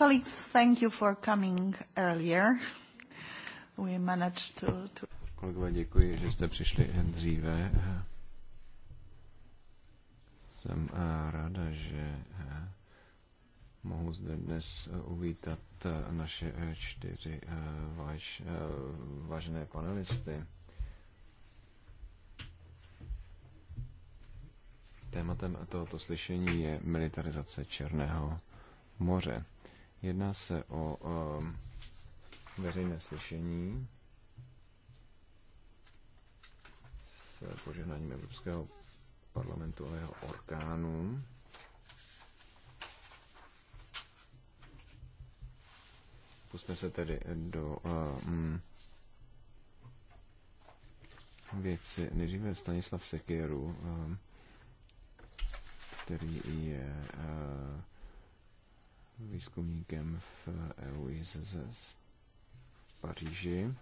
Colleagues, thank you for coming earlier. We managed to, to... Kolegové, děkuji, že jste přišli dříve. Jsem eh, ráda, že eh, mohu zde dnes eh, uvítat naše čtyři váž, vážné panelisty. Tématem tohoto slyšení je militarizace Černého moře. Jedná se o um, veřejné slyšení s požehnáním Evropského parlamentu a jeho orgánů. Pusme se tedy do um, věci. Nejdříve Stanislav Sekieru, um, který je uh, výzkumníkem v EU v Paříži.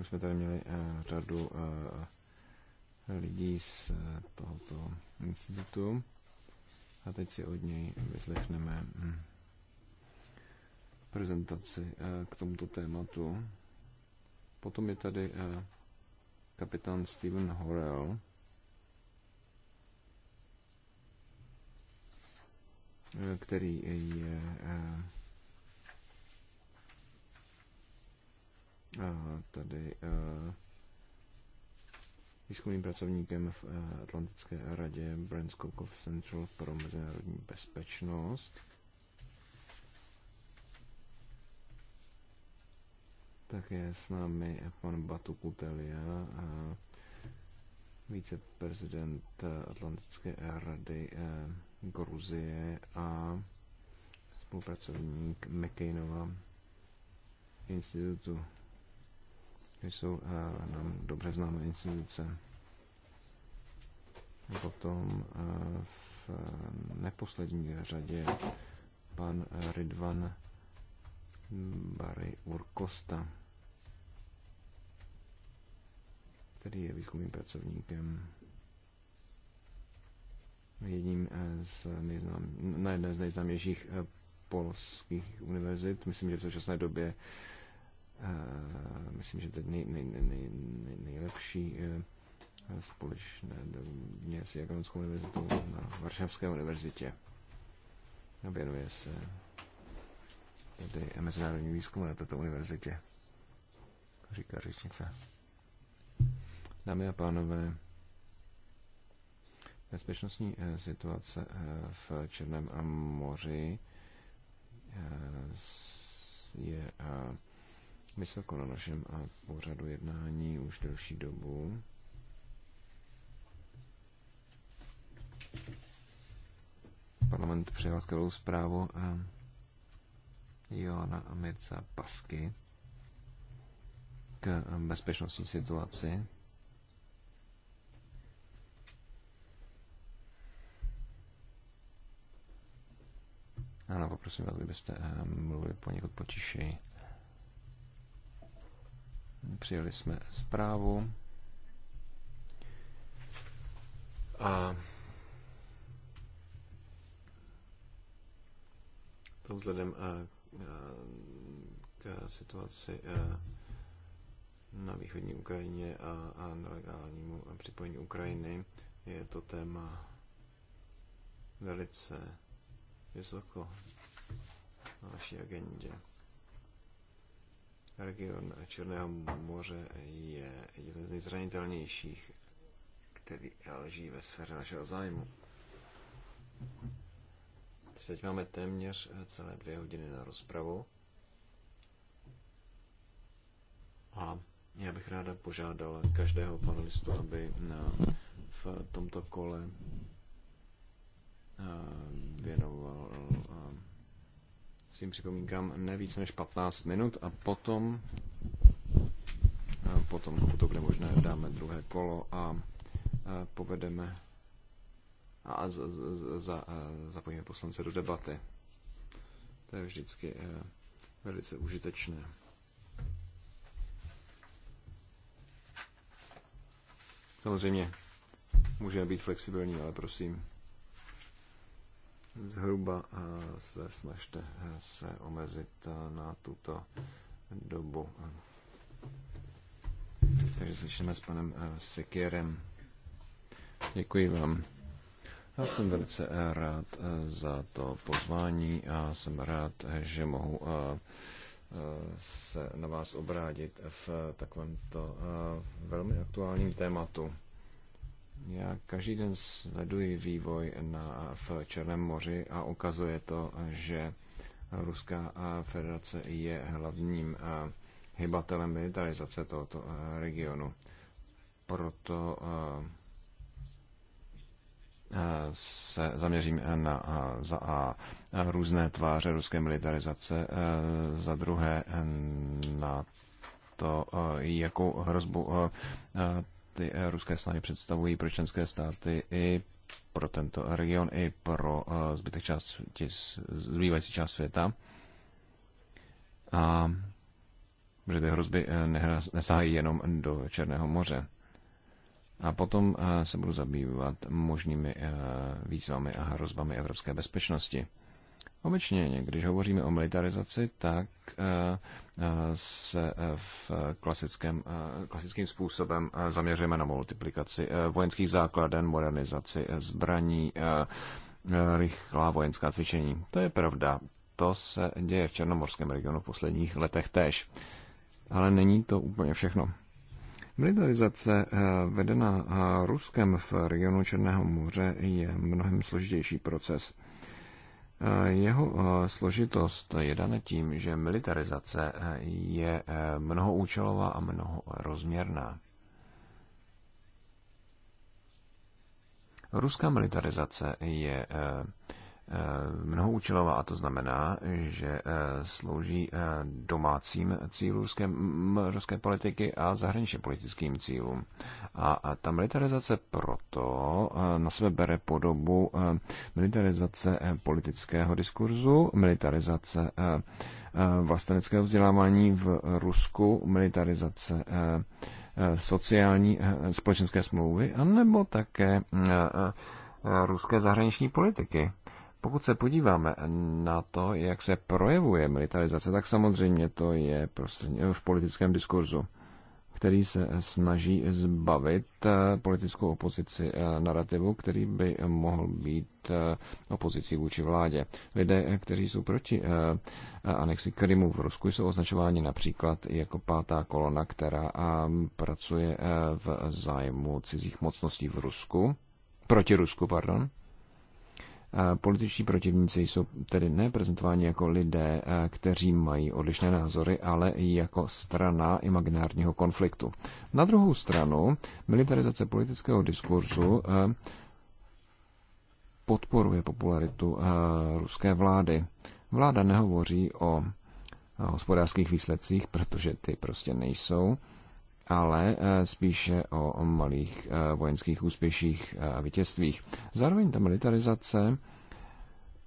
Už jsme tady měli eh, řadu eh, lidí z eh, tohoto institutu a teď si od něj vyslechneme hm, prezentaci k tomuto tématu. Potom je tady kapitán Steven Horrell, který je eh, eh, tady eh, výzkumným pracovníkem v Atlantické radě Brent Skokov Central pro mezinárodní bezpečnost. Tak je s námi pan Batu Kutelia, viceprezident Atlantické rady Gruzie jako a spolupracovník McCainova institutu. To jsou eh, nám dobře známé instituce. Potom eh, v eh, neposlední řadě pan Ridvan Barry Urkosta, který je výzkumným pracovníkem jedním eh, z nejznám, na jedné z nejznámějších eh, polských univerzit. Myslím, že v současné době eh, myslím, že je nej, nej, nej, nej, nejlepší společné domě s Jagronskou univerzitou na Varšavské univerzitě. A věnuje se tedy mezinárodní výzkum na této univerzitě, říká řečnice. Dámy a pánové, Bezpečnostní eh, situace eh, v Černém moři eh, je vysoko na našem pořadu jednání už delší dobu. Parlament přijal skvělou zprávu Joana Amica Pasky k bezpečnostní situaci Ano, poprosím vás, kdybyste eh, mluvili poněkud potišeji. Přijeli jsme zprávu. A to vzhledem eh, eh, k situaci na východní Ukrajině a nelegálnímu připojení Ukrajiny je to téma velice vysoko na naší agendě. Region Černého moře je jeden z nejzranitelnějších, který leží ve sféře našeho zájmu. Teď máme téměř celé dvě hodiny na rozpravu. A já bych ráda požádal každého panelistu, aby na, v tomto kole Eh, věnoval eh, svým připomínkám ne víc než 15 minut a potom, eh, potom pokud to bude možné, dáme druhé kolo a povedeme a za, za, za, zapojíme poslance do debaty. To je vždycky velice užitečné. Samozřejmě můžeme být flexibilní, ale prosím, zhruba eh, se snažte eh, se omezit eh, na tuto dobu. Takže začneme s panem Sekierem. Děkuji vám. Já jsem velice rád za to pozvání a jsem rád, že mohu se na vás obrátit v takovémto velmi aktuálním tématu. Já každý den sleduji vývoj na, v Černém moři a ukazuje to, že Ruská federace je hlavním hybatelem militarizace tohoto regionu. Proto se zaměřím na za a různé tváře ruské militarizace, za druhé na to, jakou hrozbu ty eh, ruské snahy představují pro členské státy i pro tento region, i pro eh, zbytek části, zbývající část světa. A že ty hrozby eh, nesáhají jenom do Černého moře. A potom se budu zabývat možnými výzvami a hrozbami evropské bezpečnosti. Obecně, když hovoříme o militarizaci, tak eh, eh, se eh, v klasickém, klasickým způsobem zaměřujeme na multiplikaci vojenských základen, modernizaci zbraní, rychlá vojenská cvičení. To je pravda. To se děje v Černomorském regionu v posledních letech též. Ale není to úplně všechno. Militarizace vedená Ruskem v regionu Černého moře je mnohem složitější proces. Jeho eh, složitost je dana tím, že militarizace eh, je eh, mnohoúčelová a mnohorozměrná. Ruská militarizace je Eh, mnohoučelová a to znamená, že eh, slouží eh, domácím cílům ruské, ruské politiky a zahraničně politickým cílům. A ta militarizace proto na sebe bere podobu militarizace politického diskurzu, militarizace vlasteneckého vzdělávání v Rusku, militarizace sociální společenské smlouvy, anebo také ruské zahraniční politiky. Pokud se podíváme na to, jak se projevuje militarizace, tak samozřejmě to je prostě v politickém diskurzu, který se snaží zbavit eh, politickou opozici eh, narrativu, který by mohl být eh, opozicí vůči vládě. Lidé, kteří jsou proti anexi Krymu v Rusku, jsou označováni například jako pátá kolona, která pracuje v zájmu cizích mocností v Rusku, proti Rusku, pardon, Političtí protivníci jsou tedy neprezentováni jako lidé, eh, kteří mají odlišné názory, ale i jako strana imaginárního konfliktu. Na druhou stranu, militarizace politického diskurzu eh, podporuje popularitu eh, ruské vlády. Vláda nehovoří o hospodářských výsledcích, protože ty prostě nejsou ale eh, spíše o malých eh, vojenských úspěších eh, a vítězstvích. Zároveň ta militarizace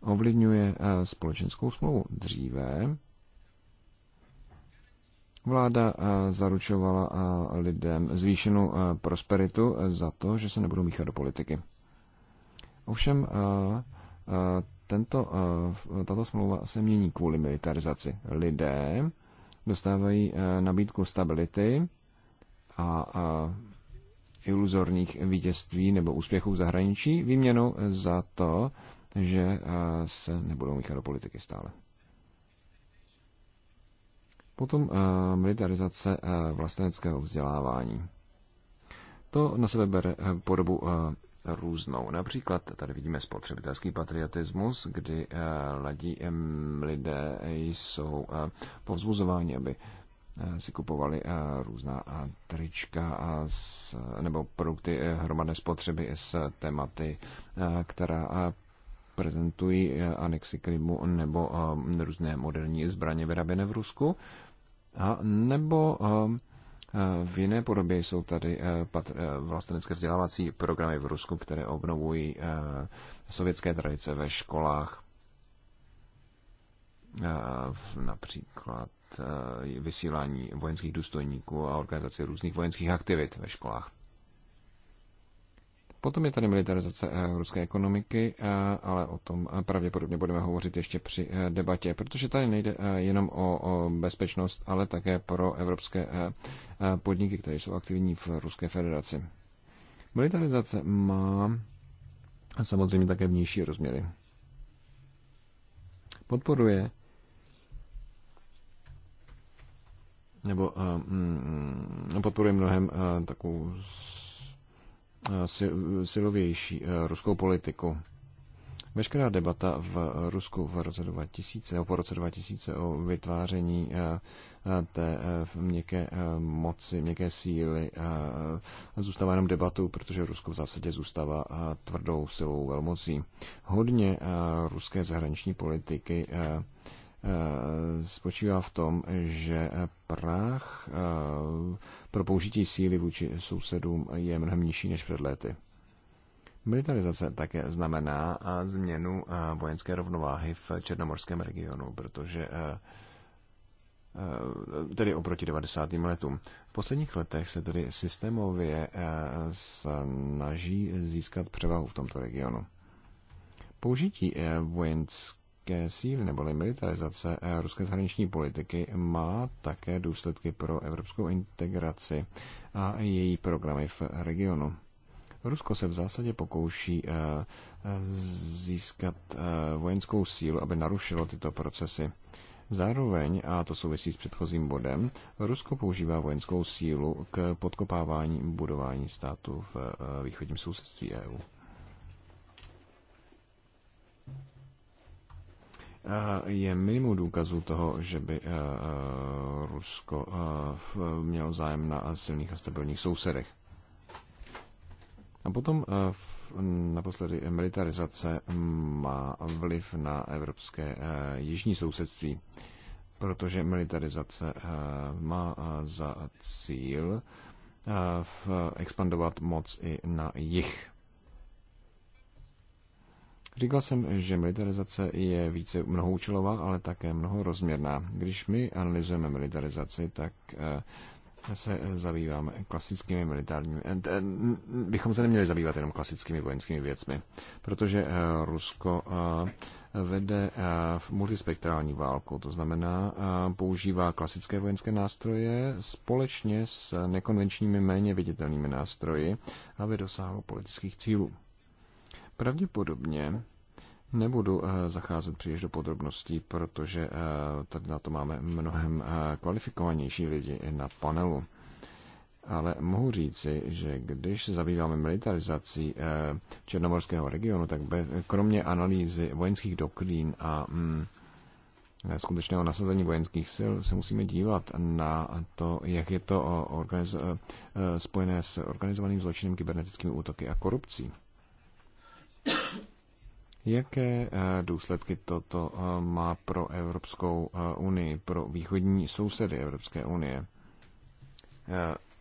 ovlivňuje společenskou smlouvu. Dříve vláda zaručovala lidem zvýšenou prosperitu za to, že se nebudou míchat do politiky. Ovšem tento, tato smlouva se mění kvůli militarizaci. Lidé dostávají nabídku stability, a, a iluzorních vítězství nebo úspěchů v zahraničí výměnou za to, že se nebudou míchat do politiky stále. Potom uh, militarizace uh, vlasteneckého vzdělávání. To na sebe bere uh, podobu uh, různou. Například tady vidíme spotřebitelský patriotismus, kdy uh, ladí um, lidé jsou uh, povzbuzováni, aby uh, Eh, si kupovali eh, různá eh, trička s, nebo produkty hromadné spotřeby s tématy, která prezentují anexy Krymu nebo různé moderní zbraně vyráběné v Rusku. A nebo v jiné podobě jsou tady vlastenecké vzdělávací programy v Rusku, které obnovují sovětské tradice ve školách například eh, vysílání vojenských důstojníků a organizaci různých vojenských aktivit ve školách. Potom je tady militarizace eh, ruské ekonomiky, eh, ale o tom pravděpodobně budeme hovořit ještě při debatě, protože tady nejde jenom o bezpečnost, ale také pro evropské podniky, které jsou aktivní v Ruské federaci. Militarizace má samozřejmě také vnější rozměry. Podporuje nebo eh, mm, podporuje mnohem eh, takovou eh, silovější ruskou politiku. Veškerá debata v Rusku v roce 2000, nebo po roce 2000 o vytváření té měkké moci, měkké síly zůstává jenom debatou, protože Rusko v zásadě zůstává tvrdou silou velmocí. Hodně ruské zahraniční politiky Eh, spočívá v tom, že práh eh, pro použití síly vůči sousedům je mnohem nižší než před léty. Militarizace také znamená změnu eh, vojenské rovnováhy v černomorském regionu, protože tedy oproti 90. letům. V posledních letech se tedy systémově snaží získat převahu v tomto regionu. Použití vojenské vojenské síly neboli militarizace eh, ruské zahraniční politiky má také důsledky pro evropskou integraci a její programy v regionu. Rusko se v zásadě pokouší eh, eh, získat vojenskou sílu, aby narušilo tyto procesy. Zároveň, a to souvisí s předchozím bodem, Rusko používá vojenskou sílu k podkopávání budování státu v východním sousedství EU. je minimum důkazů toho, že by eh, Rusko eh, mělo zájem na silných a stabilních sousedech. A potom eh, naposledy militarizace má vliv na evropské jižní sousedství, protože militarizace má za cíl expandovat moc i na jich. Říkal jsem, že militarizace je více mnohoučelová, ale také mnohorozměrná. Když my analyzujeme militarizaci, tak eh, se zabýváme klasickými militárními, eh, eh, bychom se neměli zabývat jenom klasickými vojenskými věcmi, protože Rusko vede v multispektrální válku, to znamená používá klasické vojenské nástroje společně s nekonvenčními méně viditelnými nástroji, aby dosáhlo politických cílů. Pravděpodobně nebudu eh, zacházet příliš do podrobností, protože eh, tady na to máme mnohem eh, kvalifikovanější lidi na panelu. Ale mohu říci, že když zabýváme militarizací černomorského regionu, tak kromě analýzy vojenských doktrín a mm, skutečného nasazení vojenských sil se musíme dívat na to, jak je to organiz... spojené s organizovaným zločinem, kybernetickými útoky a korupcí. Jaké eh, důsledky toto eh, má pro Evropskou eh, unii, pro východní sousedy Evropské unie?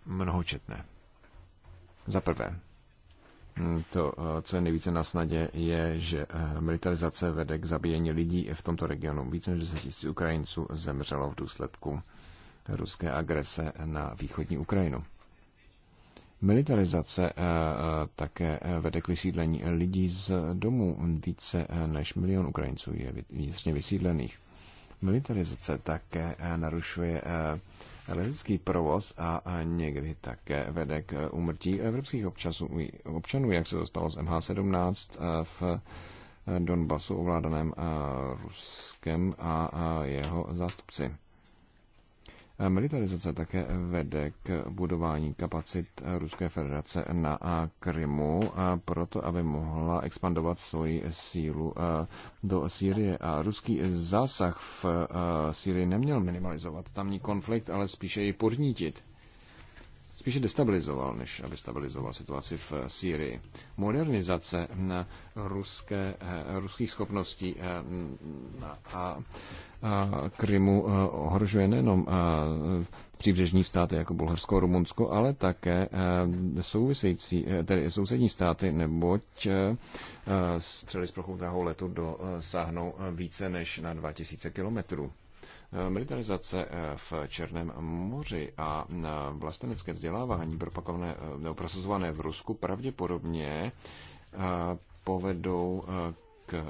Mnohočetné. Za prvé, hm, to, co je nejvíce na snadě, je, že militarizace vede k zabíjení lidí v tomto regionu. Více než 10 000 Ukrajinců zemřelo v důsledku ruské agrese na východní Ukrajinu. Militarizace eh, eh, také eh, vede k vysídlení lidí z domů. Více než milion Ukrajinců je vnitřně vysídlených. Militarizace také narušuje lidský provoz a někdy také vede k úmrtí evropských občasů, občanů, jak se to stalo MH17 v Donbasu ovládaném Ruskem a jeho zástupci. Militarizace také vede k budování kapacit Ruské federace na Krymu, proto aby mohla expandovat svoji sílu eh, do Sýrie. A ruský zásah v eh, Sýrii neměl minimalizovat tamní konflikt, ale spíše ji podnítit spíše destabilizoval, než aby stabilizoval situaci v eh, Sýrii. Modernizace hm, ruské, eh, ruských schopností eh, hm, a, a Krymu ohrožuje nejenom příbřežní státy jako Bulharsko a Rumunsko, ale také související, tedy sousední státy, neboť střely s prochou drahou letu dosáhnou více než na 2000 kilometrů. Eh, militarizace eh, v Černém moři a eh, vlastenecké vzdělávání propakované, nebo prosazované v Rusku pravděpodobně povedou k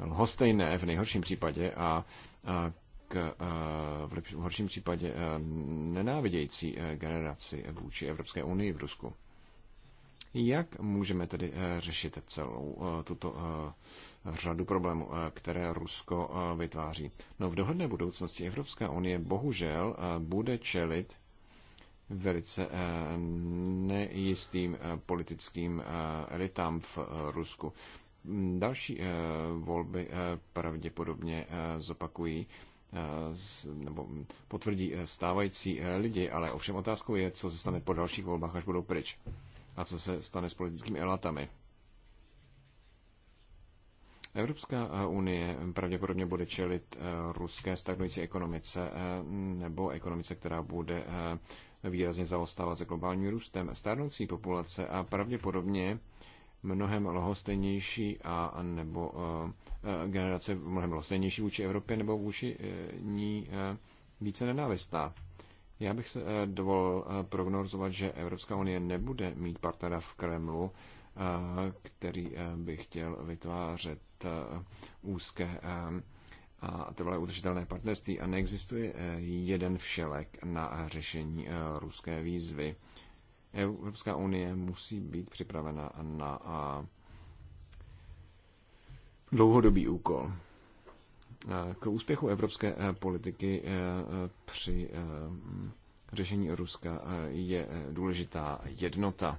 lhostejné v nejhorším případě a k v horším případě nenávidějící generaci vůči Evropské unii v Rusku. Jak můžeme tedy eh, řešit celou eh, tuto eh, řadu problémů, které Rusko vytváří? No v dohledné budoucnosti Evropská unie bohužel bude čelit velice nejistým politickým elitám v Rusku. Další volby pravděpodobně zopakují nebo potvrdí stávající lidi, ale ovšem otázkou je, co se stane po dalších volbách, až budou pryč a co se stane s politickými elatami. Evropská eh, unie pravděpodobně bude čelit eh, ruské stagnující ekonomice eh, nebo ekonomice, která bude výrazně zaostávat za globálním růstem. Stárnoucí populace a pravděpodobně mnohem lohostejnější a nebo generace mnohem lohostejnější vůči Evropě nebo vůči ní více nenávistná. Já bych se eh, dovolil eh, prognozovat, že Evropská unie nebude mít partnera v Kremlu, eh, který by chtěl vytvářet úzké a trvalé udržitelné partnerství a neexistuje jeden všelek na řešení ruské výzvy. Evropská unie musí být připravena na dlouhodobý úkol. K úspěchu evropské eh, politiky eh, eh, při mm, řešení Ruska je důležitá jednota.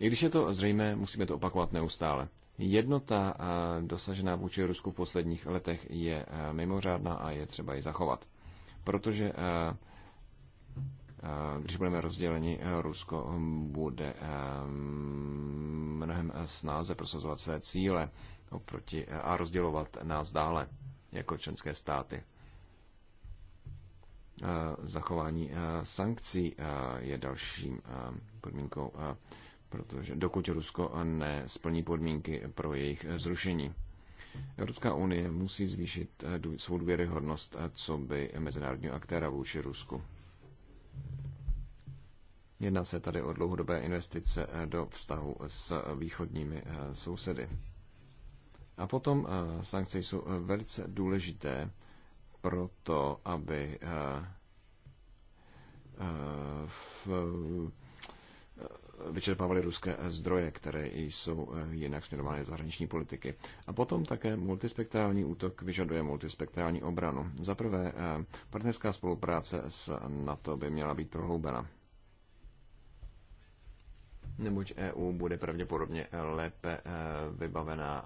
I když je to zřejmé, musíme to opakovat neustále. Jednota dosažená vůči Rusku v posledních letech je mimořádná a je třeba ji zachovat. Protože když budeme rozděleni, Rusko hm, bude mnohem snáze prosazovat své cíle oproti a rozdělovat nás dále jako členské státy. E, zachování e, sankcí e, je dalším podmínkou, protože dokud Rusko nesplní podmínky pro jejich zrušení. Evropská unie musí zvýšit svou důvěryhodnost, co by mezinárodního aktéra vůči Rusku. Jedná se tady o dlouhodobé investice do vztahu s východními sousedy. A potom eh, sankce jsou eh, velice důležité pro to, aby eh, vyčerpávali ruské zdroje, které jsou jinak směrovány do zahraniční politiky. A potom také multispektrální útok vyžaduje multispektrální obranu. Za prvé, partnerská spolupráce s NATO by měla být prohloubena. Neboť EU bude pravděpodobně lépe vybavená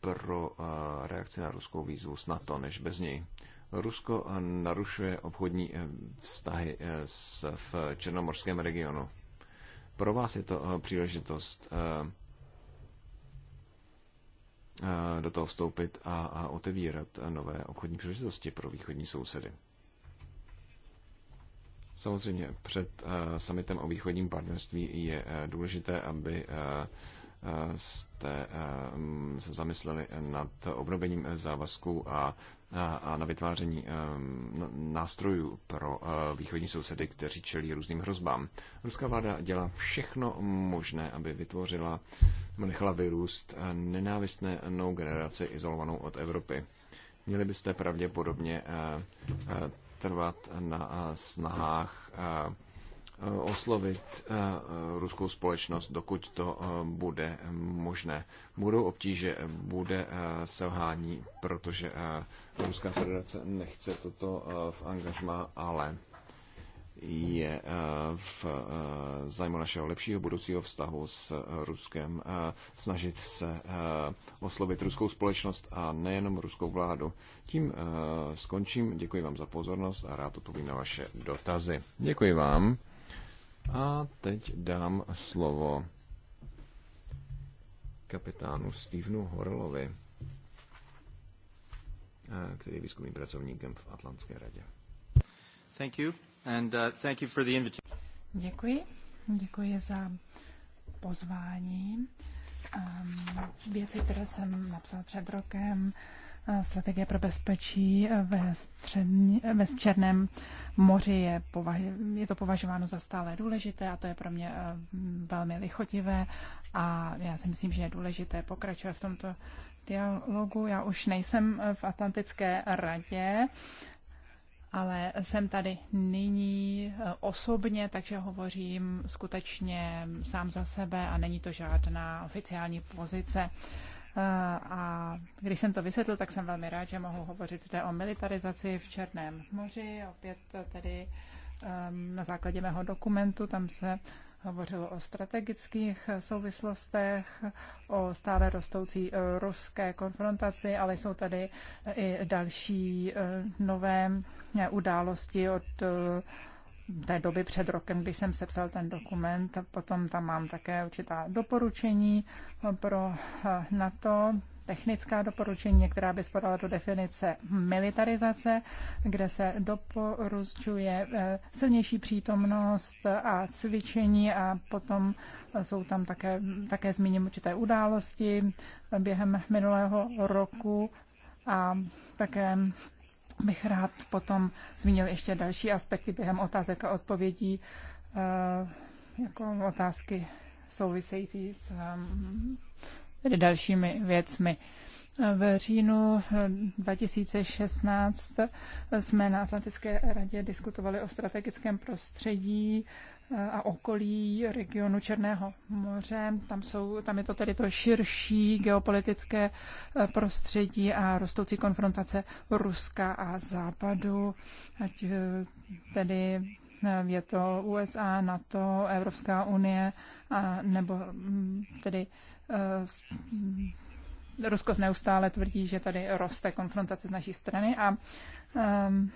pro eh, reakci na ruskou výzvu s NATO než bez něj. Rusko eh, narušuje obchodní eh, vztahy v černomorském regionu. Pro vás je to příležitost do toho vstoupit a otevírat nové obchodní příležitosti pro východní sousedy. Samozřejmě před summitem o východním partnerství je důležité, aby jste eh, se zamysleli nad obnovením závazků a, a, na vytváření eh, no, nástrojů pro eh, východní sousedy, kteří čelí různým hrozbám. Ruská vláda dělá všechno možné, aby vytvořila nebo nechala vyrůst nenávistné novou generaci izolovanou od Evropy. Měli byste pravděpodobně trvat na snahách Eh, oslovit eh, ruskou společnost, dokud to eh, bude možné. Budou obtíže, bude selhání, protože Ruská federace nechce toto v angažma, ale je v zájmu našeho lepšího budoucího vztahu s Ruskem snažit se oslovit ruskou společnost a nejenom ruskou vládu. Tím skončím. Děkuji vám za pozornost a rád odpovím na vaše dotazy. Děkuji vám. A teď dám slovo kapitánu Stevenu Horlovi, eh, který je výzkumným pracovníkem v Atlantské radě. Thank you. And, uh, thank you for the invitation. Děkuji. Děkuji za pozvání. Um, věci, které jsem napsal před rokem, uh, strategie pro bezpečí ve, střední, ve Černém moři je, považ, je to považováno za stále důležité a to je pro mě eh, velmi lichotivé a já si myslím, že je důležité pokračovat v tomto dialogu. Já už nejsem eh, v Atlantické radě, ale jsem tady nyní eh, osobně, takže hovořím skutečně sám za sebe a není to žádná oficiální pozice. Eh, a když jsem to vysvětlil, tak jsem velmi rád, že mohu hovořit zde o militarizaci v Černém moři. Opět tedy ehm, na základě mého dokumentu, tam se hovořilo o strategických souvislostech, o stále rostoucí eh, ruské konfrontaci, ale jsou tady eh, i další nové události od té doby před rokem, když jsem sepsal ten dokument. Potom tam mám také určitá doporučení pro eh, NATO, technická doporučení, která by spadala do definice militarizace, kde se doporučuje eh, silnější přítomnost a cvičení a potom jsou tam také, také zmíním určité události během minulého roku a také bych rád potom zmínil ještě další aspekty během otázek a odpovědí, eh, jako otázky související s ehm, tedy dalšími věcmi. V říjnu 2016 eh, eh, jsme na Atlantické radě diskutovali o strategickém prostředí a okolí regionu Černého moře. Tam, jsou, tam je to tedy to širší geopolitické e, prostředí a rostoucí konfrontace Ruska a Západu, ať e, tedy e, je to USA, NATO, Evropská unie, a nebo mm, tedy mm, Rusko neustále tvrdí, že tady roste konfrontace z naší strany a um,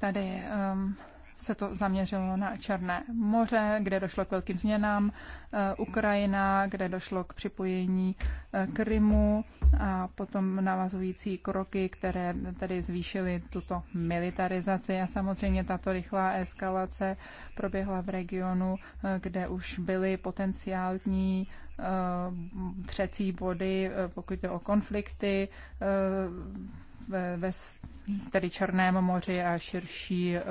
tady um, se to zaměřilo na Černé moře, kde došlo k velkým změnám, eh, Ukrajina, kde došlo k připojení eh, Krymu a potom navazující kroky, které tedy zvýšily tuto militarizaci a samozřejmě tato rychlá eskalace proběhla v regionu, eh, kde už byly potenciální třecí body, pokud jde o konflikty, ve, ve tedy Černém moři a širší eh,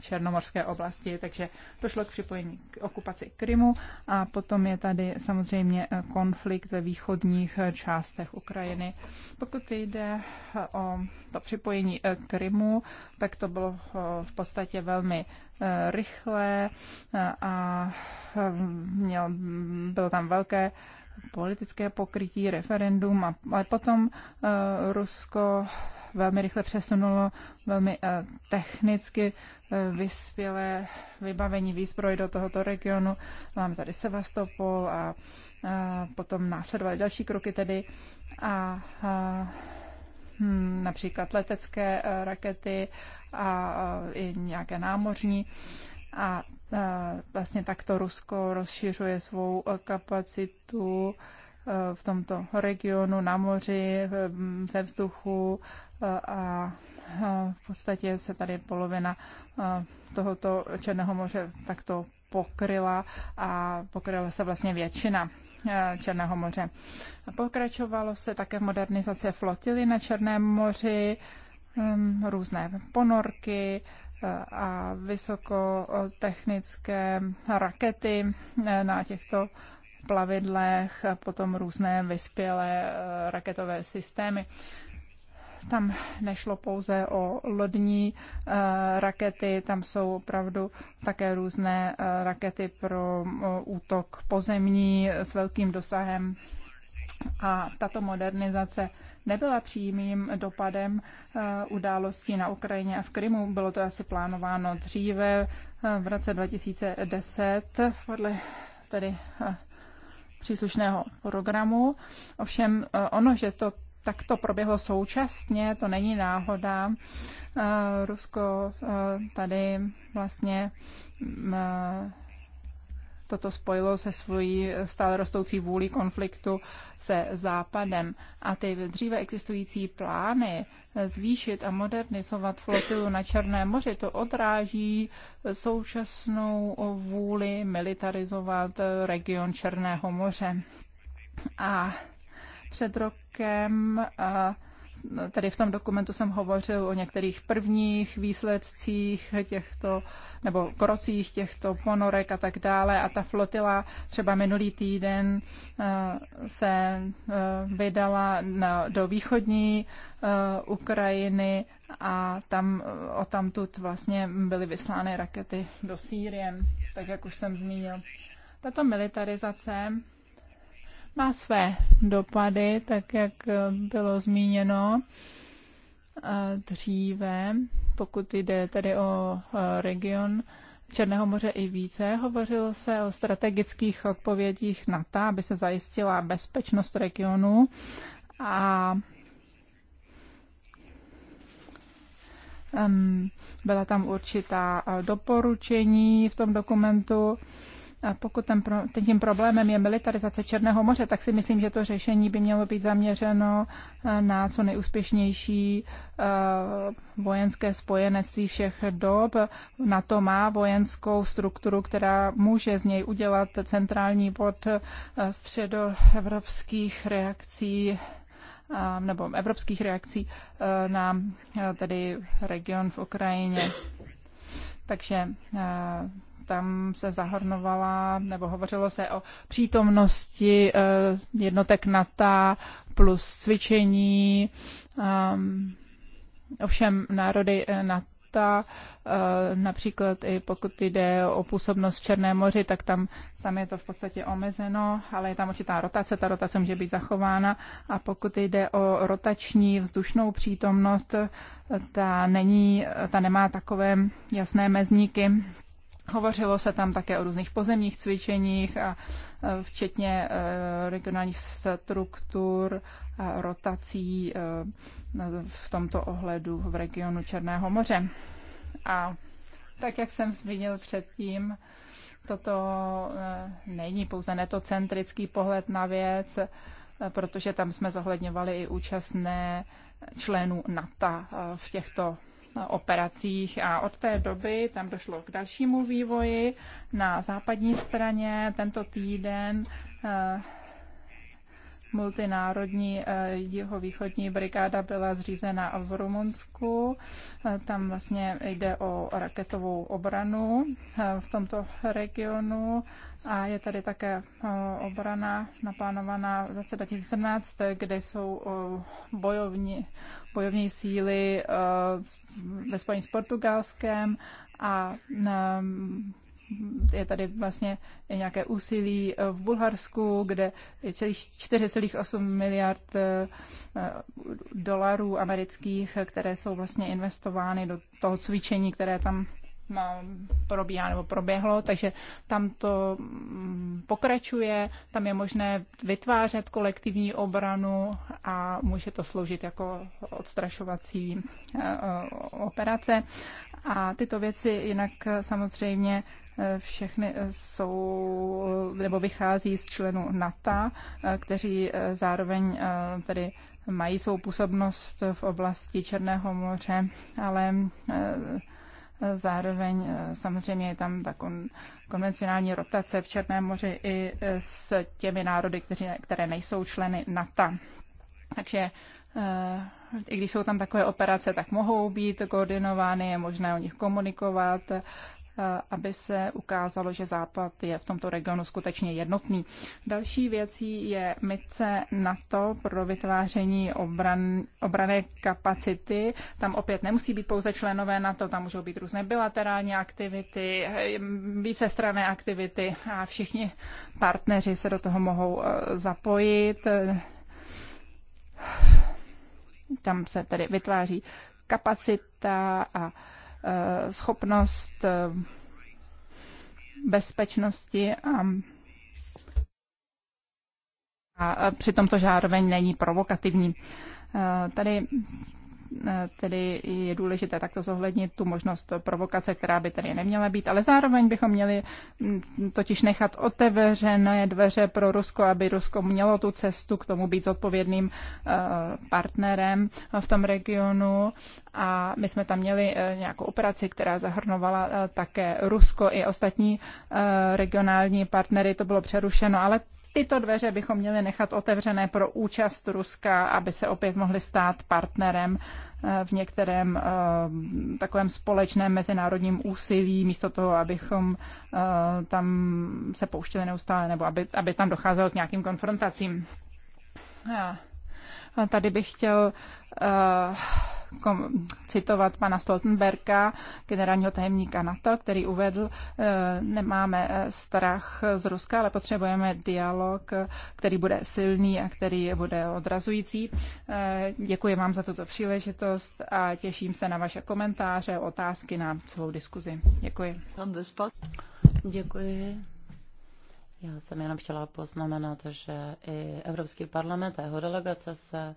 černomorské oblasti, takže došlo k připojení k okupaci Krymu a potom je tady samozřejmě eh, konflikt ve východních eh, částech Ukrajiny. Pokud jde o to připojení Krymu, tak to bylo v podstatě velmi rychlé a měl, bylo tam velké politické pokrytí, referendum, a, ale potom uh, Rusko velmi rychle přesunulo velmi uh, technicky uh, vyspělé vybavení výzbroj do tohoto regionu. Máme tady Sevastopol a uh, potom následovaly další kroky tedy a uh, hmm, například letecké uh, rakety a uh, i nějaké námořní. A Eh, vlastně takto Rusko rozšiřuje svou eh, kapacitu eh, v tomto regionu, na moři, mm, ze vzduchu a v podstatě se tady polovina tohoto Černého moře takto pokryla a pokryla se vlastně většina Černého moře. Pokračovalo se také modernizace flotily na Černém moři, různé ponorky, a vysokotechnické rakety eh, na těchto plavidlech, potom různé vyspělé eh, raketové systémy. Tam nešlo pouze o lodní eh, rakety, tam jsou opravdu také různé rakety pro útok pozemní s velkým dosahem. A tato modernizace nebyla přímým dopadem eh, událostí na Ukrajině a v Krymu. Bylo to asi plánováno dříve, eh, v roce 2010, podle tedy eh, příslušného programu. Ovšem ono, že to tak to proběhlo současně, to není náhoda. Rusko tady vlastně mm, toto spojilo se svojí stále rostoucí vůli konfliktu se Západem. A ty dříve existující plány zvýšit a modernizovat flotilu na Černé moři, to odráží současnou vůli militarizovat region Černého moře. A před rokem uh, tady v tom dokumentu jsem hovořil o některých prvních výsledcích těchto, nebo krocích těchto ponorek a tak dále. A ta flotila třeba minulý týden eh, se eh, vydala na, do východní eh, Ukrajiny a tam, o tamtud vlastně byly vyslány rakety do Sýrie, tak jak už jsem zmínil. Tato militarizace má své dopady, tak jak bylo zmíněno eh, dříve, pokud jde tedy o eh, region Černého moře i více. Hovořilo se o strategických odpovědích NATO, aby se zajistila bezpečnost regionu a byla tam určitá eh, doporučení v tom dokumentu pokud ten pro, tím problémem je militarizace Černého moře, tak si myslím, že to řešení by mělo být zaměřeno eh, na co nejúspěšnější eh, vojenské spojenectví všech dob. Na to má vojenskou strukturu, která může z něj udělat centrální bod eh, středoevropských reakcí nebo evropských reakcí na tedy region v Ukrajině. Takže tam se zahrnovala nebo hovořilo se o přítomnosti eh, jednotek NATO plus cvičení. Ehm, ovšem národy eh, NATO, eh, například i pokud jde o působnost v Černé moři, tak tam, tam je to v podstatě omezeno, ale je tam určitá rotace, ta rotace může být zachována a pokud jde o rotační vzdušnou přítomnost, ta, není, ta nemá takové jasné mezníky Hovořilo se tam také o různých pozemních cvičeních a e, včetně e, regionálních struktur a rotací e, v tomto ohledu v regionu Černého moře. A tak, jak jsem zmínil předtím, toto není pouze netocentrický pohled na věc, protože tam jsme zohledňovali i účastné členů NATO v těchto operacích a od té doby tam došlo k dalšímu vývoji. Na západní straně tento týden eh, Multinárodní eh, jihovýchodní brigáda byla zřízena v Rumunsku. Eh, tam vlastně jde o raketovou obranu eh, v tomto regionu a je tady také obrana naplánovaná v roce 2017, kde jsou bojovní, bojovní síly ve spojení s Portugalskem a je tady vlastně nějaké úsilí eh, v Bulharsku, kde je celých 4,8 miliard eh, eh, dolarů amerických, které jsou vlastně investovány do toho cvičení, které tam probíhá nebo proběhlo, takže tam to mm, pokračuje, tam je možné vytvářet kolektivní obranu a může to sloužit jako odstrašovací operace. A tyto věci jinak samozřejmě všechny jsou nebo vychází z členů NATO, kteří zároveň eh, tedy mají svou působnost v oblasti Černého moře, ale eh, Zároveň eh, samozřejmě je tam ta kon, konvencionální rotace v Černém moři i s těmi národy, kteří, které nejsou členy NATO. Takže i když jsou tam takové operace, tak mohou být koordinovány, je možné o nich komunikovat Eh, aby se ukázalo, že Západ je v tomto regionu skutečně jednotný. Další věcí je mice NATO pro vytváření obran, obrané kapacity. Tam opět nemusí být pouze členové NATO, tam můžou být různé bilaterální aktivity, eh, vícestrané aktivity a všichni partneři se do toho mohou eh, zapojit. Tam se tedy vytváří kapacita a Eh, schopnost eh, bezpečnosti a a přitom to žároveň není provokativní. Eh, tady Eh, tedy je důležité takto zohlednit tu možnost provokace, která by tady neměla být, ale zároveň bychom měli mm, totiž nechat otevřené dveře pro Rusko, aby Rusko mělo tu cestu k tomu být zodpovědným eh, partnerem v tom regionu. A my jsme tam měli eh, nějakou operaci, která zahrnovala také Rusko i ostatní regionální partnery. To bylo přerušeno, ale Tyto dveře bychom měli nechat otevřené pro účast Ruska, aby se opět mohli stát partnerem eh, v některém eh, takovém společném mezinárodním úsilí, místo toho, abychom eh, tam se pouštěli neustále, nebo aby, aby tam docházelo k nějakým konfrontacím. A tady bych chtěl uh, citovat pana Stoltenberga, generálního tajemníka NATO, který uvedl, eh, nemáme eh, strach z Ruska, ale potřebujeme dialog, který bude silný a který bude odrazující. Eh, děkuji vám za tuto příležitost a těším se na vaše komentáře, otázky na celou diskuzi. Děkuji. Děkuji. Já jsem jenom chtěla poznamenat, že i Evropský parlament a jeho delegace se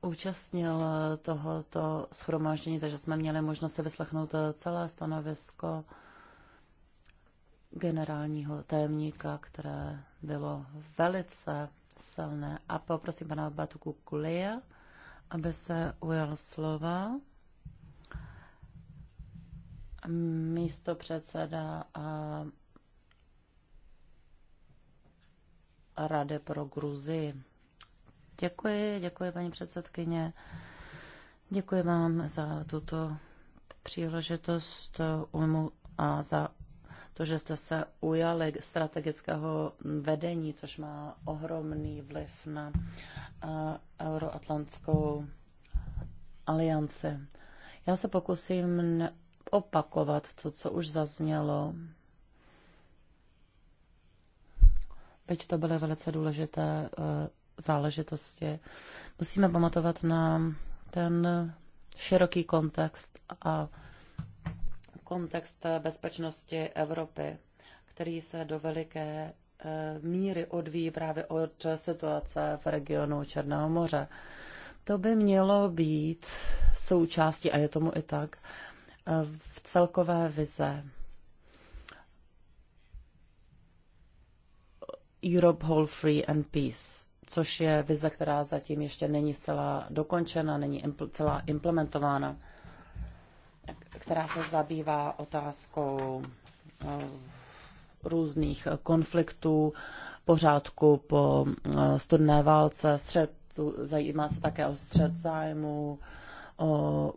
účastnil eh, tohoto schromáždění, takže jsme měli možnost si vyslechnout eh, celé stanovisko generálního tajemníka, které bylo velice silné. A poprosím pana Batuku Kulia, aby se ujal slova. Místo předseda a eh, Rady pro Gruzii. Děkuji, děkuji paní předsedkyně. Děkuji vám za tuto příležitost uh, ujmu a za to, že jste se ujali strategického vedení, což má ohromný vliv na uh, Euroatlantskou alianci. Já se pokusím opakovat to, co už zaznělo. Byť to byly velice důležité uh, záležitosti. Musíme pamatovat na ten široký kontext a kontext bezpečnosti Evropy, který se do veliké eh, míry odvíjí právě od situace v regionu Černého moře. To by mělo být součástí, a je tomu i tak, eh, v celkové vize Europe Whole Free and Peace což je vize, která zatím ještě není celá dokončena, není impl- celá implementována, která se zabývá otázkou eh, různých konfliktů, pořádku po eh, studné válce, střed, zajímá se také o střed zájmu, o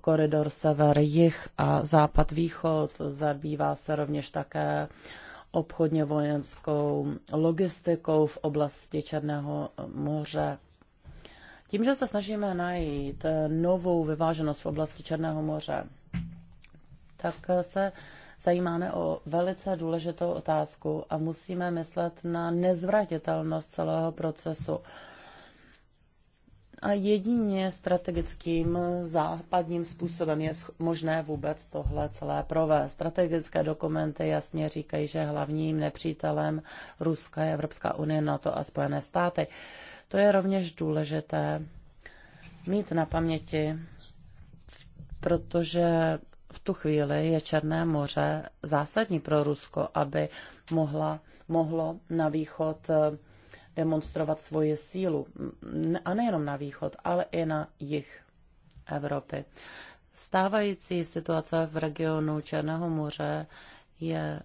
koridor sever-jih a západ-východ, zabývá se rovněž také obchodně vojenskou logistikou v oblasti Černého moře. Tím, že se snažíme najít novou vyváženost v oblasti Černého moře, tak se zajímáme o velice důležitou otázku a musíme myslet na nezvratitelnost celého procesu. A jedině strategickým západním způsobem je možné vůbec tohle celé provést. Strategické dokumenty jasně říkají, že hlavním nepřítelem Ruska je Evropská unie, NATO a Spojené státy. To je rovněž důležité mít na paměti, protože v tu chvíli je Černé moře zásadní pro Rusko, aby mohla, mohlo na východ eh, demonstrovat svoji sílu. A nejenom na východ, ale i na jih Evropy. Stávající situace v regionu Černého moře je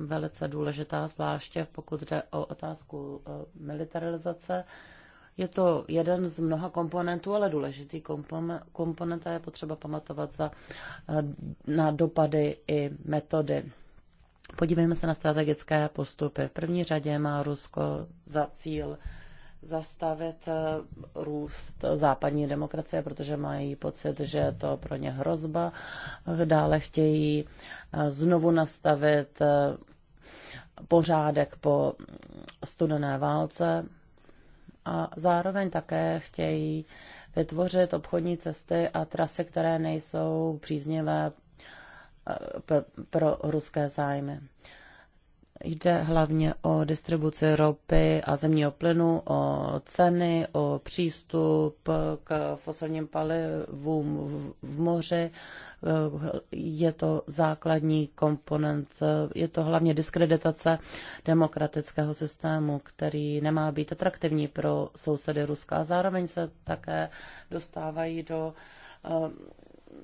velice důležitá, zvláště pokud jde o otázku e, militarizace. Je to jeden z mnoha komponentů, ale důležitý komponent a je potřeba pamatovat za, e, na dopady i metody. Podívejme se na strategické postupy. V první řadě má Rusko za cíl zastavit eh, růst západní demokracie, protože mají pocit, že je to pro ně hrozba. Dále chtějí eh, znovu nastavit eh, pořádek po studené válce a zároveň také chtějí vytvořit obchodní cesty a trasy, které nejsou příznivé Eh, pro ruské zájmy. Jde hlavně o distribuci ropy a zemního plynu, o ceny, o přístup k fosilním palivům v, moři. Eh, je to základní komponent, je to hlavně diskreditace demokratického systému, který nemá být atraktivní pro sousedy Ruska. A zároveň se také dostávají do eh,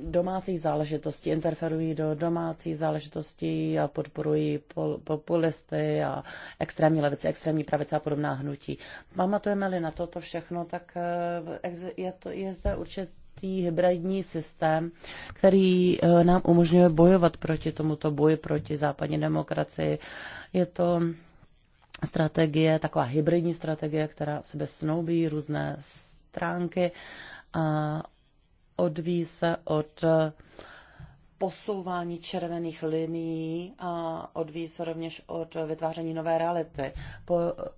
domácí záležitosti interferují do domácí záležitosti a podporují pol, populisty a extrémní levice, extrémní pravice a podobná hnutí. Pamatujeme-li na toto všechno, tak eh, je, to, je zde určitý hybridní systém, který eh, nám umožňuje bojovat proti tomuto boji proti západní demokracii. Je to strategie, taková hybridní strategie, která v sebe snoubí různé stránky a odvíjí se od eh, posouvání červených linií a odvíjí se rovněž od vytváření nové reality. Po eh,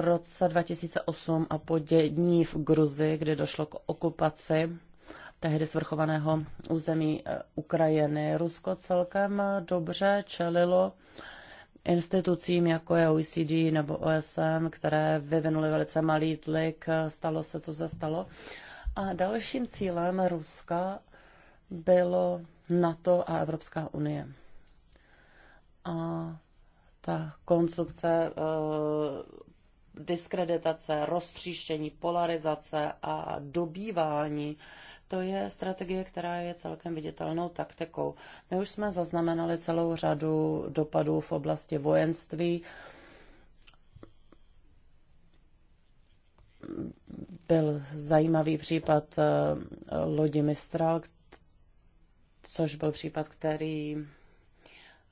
roce 2008 a po dění v Gruzi, kdy došlo k okupaci tehdy svrchovaného území eh, Ukrajiny, Rusko celkem dobře čelilo institucím, jako je OECD nebo OSN, které vyvinuly velice malý tlik, stalo se, co se stalo. A dalším cílem Ruska bylo NATO a Evropská unie. A ta konstrukce eh, diskreditace, roztříštění, polarizace a dobývání. To je strategie, která je celkem viditelnou taktikou. My už jsme zaznamenali celou řadu dopadů v oblasti vojenství byl zajímavý případ eh, lodi Mistral, což byl případ, který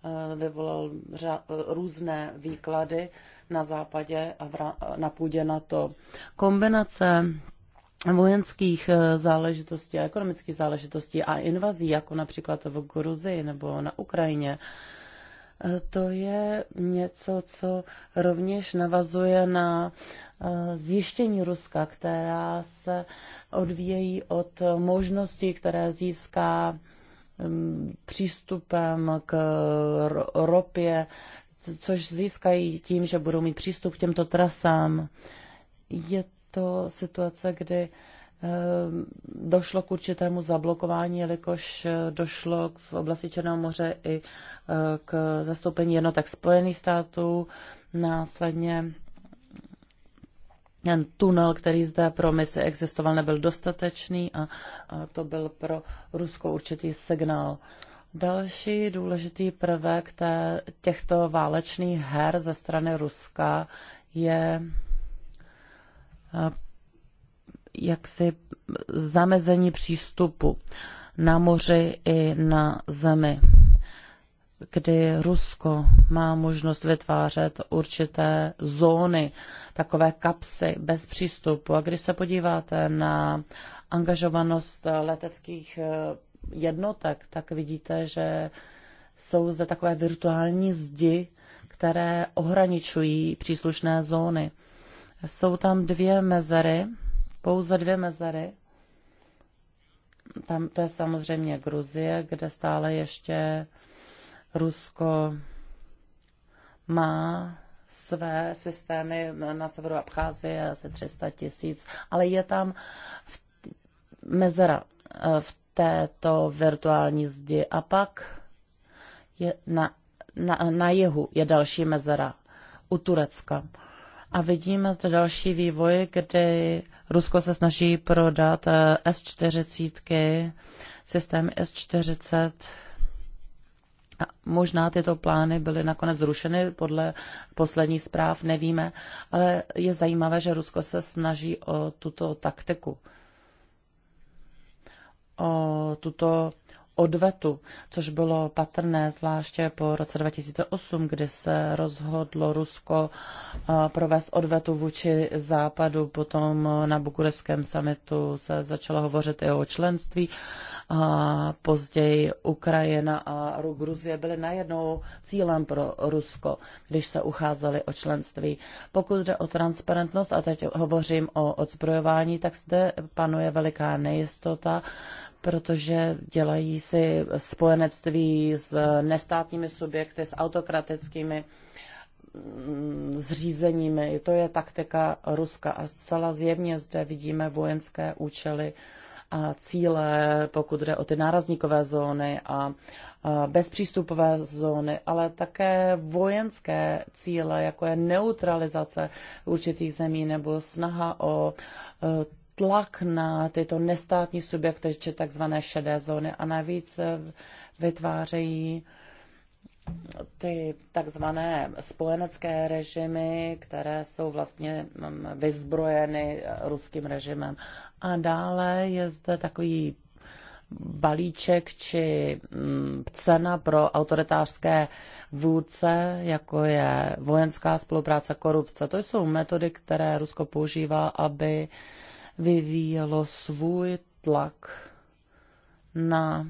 eh, vyvolal různé výklady na západě a na půdě to. Kombinace vojenských eh, záležitostí a ekonomických záležitostí a invazí, jako například v Gruzii nebo na Ukrajině, to je něco, co rovněž navazuje na eh, zjištění Ruska, která se odvíjejí od možností, které získá mm, přístupem k ropě, což získají tím, že budou mít přístup k těmto trasám. Je to situace, kdy Eh, došlo k určitému zablokování, jelikož eh, došlo v oblasti Černého moře i eh, k zastoupení jednotek Spojených států. Následně ten tunel, který zde pro misi existoval, nebyl dostatečný a, to byl pro Rusko určitý signál. Další důležitý prvek té, těchto válečných her ze strany Ruska je jaksi zamezení přístupu na moři i na zemi, kdy Rusko má možnost vytvářet určité zóny, takové kapsy bez přístupu. A když se podíváte na angažovanost leteckých eh, jednotek, tak vidíte, že jsou zde takové virtuální zdi, které ohraničují příslušné zóny. Jsou tam dvě mezery, pouze dvě mezery. Tam to je samozřejmě Gruzie, kde stále ještě Rusko má své systémy na severu Abcházie asi 300 tisíc, ale je tam v mezera eh, v této virtuální zdi a pak je na, na, na jihu je další mezera u Turecka. A vidíme zde další vývoj, kdy Rusko se snaží prodat eh, S-40, systém S-40. Možná tyto plány byly nakonec zrušeny podle posledních zpráv, nevíme, ale je zajímavé, že Rusko se snaží o tuto taktiku, o tuto odvetu, což bylo patrné zvláště po roce 2008, kdy se rozhodlo Rusko eh, provést odvetu vůči západu. Potom na bukureském samitu se začalo hovořit i o členství a později Ukrajina a Gruzie byly najednou cílem pro Rusko, když se ucházeli o členství. Pokud jde o transparentnost, a teď hovořím o odzbrojování, tak zde panuje veliká nejistota protože dělají si spojenectví s nestátními subjekty, s autokratickými mm, zřízeními. To je taktika Ruska a zcela zjevně zde vidíme vojenské účely a cíle, pokud jde o ty nárazníkové zóny a bezpřístupové zóny, ale také vojenské cíle, jako je neutralizace určitých zemí nebo snaha o e, tlak na tyto nestátní subjekty či takzvané šedé zóny a navíc eh, vytvářejí ty takzvané spojenecké režimy, které jsou vlastně mm, vyzbrojeny eh, ruským režimem. A dále je zde takový balíček či mm, cena pro autoritářské vůdce, jako je vojenská spolupráce, korupce. To jsou metody, které Rusko používá, aby vyvíjelo svůj tlak na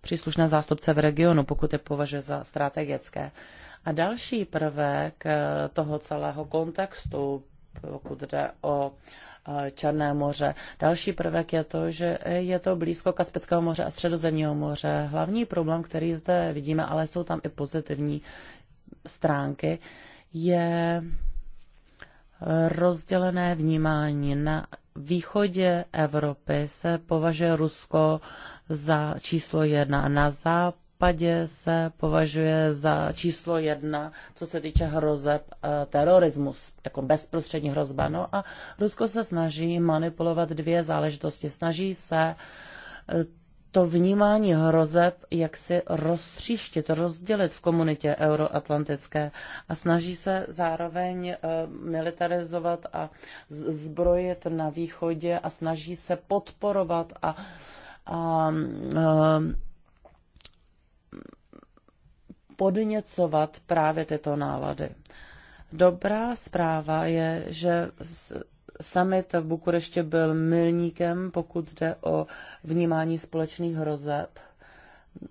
příslušné zástupce v regionu, pokud je považuje za strategické. A další prvek eh, toho celého kontextu, pokud jde o eh, Černé moře. Další prvek je to, že je to blízko Kaspického moře a Středozemního moře. Hlavní problém, který zde vidíme, ale jsou tam i pozitivní stránky, je rozdělené vnímání. Na východě Evropy se považuje Rusko za číslo jedna a na západě se považuje za číslo jedna, co se týče hrozeb eh, terorismus, jako bezprostřední hrozba. No a Rusko se snaží manipulovat dvě záležitosti. Snaží se eh, to vnímání hrozeb jak si roztříštit, rozdělit v komunitě euroatlantické a snaží se zároveň eh, militarizovat a zbrojit na východě a snaží se podporovat a, a, a eh, podněcovat právě tyto nálady. Dobrá zpráva je, že Summit v Bukurešti byl milníkem, pokud jde o vnímání společných hrozeb.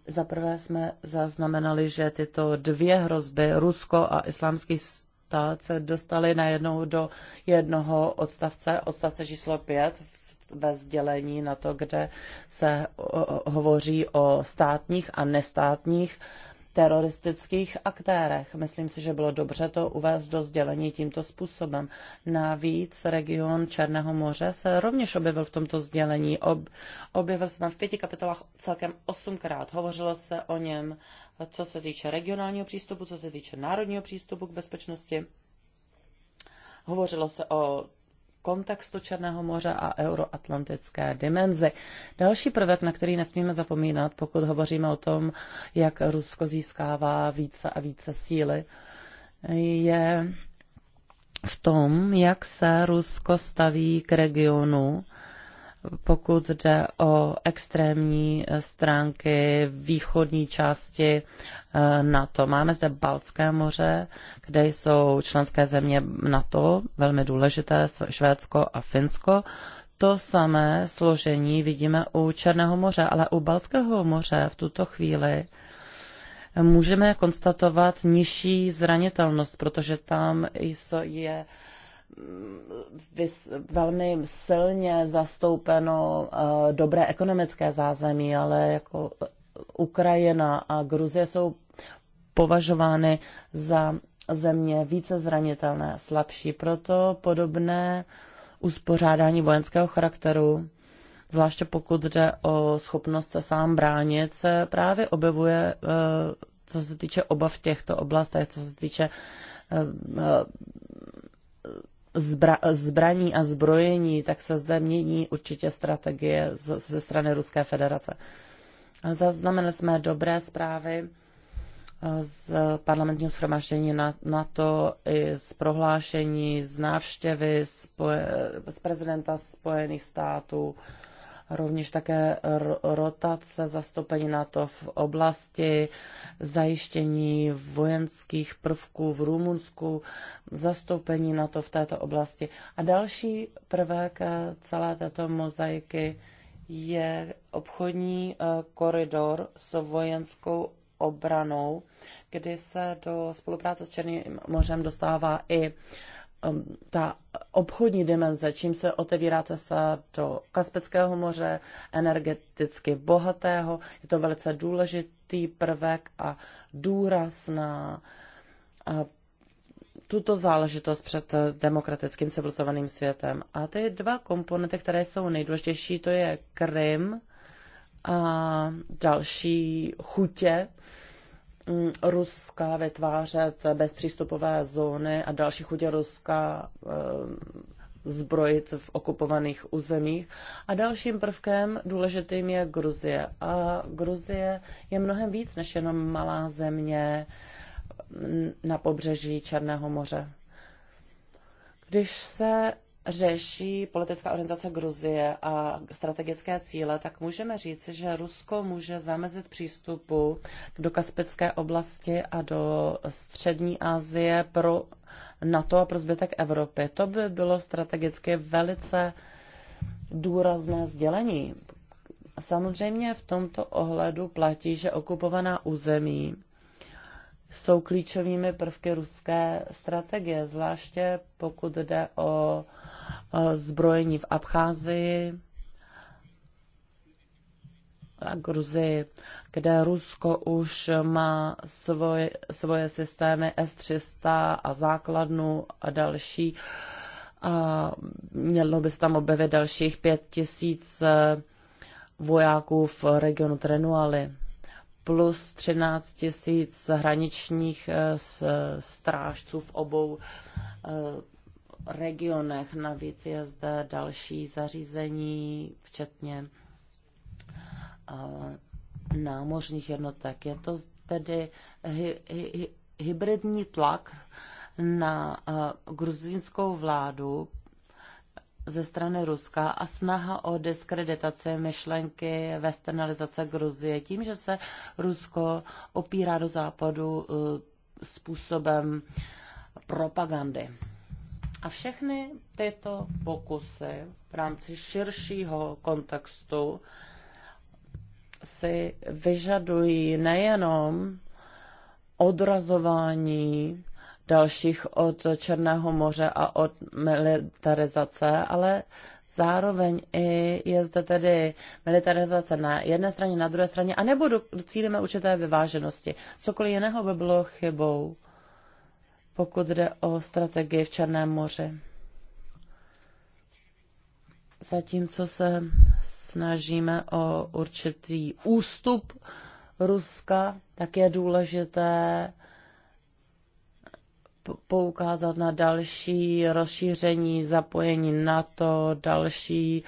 Za prvé jsme zaznamenali, že tyto dvě hrozby, Rusko a islámský stát, se dostaly najednou do jednoho odstavce, odstavce číslo 5 ve sdělení na to, kde se hovoří o státních a nestátních teroristických aktérech. Myslím si, že bylo dobře to uvést do sdělení tímto způsobem. Navíc region Černého moře se rovněž objevil v tomto sdělení. Ob, objevil se tam v pěti kapitolách celkem osmkrát. Hovořilo se o něm, co se týče regionálního přístupu, co se týče národního přístupu k bezpečnosti. Hovořilo se o kontextu Černého moře a euroatlantické dimenzi. Další prvek, na který nesmíme zapomínat, pokud hovoříme o tom, jak Rusko získává více a více síly, je v tom, jak se Rusko staví k regionu, pokud jde o extrémní eh, stránky východní části eh, NATO. Máme zde Balcké moře, kde jsou členské země NATO, velmi důležité, Švédsko a Finsko. To samé složení vidíme u Černého moře, ale u Balckého moře v tuto chvíli můžeme konstatovat nižší zranitelnost, protože tam je vys, velmi silně zastoupeno eh, dobré ekonomické zázemí, ale jako eh, Ukrajina a Gruzie jsou považovány za země více zranitelné, slabší. Proto podobné uspořádání vojenského charakteru, zvláště pokud jde o schopnost se sám bránit, se právě objevuje, eh, co se týče obav v těchto oblastech, co se týče zbra, zbraní a zbrojení, tak se zde mění určitě strategie z, ze strany Ruské federace. Zaznamenali jsme dobré zprávy eh, z parlamentního shromaždění to i z prohlášení, z návštěvy spoje, z prezidenta Spojených států rovněž také rotace zastoupení na to v oblasti zajištění vojenských prvků v Rumunsku, zastoupení na to v této oblasti. A další prvek eh, celé této mozaiky je obchodní eh, koridor s vojenskou obranou, kdy se do spolupráce s Černým mořem dostává i Um, ta obchodní dimenze, čím se otevírá cesta do Kaspického moře, energeticky bohatého. Je to velice důležitý prvek a důraz na tuto záležitost před demokratickým civilizovaným světem. A ty dva komponenty, které jsou nejdůležitější, to je Krym a další chutě, Mm, Ruska vytvářet bezpřístupové zóny a další chudě Ruska eh, zbrojit v okupovaných územích. A dalším prvkem důležitým je Gruzie. A Gruzie je mnohem víc než jenom malá země mm, na pobřeží Černého moře. Když se řeší politická orientace Gruzie a strategické cíle, tak můžeme říci, že Rusko může zamezit přístupu do Kaspické oblasti a do střední Asie pro NATO a pro zbytek Evropy. To by bylo strategicky velice důrazné sdělení. Samozřejmě v tomto ohledu platí, že okupovaná území jsou klíčovými prvky ruské strategie, zvláště pokud jde o Eh, zbrojení v Abcházii a Gruzii, kde Rusko už má svoje, svoje systémy S-300 a základnu a další. A mělo by se tam objevit dalších pět tisíc eh, vojáků v regionu Trenuali plus 13 tisíc hraničních eh, strážců v obou regionech. Navíc je zde další zařízení, včetně námořních jednotek. Je to tedy hy, hy, hy, hybridní tlak na gruzínskou vládu ze strany Ruska a snaha o diskreditaci myšlenky westernalizace Gruzie tím, že se Rusko opírá do západu e, způsobem propagandy. A všechny tyto pokusy v rámci širšího kontextu si vyžadují nejenom odrazování dalších od Černého moře a od militarizace, ale zároveň i je zde tedy militarizace na jedné straně, na druhé straně a nebo cílíme určité vyváženosti. Cokoliv jiného by bylo chybou pokud jde o strategii v Černém moři. Zatímco se snažíme o určitý ústup Ruska, tak je důležité poukázat na další rozšíření, zapojení NATO, další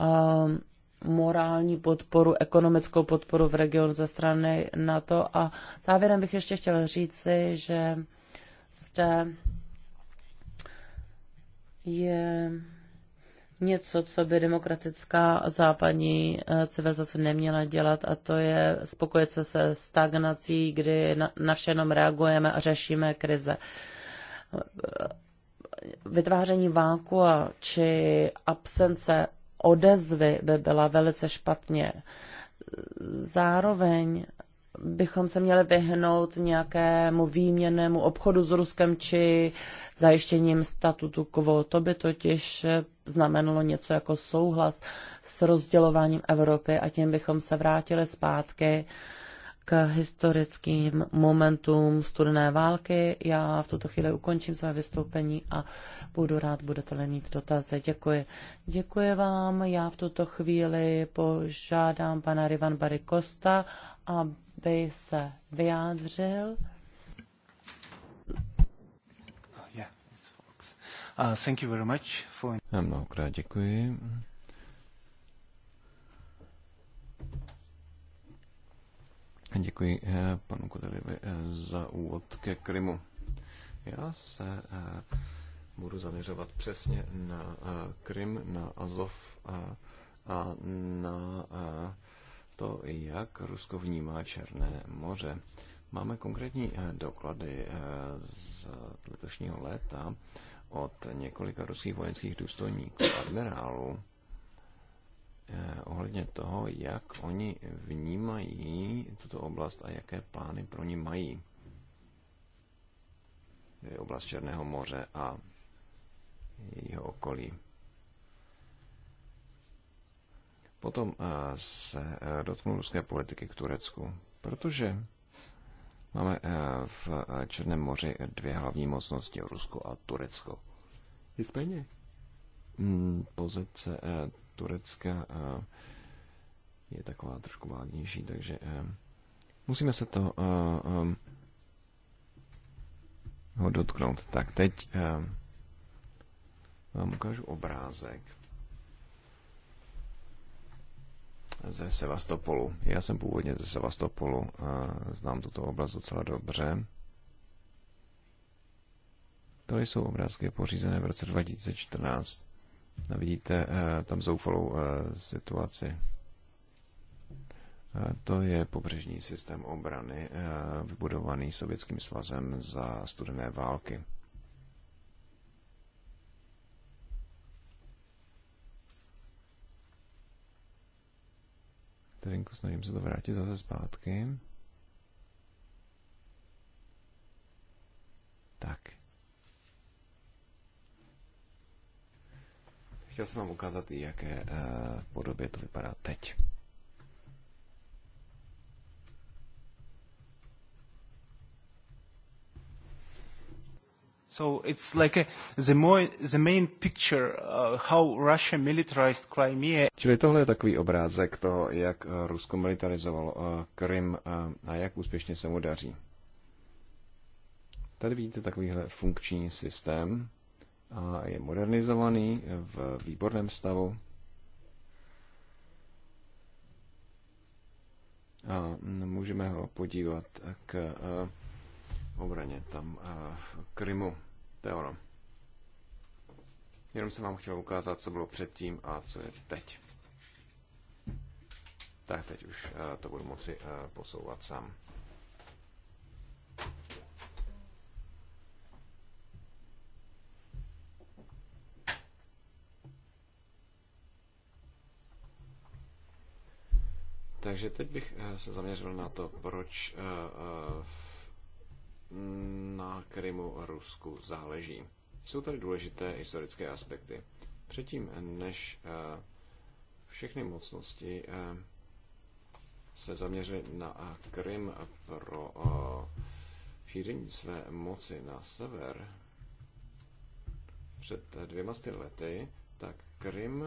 um, morální podporu, ekonomickou podporu v regionu ze strany NATO. A závěrem bych ještě chtěl říci, že zde je něco, co by demokratická západní eh, civilizace neměla dělat a to je spokojit se se stagnací, kdy na, na všechno reagujeme a řešíme krize. Vytváření vákua či absence odezvy by byla velice špatně. Zároveň bychom se měli vyhnout nějakému výměnému obchodu s Ruskem či zajištěním statutu quo. To by totiž znamenalo něco jako souhlas s rozdělováním Evropy a tím bychom se vrátili zpátky uh, k historickým momentům studené války. Já v tuto chvíli ukončím své vystoupení a budu rád, budete-li mít dotazy. Děkuji. Děkuji vám. Já v tuto chvíli požádám pana Rivan Barikosta, aby se vyjádřil. Yeah, it's... uh, thank you very much for... Mnohokrát děkuji. Děkuji eh, panu Kotelivi eh, za úvod ke Krymu. Já se eh, budu zaměřovat přesně na Krym, na Azov a, a na to, jak Rusko vnímá Černé moře. Máme konkrétní doklady z letošního léta od několika ruských vojenských důstojníků admirálů, Eh, ohledně toho, jak oni vnímají tuto oblast a jaké plány pro ní mají. Je oblast Černého moře a jeho okolí. Potom eh, se eh, dotknu ruské politiky k Turecku, protože máme v Černém moři dvě hlavní mocnosti, Rusko a Turecko. Nicméně, hmm, pozice Turecka eh, je taková trošku vágnější, takže eh, musíme se to eh, ho dotknout. Tak teď vám ukážu obrázek ze Sevastopolu. Já jsem původně ze Sevastopolu a znám tuto oblast docela dobře. To jsou obrázky pořízené v roce 2014. Vidíte eh, tam zoufalou eh, situaci. Eh, to je pobřežní systém obrany vybudovaný Sovětským svazem za studené války. Terinku, snažím se to vrátit zase zpátky. Tak. Chtěl jsem vám ukázat, i jaké eh, podobě to vypadá teď. So it's like a, the, more, the main picture uh, how Russia militarized Crimea. Čili tohle je takový obrázek toho, jak eh, Rusko militarizovalo uh, Krym uh, a jak úspěšně se mu daří. Tady vidíte takovýhle funkční systém a je modernizovaný v výborném stavu. A můžeme ho podívat k eh, obraně tam eh, v Krymu. To je ono. Jenom jsem vám chtěl ukázat, co bylo předtím a co je teď. Tak teď už eh, to budu moci posouvat sám. Takže teď bych eh, se zaměřil na to, proč eh, eh, na Krymu Rusku záleží. Jsou tady důležité historické aspekty. Předtím, než všechny mocnosti se zaměřily na Krym pro šíření své moci na sever před dvěma sty lety, tak Krym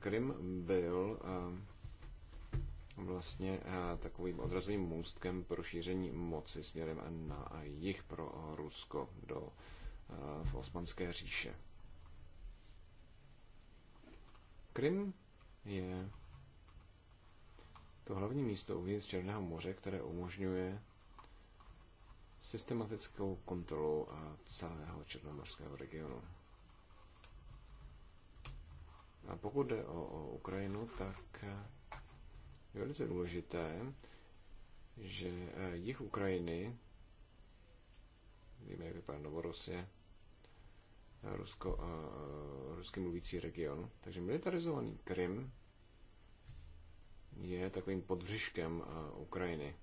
Krym byl eh, vlastně eh, takovým odrazovým můstkem pro šíření moci směrem na jich pro Rusko do eh, v Osmanské říše. Krym je to hlavní místo uvnitř Černého moře, které umožňuje systematickou kontrolu celého černomorského regionu. A pokud jde o, o Ukrajinu, tak eh, je velice důležité, že eh, jich Ukrajiny, víme, jak vypadá Novorosie, eh, Rusko, rusky mluvící region, takže militarizovaný Krym je takovým podbřiškem Ukrajiny.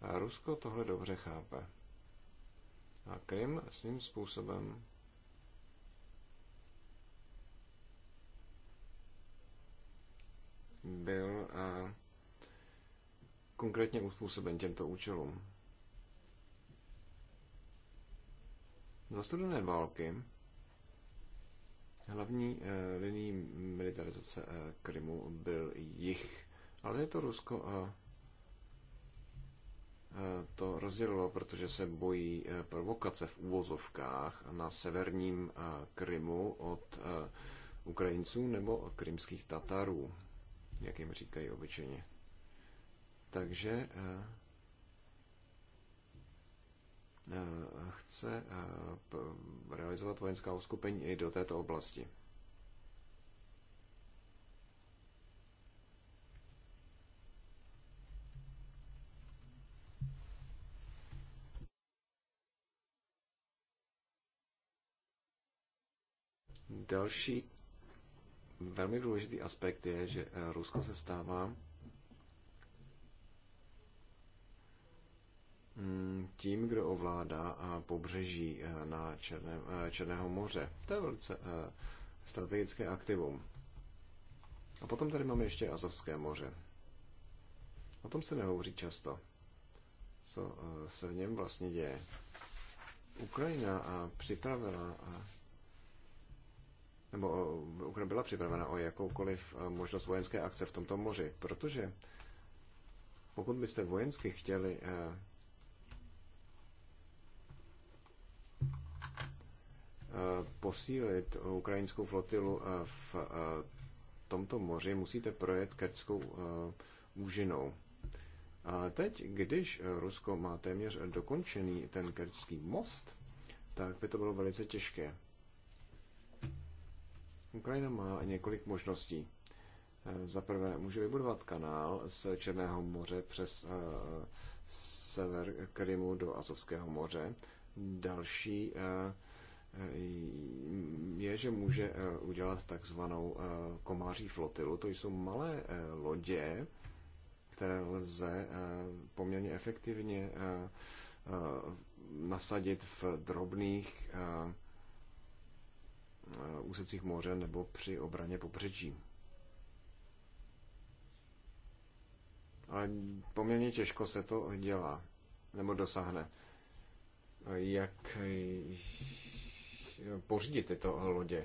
A Rusko tohle dobře chápe. A Krym svým způsobem byl konkrétně uspůsoben těmto účelům. Za studené války hlavní eh, linií militarizace eh, Krymu byl jich, ale je to Rusko eh, to rozdělilo, protože se bojí provokace v úvozovkách na severním Krymu od Ukrajinců nebo krymských Tatarů jak jim říkají obyčejně. Takže eh, eh, chce eh, realizovat vojenská uskupení i do této oblasti. Další velmi důležitý aspekt je, že eh, Rusko se stává mm, tím, kdo ovládá eh, pobřeží eh, na Černém, Černého moře. To je velice strategické aktivum. A potom tady máme ještě Azovské moře. O tom se nehovoří často. Co se v něm vlastně děje? Ukrajina připravila nebo Ukrajina eh, byla připravena o jakoukoliv eh, možnost vojenské akce v tomto moři, protože pokud byste vojensky chtěli eh, posílit ukrajinskou flotilu v tomto moři, musíte projet kerčskou úžinou. A teď, když Rusko má téměř dokončený ten kerčský most, tak by to bylo velice těžké. Ukrajina má několik možností. Eh, za prvé může vybudovat kanál z Černého moře přes eh, sever Krymu do Azovského moře. Další eh, je, že může udělat takzvanou komáří flotilu. To jsou malé lodě, které lze poměrně efektivně nasadit v drobných Eh, úsecích moře nebo při obraně pobřeží. Ale poměrně těžko se to dělá nebo dosáhne. Jak pořídit tyto lodě?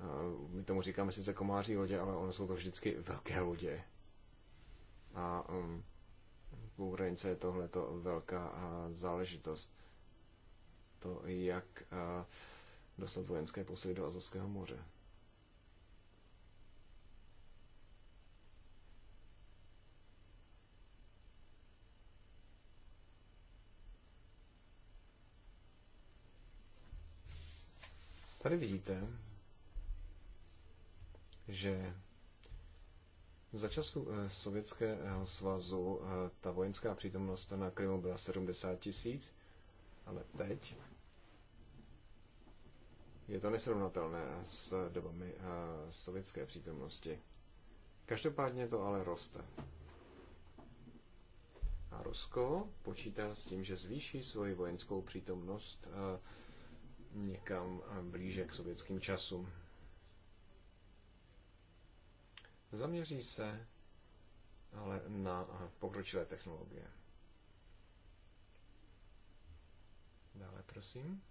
Eh, my tomu říkáme sice komáří lodě, ale ono jsou to vždycky velké lodě. A v eh, Ukrajince je tohle velká záležitost. To, jak uh, dostat vojenské posily do Azovského moře. Tady vidíte, že za času eh, Sovětského svazu eh, ta vojenská přítomnost na Krymu byla 70 tisíc, ale teď je to nesrovnatelné s dobami eh, sovětské přítomnosti. Každopádně to ale roste. A Rusko počítá s tím, že zvýší svoji vojenskou přítomnost eh, někam eh, blíže k sovětským časům. Zaměří se ale na pokročilé technologie. Dále, prosím.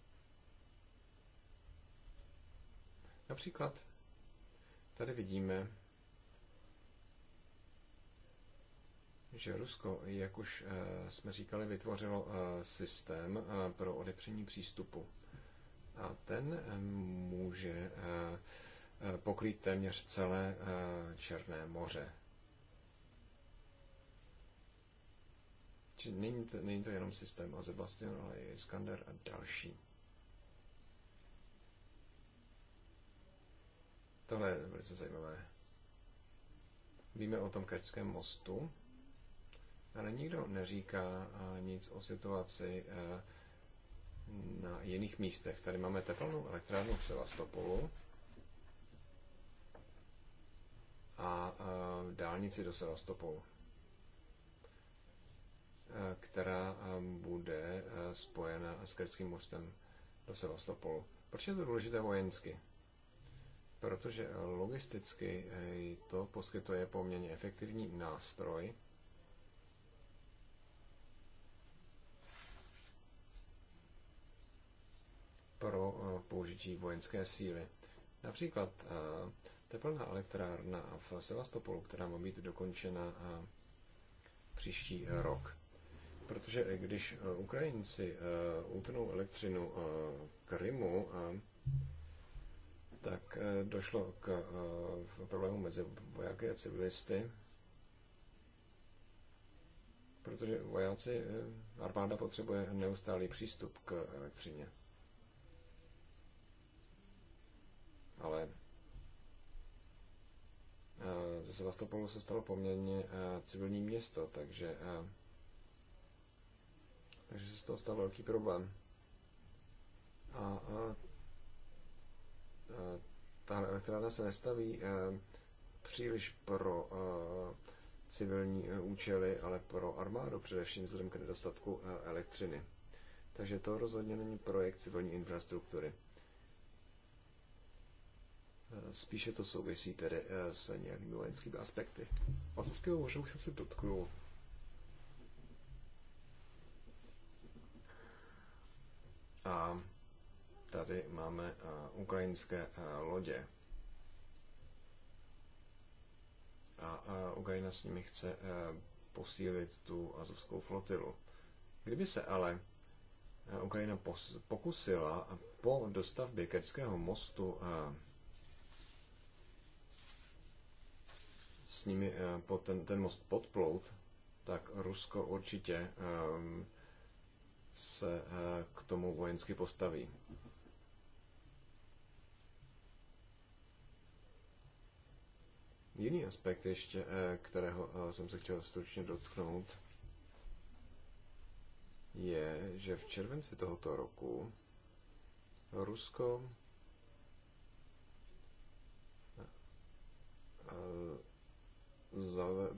Například tady vidíme, že Rusko, jak už eh, jsme říkali, vytvořilo eh, systém eh, pro odepření přístupu. A ten může pokrýt téměř celé Černé moře. není to, není to jenom systém a ale i Skander a další. tohle je velice zajímavé. Víme o tom Kerčském mostu, ale nikdo neříká nic o situaci eh, na jiných místech. Tady máme tepelnou elektrárnu v Sevastopolu a eh, dálnici do Sevastopolu, eh, která bude spojena s Kerčským mostem do Sevastopolu. Proč je to důležité vojensky? protože logisticky eh, to poskytuje poměrně efektivní nástroj, pro eh, použití vojenské síly. Například eh, teplná elektrárna v Sevastopolu, která má být dokončena příští rok. Protože když Ukrajinci utnou elektřinu Krymu, tak eh, došlo k eh, problému mezi vojáky a civilisty, protože vojáci, eh, armáda potřebuje neustálý přístup k elektřině. Ale ze Sevastopolu se stalo poměrně civilní město, takže, takže se z toho stal velký problém. A, a Eh, ta elektrárna se nestaví eh, příliš pro eh, civilní účely, ale pro armádu, především vzhledem k nedostatku elektřiny. Takže to rozhodně není projekt civilní infrastruktury. Spíše to souvisí tedy s nějakými vojenskými aspekty. Otevského moře už jsem si dotknul. A tady máme eh, ukrajinské eh, lodě. A eh, Ukrajina s nimi chce posílit tu azovskou flotilu. Kdyby se ale Ukrajina pokusila po dostavbě Kerského mostu s nimi po ten, ten most podplout, tak Rusko určitě ehm, se k tomu vojensky postaví. Jiný aspekt ještě, eh, kterého eh, jsem se chtěl stručně dotknout, je, že v červenci tohoto roku Rusko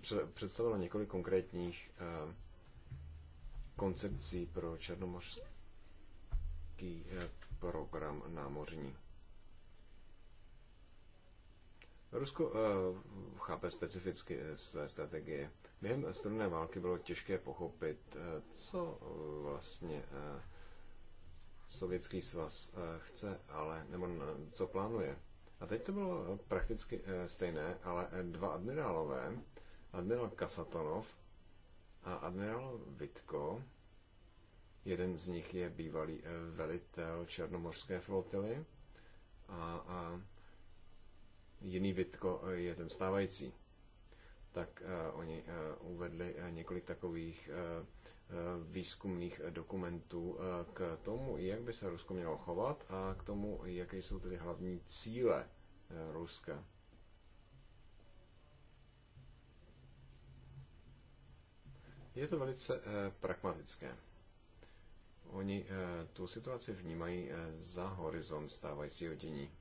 eh, představilo několik konkrétních koncepcí pro černomořský program námořní. Rusko uh, chápe specificky eh, své strategie. Během studené války bylo těžké pochopit, eh, co vlastně uh, Sovětský svaz uh, chce, ale nebo co plánuje. A teď to bylo prakticky stejné, ale dva admirálové, admirál Kasatonov a admirál Vitko, jeden z nich je bývalý velitel Černomorské flotily a, a jiný Vitko je ten stávající, tak eh, oni eh, uvedli eh, několik takových výzkumných dokumentů k tomu, jak by se Rusko mělo chovat a k tomu, jaké jsou tedy hlavní cíle Ruska. Je to velice pragmatické. Oni tu situaci vnímají za horizont stávajícího dění.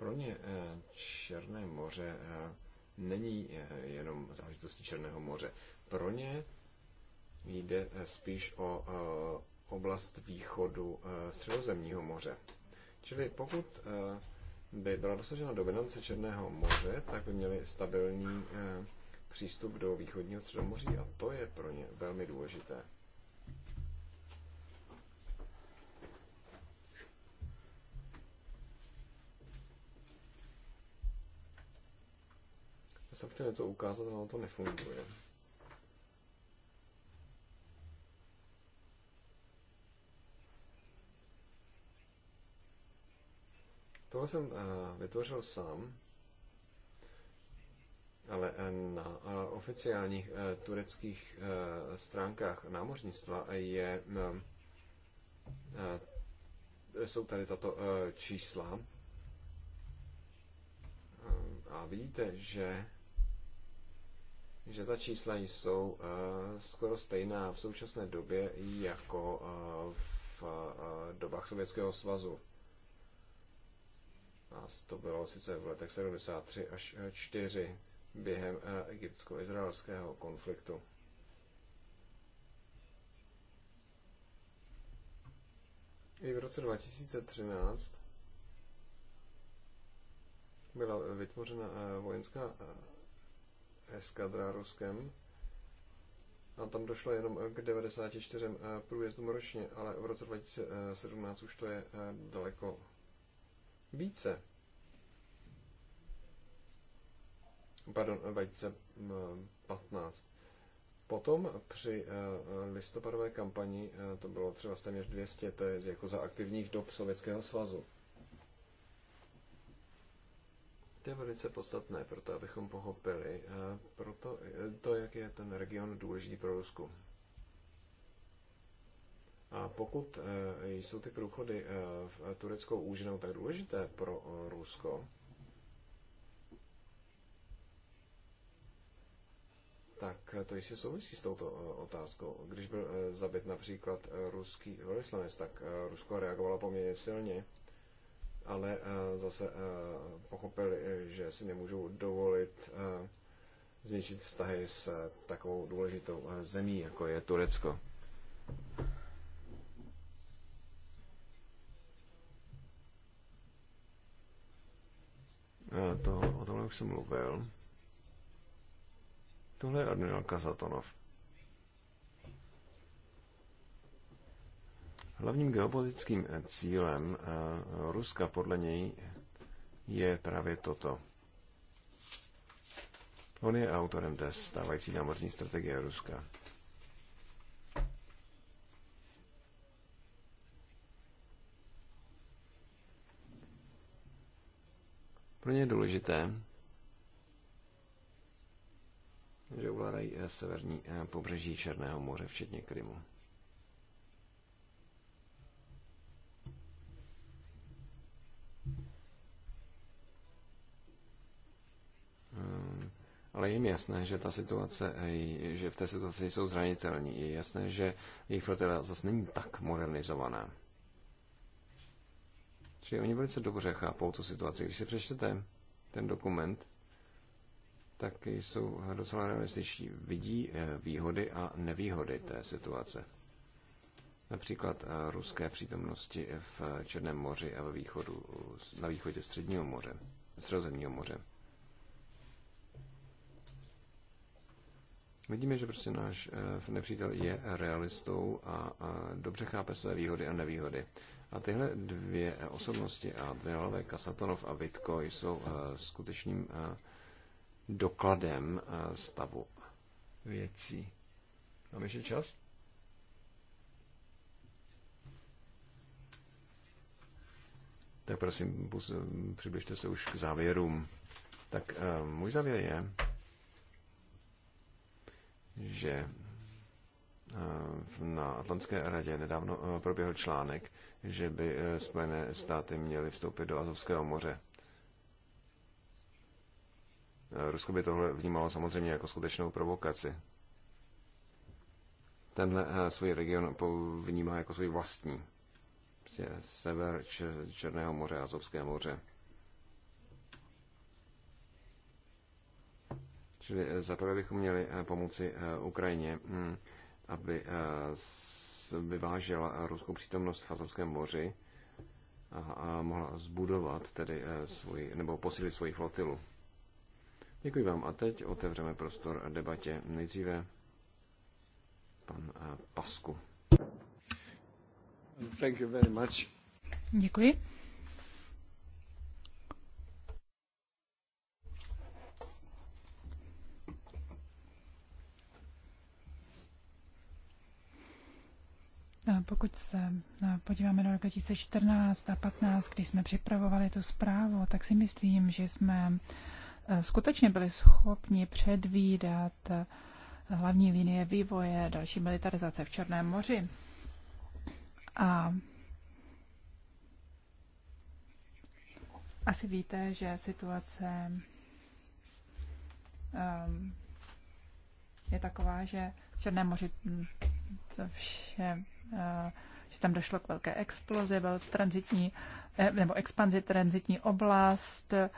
Pro ně eh, Černé moře eh, není eh, jenom záležitostí Černého moře. Pro ně jde spíš o oblast východu Středozemního moře. Čili pokud by byla dosažena dominance Černého moře, tak by měli stabilní přístup do východního středomoří a to je pro ně velmi důležité. jsem chtěl něco ukázat, ale to nefunguje. Tohle jsem eh, vytvořil sám, ale eh, na eh, oficiálních tureckých stránkách námořnictva je, jsou tady tato čísla. A vidíte, že že ta čísla jsou eh, skoro stejná v současné době jako eh, v eh, dobách Sovětského svazu. A to bylo sice v letech 73 až 4 během egyptsko-izraelského konfliktu. I v roce 2013 byla vytvořena vojenská eskadra Ruskem. A tam došlo jenom k 94 eh, průjezdům ročně, ale v roce 2017 už to je eh, daleko více. Pardon, 2015. Eh, Potom při listopadové kampani to bylo třeba téměř 200, to je jako za aktivních dob Sovětského svazu. To je velice podstatné pro to, abychom pochopili eh, proto, eh, to, jak je ten region důležitý pro Rusku. A pokud eh, jsou ty průchody v tureckou úžinou tak důležité pro Rusko, tak to jistě souvisí s touto otázkou. Když byl zabit například ruský velvyslanec, tak Rusko reagovalo poměrně silně ale eh, zase eh, pochopili, eh, že si nemůžou dovolit zničit vztahy s takovou důležitou zemí, jako je Turecko. To, o tomhle už jsem mluvil. Tohle je admiral Kazatonov. Hlavním geopolitickým eh, cílem eh, Ruska podle něj je právě toto. On je autorem té stávající námořní strategie Ruska. Pro ně je důležité, že ovládají eh, severní pobřeží Černého moře, včetně Krymu. ale jim jasné, že ta situace, že v té situaci jsou zranitelní. Je jasné, že jejich flotila zase není tak modernizovaná. Čili oni velice dobře chápou tu situaci. Když si přečtete ten dokument, tak jsou docela realističtí. Vidí eh, výhody a nevýhody té situace. Například eh, ruské přítomnosti v Černém moři a ve východu, na východě Středního moře, Středozemního moře. Vidíme, že prostě náš eh, nepřítel je realistou a dobře chápe své výhody a nevýhody. A tyhle dvě eh, osobnosti, a Admiralové Kasatonov a Vitko, jsou eh, skutečným dokladem stavu věcí. Máme ještě čas? Tak prosím, přibližte se už k závěrům. Tak můj závěr je, že eh, na Atlantské radě nedávno eh, proběhl článek, že by eh, Spojené státy měly vstoupit do Azovského moře. Rusko by tohle vnímalo samozřejmě jako skutečnou provokaci. Tenhle svůj region vnímá jako svůj vlastní. Prostě sever Černého moře, Azovské moře. Čili eh, zaprvé bychom měli eh, pomoci eh, Ukrajině, hm, aby vyvážela ruskou přítomnost v Fazovském moři a mohla zbudovat tedy svůj, nebo posílit svoji flotilu. Děkuji vám a teď otevřeme prostor debatě. Nejdříve pan Pasku. Thank you very much. Děkuji. Pokud se podíváme do roku 2014 a 2015, když jsme připravovali tu zprávu, tak si myslím, že jsme e, skutečně byli schopni předvídat e, hlavní linie vývoje další militarizace v Černém moři. A asi víte, že situace ehm, je taková, že v Černém moři to vše Eh, že tam došlo k velké explozi, byl transitní, eh, nebo expanzi transitní oblast eh,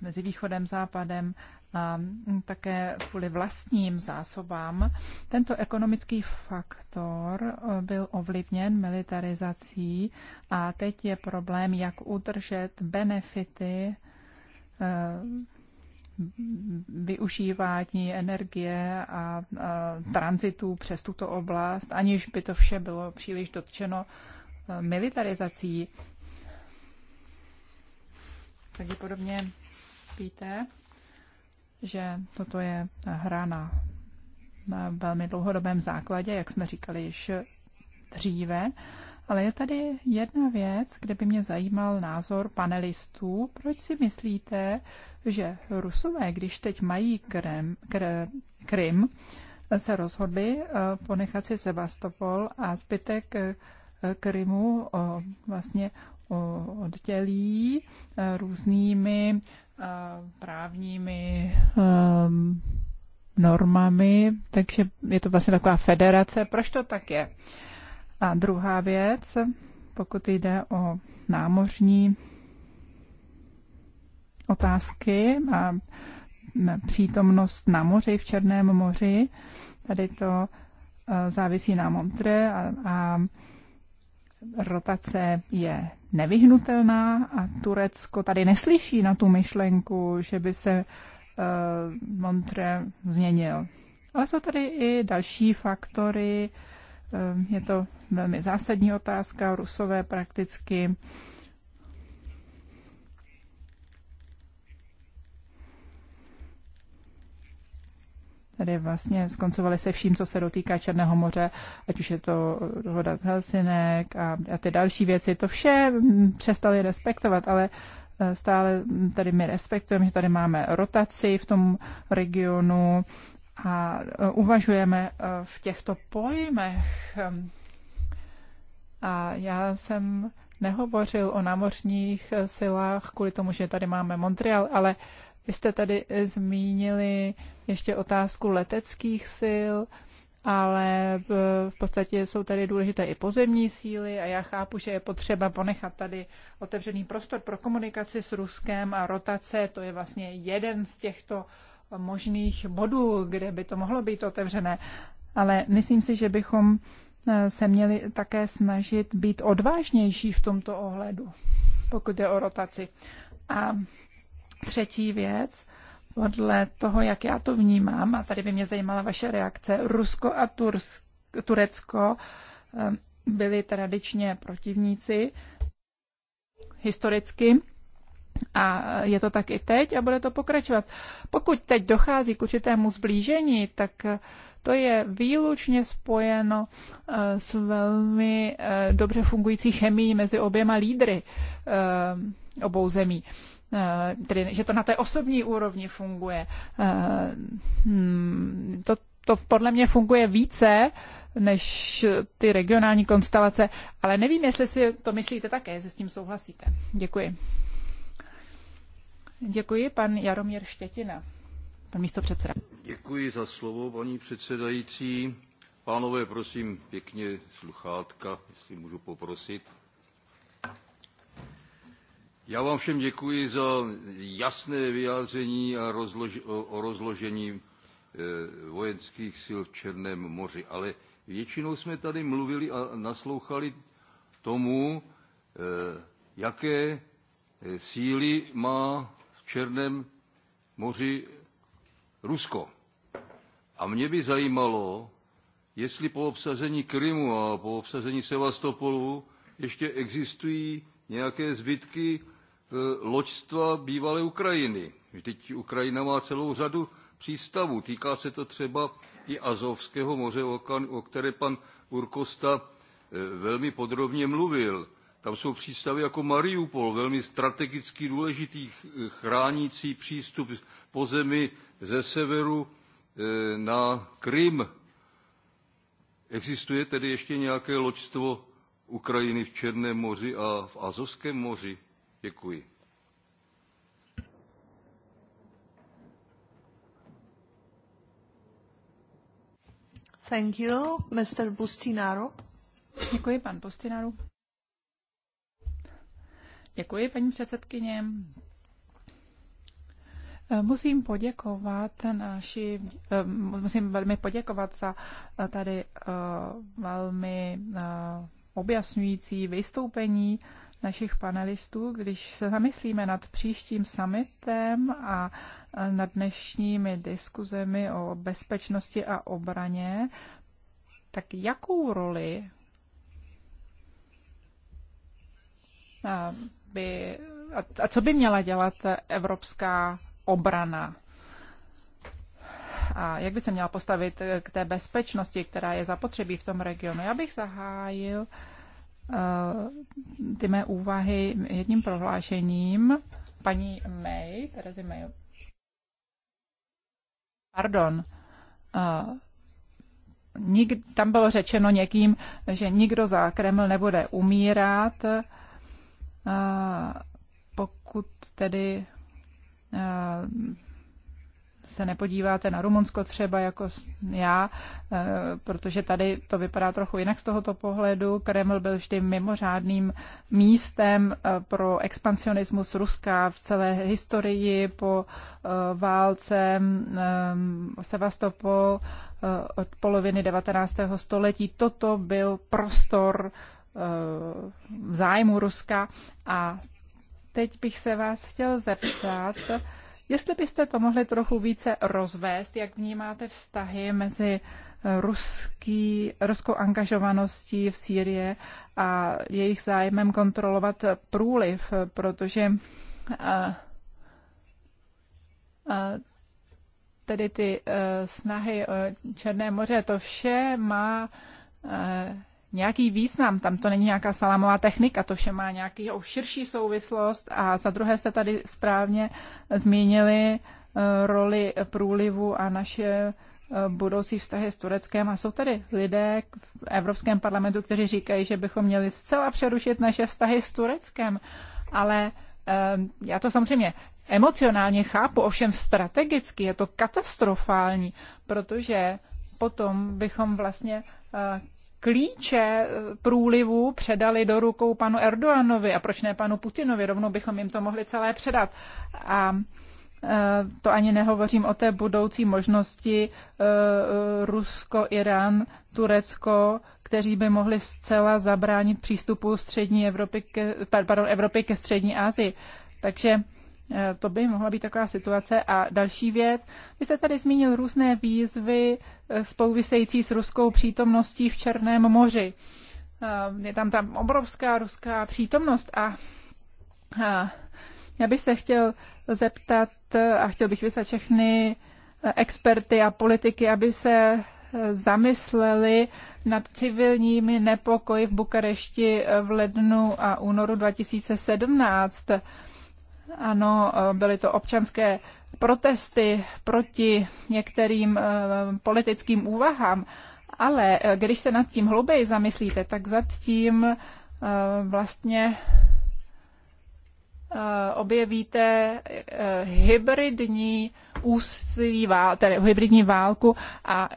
mezi východem, západem a také kvůli vlastním zásobám. Tento ekonomický faktor byl ovlivněn militarizací a teď je problém, jak udržet benefity využívání energie a, tranzitu přes tuto oblast, aniž by to vše bylo příliš dotčeno e, militarizací. Pravděpodobně víte, že toto je hra na, na velmi dlouhodobém základě, jak jsme říkali již dříve. Ale je tady jedna věc, kde by mě zajímal názor panelistů. Proč si myslíte, že Rusové, když teď mají krem, kr, Krym, se rozhodli eh, ponechat si Sebastopol a zbytek eh, Krymu vlastně oddělí eh, různými právními ehm, normami, takže je to vlastně taková federace. Proč to tak je? A druhá věc, pokud jde o námořní otázky a přítomnost na moři, v Černém moři, tady to eh, závisí na Montre a, a rotace je nevyhnutelná a Turecko tady neslyší na tu myšlenku, že by se uh, Montre změnil. Ale jsou tady i další faktory, Eh, je to velmi zásadní otázka. Rusové prakticky tady vlastně skoncovali se vším, co se dotýká Černého moře, ať už je to dohoda z Helsinek a, a ty další věci, to vše mm, přestali respektovat, ale eh, stále tady my respektujeme, že tady máme rotaci v tom regionu, a e, uvažujeme e, v těchto pojmech. A já jsem nehovořil o námořních e, silách kvůli tomu, že tady máme Montreal, ale vy jste tady zmínili ještě otázku leteckých sil, ale v podstatě jsou tady důležité i pozemní síly a já chápu, že je potřeba ponechat tady otevřený prostor pro komunikaci s Ruskem a rotace, to je vlastně jeden z těchto uh, možných bodů, kde by to mohlo být otevřené, ale myslím si, že bychom eh, se měli také snažit být odvážnější v tomto ohledu, pokud je o rotaci. A třetí věc, podle toho, jak já to vnímám, a tady by mě zajímala vaše reakce, Rusko a Tursk, Turecko eh, byli tradičně protivníci historicky a je to tak i teď a bude to pokračovat. Pokud teď dochází k určitému zblížení, tak to je výlučně spojeno eh, s velmi eh, dobře fungující chemií mezi oběma lídry eh, obou zemí. Tedy, že to na té osobní úrovni funguje. Hm, to, to podle mě funguje více než ty regionální konstelace, ale nevím, jestli si to myslíte také, jestli s tím souhlasíte. Děkuji. Děkuji, pan Jaromír Štětina, pan místo předseda. Děkuji za slovo, paní předsedající. Pánové, prosím, pěkně sluchátka, jestli můžu poprosit. Já vám všem děkuji za jasné vyjádření a rozlož, o, o rozložení e, vojenských sil v Černém moři, ale většinou jsme tady mluvili a naslouchali tomu, e, jaké e, síly má Černém moři Rusko. A mě by zajímalo, jestli po obsazení Krymu a po obsazení Sevastopolu ještě existují nějaké zbytky e, loďstva bývalé Ukrajiny. Vždyť Ukrajina má celou řadu přístavů. Týká se to třeba i Azovského moře, o které pan Urkosta e, velmi podrobně mluvil. Tam jsou přístavy jako Mariupol, velmi strategicky důležitý, chránící přístup po zemi ze severu eh, na Krym. Existuje tedy ještě nějaké loďstvo Ukrajiny v Černém moři a v Azovském moři? Děkuji. Thank you, Mr. Bustinaro. Děkuji, pan Bustinaro. Děkuji, paní předsedkyně. Eh, musím poděkovat naši, eh, musím velmi poděkovat za eh, tady velmi objasňující vystoupení našich panelistů. Když se zamyslíme nad příštím summitem a nad dnešními diskuzemi o bezpečnosti a obraně, tak jakou roli by, a co by měla dělat evropská obrana? A jak by se měla postavit k té bezpečnosti, která je zapotřebí v tom regionu? Já bych zahájil uh, ty mé úvahy jedním prohlášením paní May, Terezy May. Pardon. Uh, Nik, tam bylo řečeno někým, že nikdo za Kreml nebude umírat, Eh, pokud tedy eh, se nepodíváte na Rumunsko třeba jako já, eh, protože tady to vypadá trochu jinak z tohoto pohledu. Kreml byl vždy mimořádným místem pro expansionismus Ruska v celé historii po válce Sevastopol od poloviny 19. století. Toto byl prostor v zájmu Ruska. A teď bych se vás chtěl zeptat, jestli byste to mohli trochu více rozvést, jak vnímáte vztahy mezi ruský, ruskou angažovaností v Sýrii a jejich zájmem kontrolovat průliv, protože a, a, tedy ty snahy o Černé moře, to vše má nějaký význam, tam to není nějaká salámová technika, to vše má nějaký širší souvislost a za druhé se tady správně zmínili eh, roli průlivu a naše eh, budoucí vztahy s Tureckem a jsou tady lidé v Evropském parlamentu, kteří říkají, že bychom měli zcela přerušit naše vztahy s Tureckem, ale eh, já to samozřejmě emocionálně chápu, ovšem strategicky je to katastrofální, protože potom bychom vlastně klíče eh, průlivu předali do rukou panu Erdoanovi a proč ne panu Putinovi, rovnou bychom jim to mohli celé předat. A eh, to ani nehovořím o té budoucí možnosti eh, Rusko, Irán, Turecko, kteří by mohli zcela zabránit přístupu střední Evropy ke, pardon, Evropy ke střední Asii. Takže Eh, to by mohla být taková situace. A další věc, vy jste tady zmínil různé výzvy eh, spouvisející s ruskou přítomností v Černém moři. Eh, je tam tam obrovská ruská přítomnost a, já bych se chtěl zeptat a chtěl bych vyslat všechny experty a politiky, aby se zamysleli nad civilními nepokoji v Bukarešti v lednu a únoru 2017. Ano, eh, byly to občanské protesty proti některým eh, politickým úvahám, ale eh, když se nad tím hlouběji zamyslíte, tak zatím vlastně objevíte hybridní úsilí, tedy hybridní válku a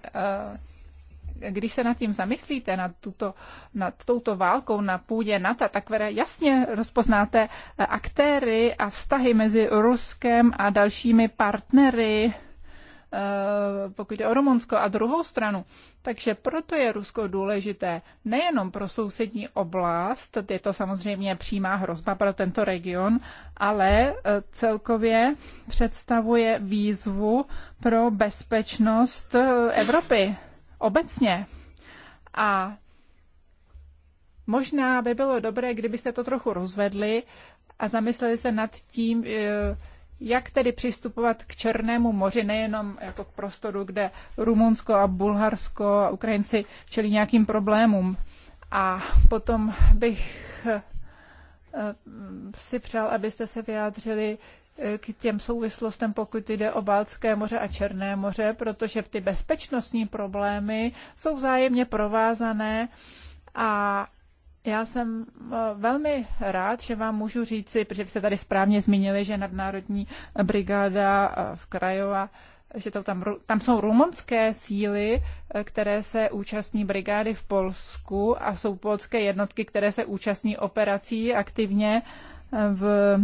když se nad tím zamyslíte, nad, tuto, nad touto válkou na půdě NATO, tak které jasně rozpoznáte eh, aktéry a vztahy mezi Ruskem a dalšími partnery, eh, pokud jde o Rumunsko a druhou stranu. Takže proto je Rusko důležité nejenom pro sousední oblast, je to samozřejmě přímá hrozba pro tento region, ale eh, celkově představuje výzvu pro bezpečnost Evropy obecně. A možná by bylo dobré, kdybyste to trochu rozvedli a zamysleli se nad tím, eh, jak tedy přistupovat k Černému moři, nejenom jako k prostoru, kde Rumunsko a Bulharsko a Ukrajinci čelí nějakým problémům. A potom bych eh, si přál, abyste se vyjádřili k těm souvislostem, pokud jde o Balcké moře a Černé moře, protože ty bezpečnostní problémy jsou vzájemně provázané a já jsem eh, velmi rád, že vám můžu říci, protože jste tady správně zmínili, že nadnárodní brigáda eh, v Krajova že to tam, tam jsou rumunské síly, eh, které se účastní brigády v Polsku a jsou polské jednotky, které se účastní operací aktivně v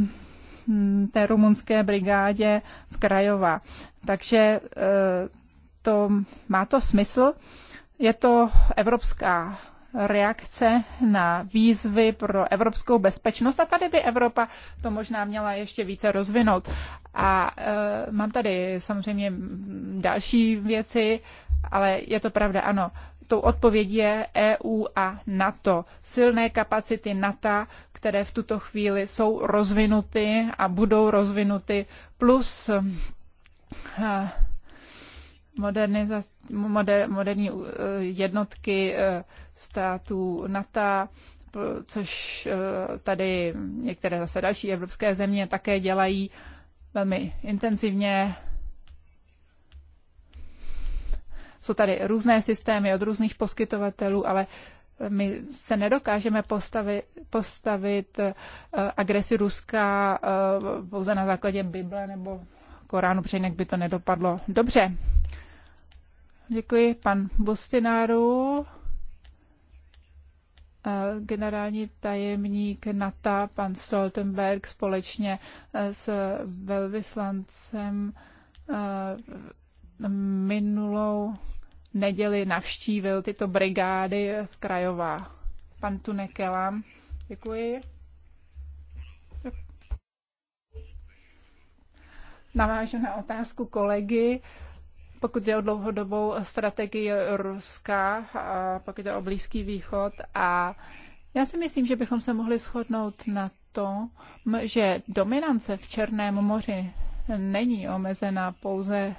Hm, té rumunské brigádě v Krajova. Takže e, to, má to smysl. Je to evropská reakce na výzvy pro evropskou bezpečnost a tady by Evropa to možná měla ještě více rozvinout. A e, mám tady samozřejmě další věci, ale je to pravda, ano. Tou odpovědí je EU a NATO. Silné kapacity NATO, které v tuto chvíli jsou rozvinuty a budou rozvinuty, plus eh, moder, moderní eh, jednotky eh, států NATO, což tady některé zase další evropské země také dělají velmi intenzivně. Jsou tady různé systémy od různých poskytovatelů, ale my se nedokážeme postavit, postavit eh, agresi Ruska eh, pouze na základě Bible nebo Koránu, protože jinak by to nedopadlo. Dobře. Děkuji pan Bustináru. Eh, generální tajemník NATO, pan Stoltenberg, společně s velvyslancem minulou neděli navštívil tyto brigády v Krajová. Pan Tunekela, děkuji. Navážu na otázku kolegy. Pokud jde o dlouhodobou strategii Ruska, a pokud jde o Blízký východ a já si myslím, že bychom se mohli shodnout na tom, že dominance v Černém moři není omezená pouze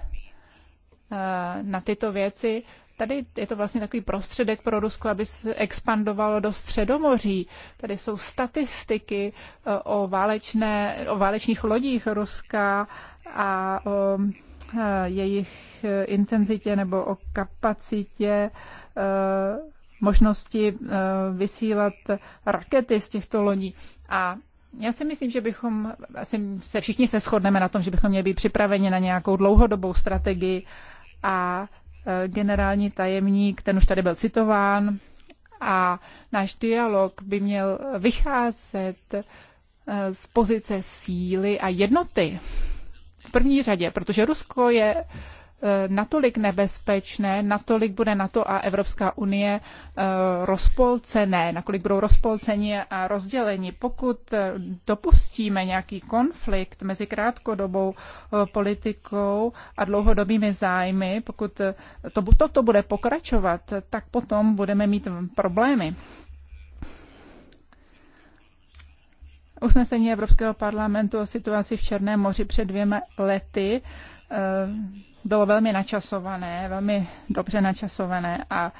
Eh, na tyto věci. Tady je to vlastně takový prostředek pro Rusko, aby se expandovalo do Středomoří. Tady jsou statistiky eh, o, válečné, o válečných lodích Ruska a o eh, jejich intenzitě nebo o kapacitě možnosti vysílat rakety z těchto lodí. A já si myslím, že bychom, asi se všichni se shodneme na tom, že bychom měli být připraveni na nějakou dlouhodobou strategii a e, generální tajemník, ten už tady byl citován, a náš dialog by měl vycházet e, z pozice síly a jednoty. V první řadě, protože Rusko je Eh, natolik nebezpečné, natolik bude NATO a Evropská unie eh, rozpolcené, nakolik budou rozpolceni a rozděleni. Pokud eh, dopustíme nějaký konflikt mezi krátkodobou politikou a dlouhodobými zájmy, pokud to, toto bude pokračovat, tak potom budeme mít problémy. Usnesení Evropského parlamentu o situaci v Černém moři před dvěma lety Eh, bylo velmi načasované, velmi dobře načasované a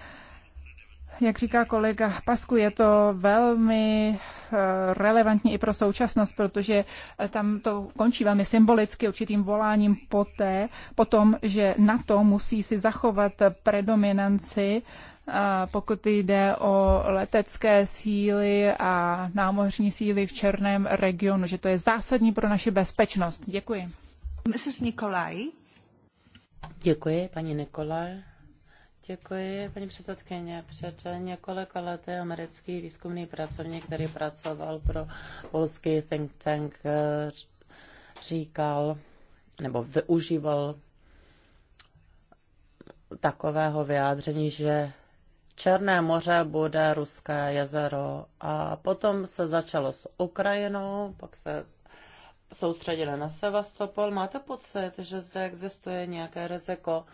jak říká kolega Pasku, je to velmi eh, relevantní i pro současnost, protože eh, tam to končí velmi symbolicky určitým voláním poté, potom, že NATO musí si zachovat predominanci pokud jde o letecké síly a námořní síly v černém regionu, že to je zásadní pro naši bezpečnost. Děkuji. Mrs. Nikolaj. Děkuji, paní Nikolaj. Děkuji, paní předsedkyně. Před několika lety americký výzkumný pracovník, který pracoval pro polský think tank, eh, říkal nebo využíval takového vyjádření, že Černé moře bude ruské jezero. A potom se začalo s Ukrajinou, pak se soustředili na Sevastopol. Máte pocit, že zde existuje nějaké riziko,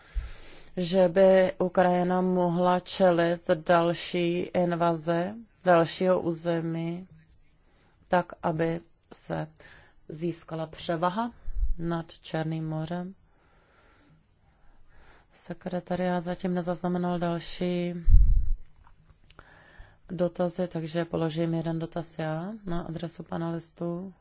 že by Ukrajina mohla čelit další invaze, dalšího území, tak, aby se získala převaha nad Černým mořem? Sekretariát zatím nezaznamenal další dotazy, takže položím jeden dotaz já na adresu panelistů.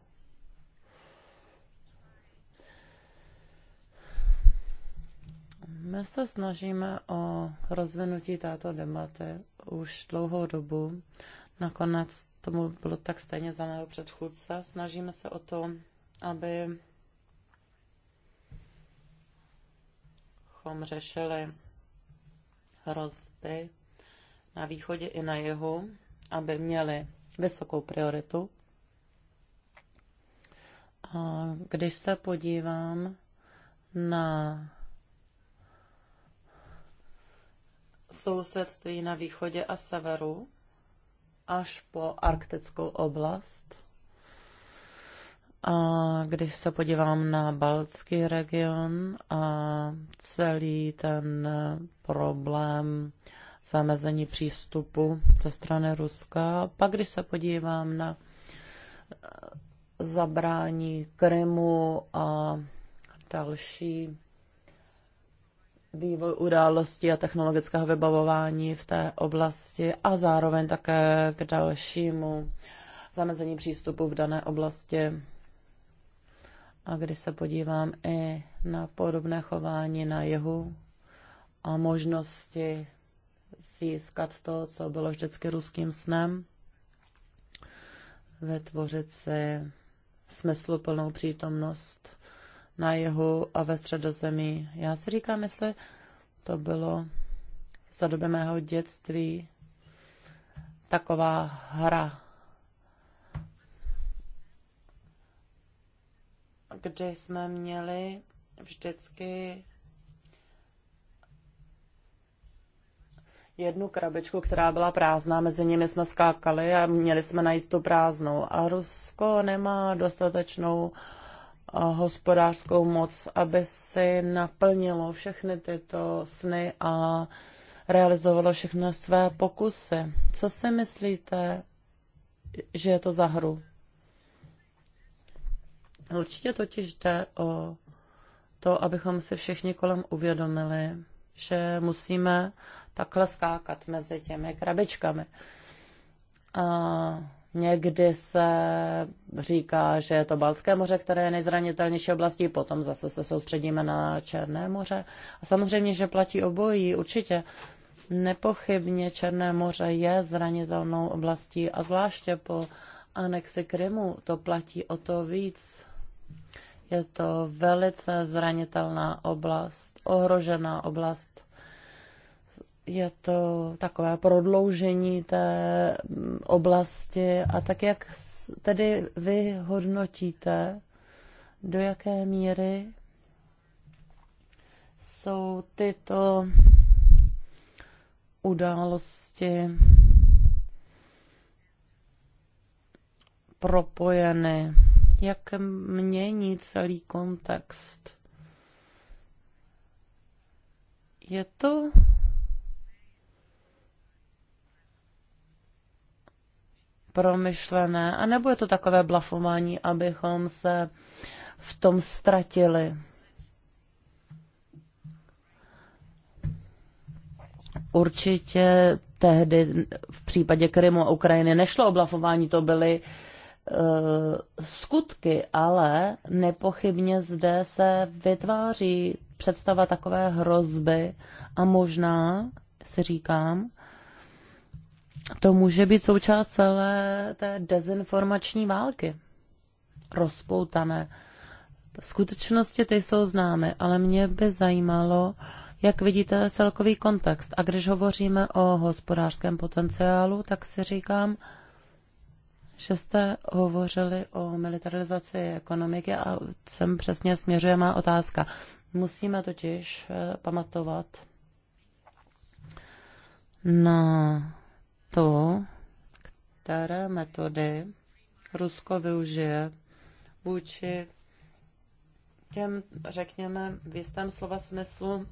My se snažíme o rozvinutí této debaty už dlouhou dobu. Nakonec tomu bylo tak stejně za mého předchůdce. Snažíme se o to, aby chom řešili hrozby na východě i na jihu, aby měli vysokou prioritu. A když se podívám na sousedství na východě a severu až po arktickou oblast. A když se podívám na Baltský region a celý ten problém zamezení přístupu ze strany Ruska, pak když se podívám na eh, zabrání Krymu a další vývoj událostí a technologického vybavování v té oblasti a zároveň také k dalšímu zamezení přístupu v dané oblasti. A když se podívám i na podobné chování na jihu a možnosti získat to, co bylo vždycky ruským snem, vytvořit si smysluplnou přítomnost na jihu a ve středozemí. Já si říkám, jestli to bylo za doby mého dětství taková hra, kde jsme měli vždycky jednu krabičku, která byla prázdná, mezi nimi jsme skákali a měli jsme najít tu prázdnou. A Rusko nemá dostatečnou uh, hospodářskou moc, aby si naplnilo všechny tyto sny a realizovalo všechny své pokusy. Co si myslíte, že je to za hru? Určitě totiž jde o to, abychom si všichni kolem uvědomili, že musíme takhle skákat mezi těmi krabičkami. A Někdy se říká, že je to Balské moře, které je nejzranitelnější oblastí, potom zase se soustředíme na Černé moře. A samozřejmě, že platí obojí, určitě. Nepochybně Černé moře je zranitelnou oblastí a zvláště po anexi Krymu to platí o to víc. Je to velice zranitelná oblast, ohrožená oblast je to takové prodloužení té oblasti a tak, jak tedy vy hodnotíte, do jaké míry jsou tyto události propojeny, jak mění celý kontext. Je to promyšlené a je to takové blafování, abychom se v tom ztratili. Určitě tehdy v případě Krymu a Ukrajiny nešlo o blafování, to byly uh, skutky, ale nepochybně zde se vytváří představa takové hrozby a možná si říkám, to může být součást celé té dezinformační války. Rozpoutané. Skutečnosti ty jsou známy, ale mě by zajímalo, jak vidíte celkový kontext. A když hovoříme o hospodářském potenciálu, tak si říkám, že jste hovořili o militarizaci ekonomiky a sem přesně směřuje má otázka. Musíme totiž eh, pamatovat na to, které metody Rusko využije vůči těm, řekněme, v jistém slova smyslu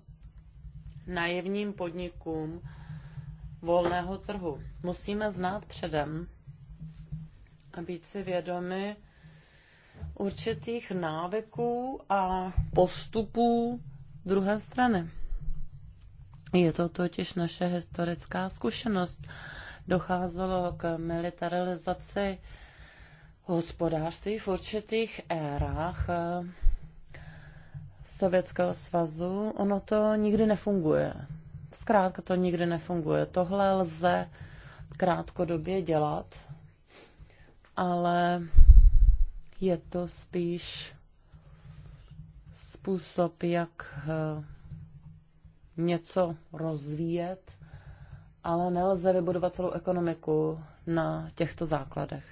naivním podnikům volného trhu. Musíme znát předem a být si vědomi určitých návyků a postupů druhé strany. Je to totiž naše historická zkušenost docházelo k militarizaci hospodářství v určitých érách eh, Sovětského svazu. Ono to nikdy nefunguje. Zkrátka to nikdy nefunguje. Tohle lze krátkodobě dělat, ale je to spíš způsob, jak eh, něco rozvíjet ale nelze vybudovat celou ekonomiku na těchto základech.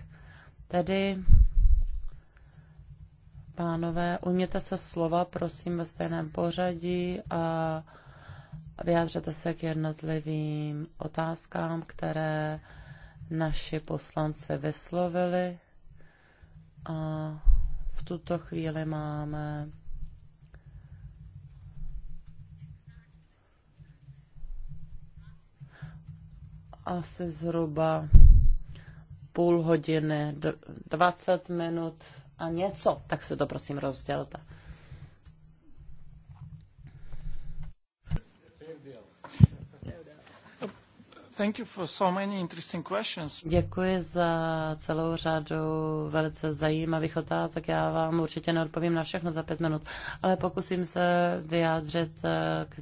Tedy, pánové, ujměte se slova, prosím, ve stejném pořadí a vyjádřete se k jednotlivým otázkám, které naši poslanci vyslovili. A v tuto chvíli máme asi zhruba půl hodiny, 20 minut a něco, tak se to prosím rozdělte. Thank you for so many interesting questions. Děkuji za celou řadu velice zajímavých otázek. Já vám určitě neodpovím na všechno za pět minut, ale pokusím se vyjádřit k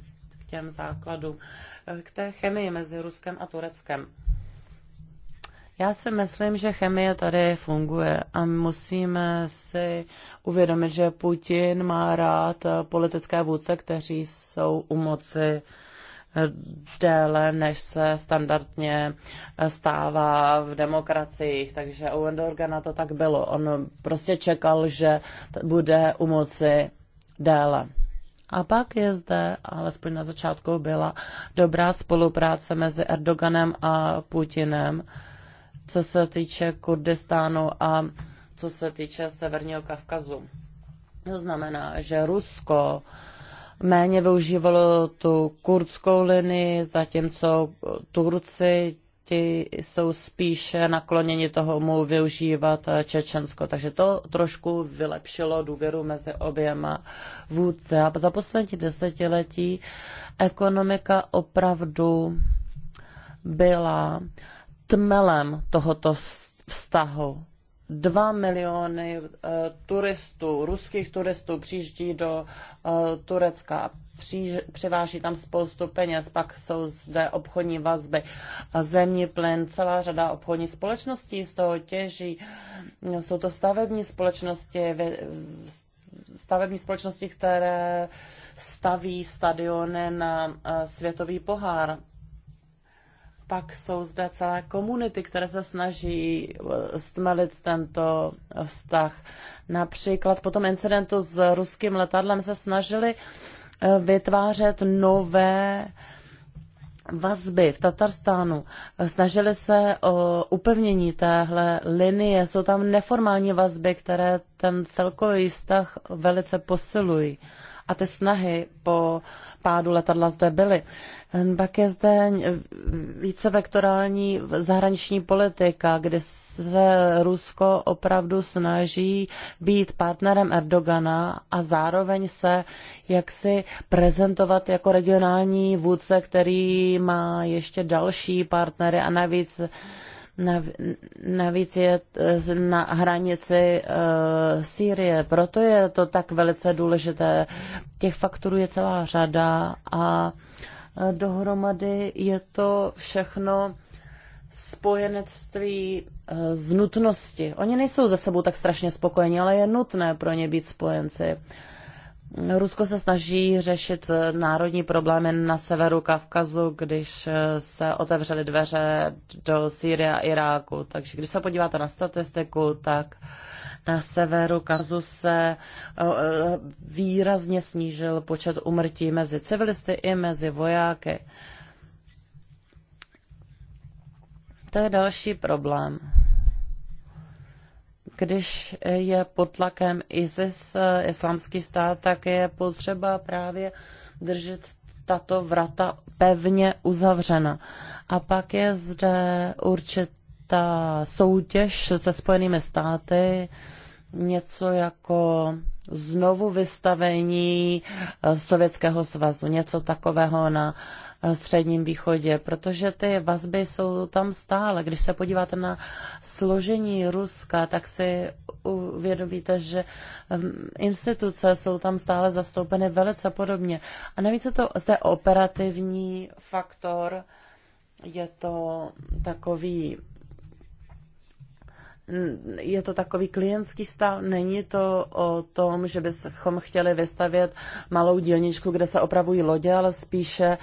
těm základům, eh, k té chemii mezi Ruskem a Tureckem. Já si myslím, že chemie tady funguje a musíme si uvědomit, že Putin má rád eh, politické vůdce, kteří jsou u moci eh, déle, než se standardně stává v demokraciích. Takže u Endorgana to tak bylo. On prostě čekal, že bude u moci déle. A pak je zde, alespoň na začátku byla dobrá spolupráce mezi Erdoganem a Putinem, co se týče Kurdistánu a co se týče Severního Kavkazu. To znamená, že Rusko méně využívalo tu kurdskou linii, zatímco Turci ti jsou spíše nakloněni tomu využívat Čečensko. Takže to trošku vylepšilo důvěru mezi oběma vůdce. A za poslední desetiletí ekonomika opravdu byla tmelem tohoto vztahu. 2 miliony eh, turistů, ruských turistů přijíždí do eh, Turecka, převáží tam spoustu peněz, pak jsou zde obchodní vazby, zemní plyn, celá řada obchodní společností z toho těží. Jsou to stavební společnosti, stavební společnosti, které staví stadiony na eh, světový pohár pak jsou zde celé komunity, které se snaží eh, stmelit tento vztah. Například po tom incidentu s ruským letadlem se snažili eh, vytvářet nové vazby v Tatarstánu. Snažili se o upevnění téhle linie. Jsou tam neformální vazby, které ten celkový vztah velice posilují a ty snahy po pádu letadla zde byly. Pak je zde vektorální zahraniční politika, kde se Rusko opravdu snaží být partnerem Erdogana a zároveň se jaksi prezentovat jako regionální vůdce, který má ještě další partnery a navíc Navíc je eh, na hranici uh, Sýrie, proto je to tak velice důležité. Těch faktorů je celá řada a eh, dohromady je to všechno spojenectví z nutnosti. Oni nejsou ze sebou tak strašně spokojeni, ale je nutné pro ně být spojenci. Uh, Rusko se snaží řešit národní problémy na severu Kavkazu, když eh, se otevřely dveře do Sýrie a Iráku. Takže když se podíváte na statistiku, tak na severu Kavkazu se eh, eh, výrazně snížil počet umrtí mezi civilisty i mezi vojáky. To je další problém když je pod tlakem ISIS, eh, islámský stát, tak je potřeba právě držet tato vrata pevně uzavřena. A pak je zde určitá soutěž se Spojenými státy, něco jako znovu vystavení eh, Sovětského svazu, něco takového na uh, Eh, středním východě, protože ty vazby jsou tam stále. Když se podíváte na složení Ruska, tak si uvědomíte, že instituce jsou tam stále zastoupeny velice podobně. A navíc je to zde operativní faktor, je to takový je to takový klientský stav, není to o tom, že bychom chtěli vystavět malou dílničku, kde se opravují lodě, ale spíše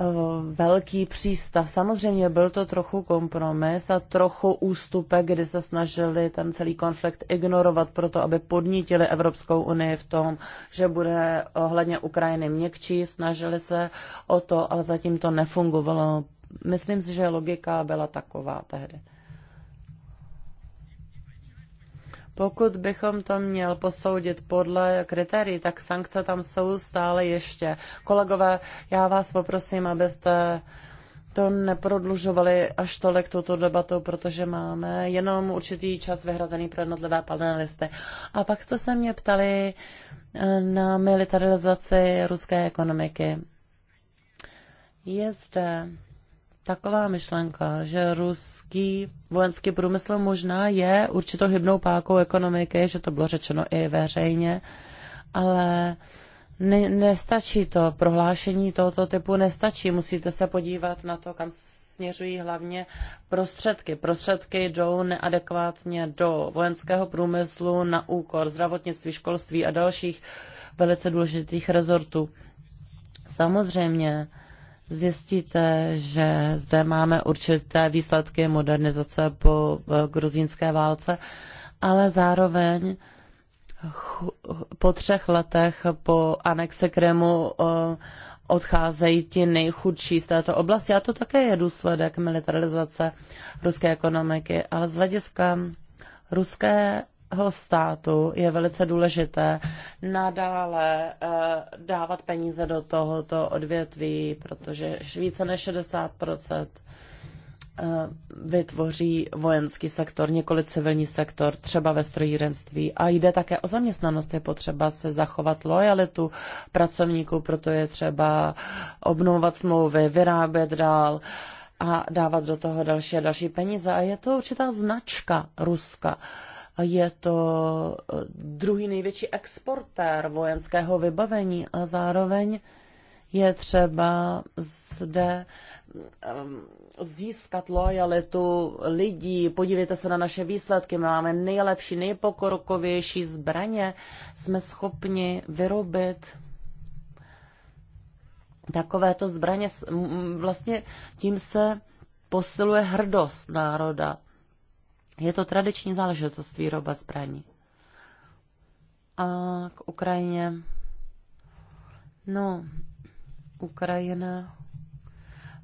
Eh, velký přístav. Samozřejmě byl to trochu kompromis a trochu ústupek, kdy se snažili ten celý konflikt ignorovat proto, aby podnítili Evropskou unii v tom, že bude ohledně Ukrajiny měkčí, snažili se o to, ale zatím to nefungovalo. Myslím si, že logika byla taková tehdy. Pokud bychom to měl posoudit podle kritérií, tak sankce tam jsou stále ještě. Kolegové, já vás poprosím, abyste to neprodlužovali až tolik tuto debatu, protože máme jenom určitý čas vyhrazený pro jednotlivé panelisty. A pak jste se mě ptali eh, na militarizaci ruské ekonomiky. Je zde taková myšlenka, že ruský vojenský průmysl možná je určitou hybnou pákou ekonomiky, že to bylo řečeno i veřejně, ale ne, nestačí to, prohlášení tohoto typu nestačí. Musíte se podívat na to, kam směřují hlavně prostředky. Prostředky jdou neadekvátně do vojenského průmyslu na úkor zdravotnictví, školství a dalších velice důležitých rezortů. Samozřejmě zjistíte, že zde máme určité výsledky modernizace po eh, gruzínské válce, ale zároveň po třech letech po anexe Krymu eh, odcházejí ti nejchudší z této oblasti. A to také je důsledek militarizace ruské ekonomiky. Ale z hlediska ruské státu je velice důležité nadále eh, dávat peníze do tohoto odvětví, protože více než 60 eh, vytvoří vojenský sektor, několik civilní sektor, třeba ve strojírenství. A jde také o zaměstnanost. Je potřeba se zachovat lojalitu pracovníků, proto je třeba obnovovat smlouvy, vyrábět dál a dávat do toho další a další peníze. A je to určitá značka Ruska. Uh, je to e, druhý největší exportér vojenského vybavení a zároveň je třeba zde získat lojalitu lidí. Podívejte se na naše výsledky. My máme nejlepší, nejpokorokovější zbraně. Jsme schopni vyrobit takovéto zbraně. Vlastně tím se posiluje hrdost národa. Je to tradiční záležitost výroba zbraní. A k Ukrajině. No, Ukrajina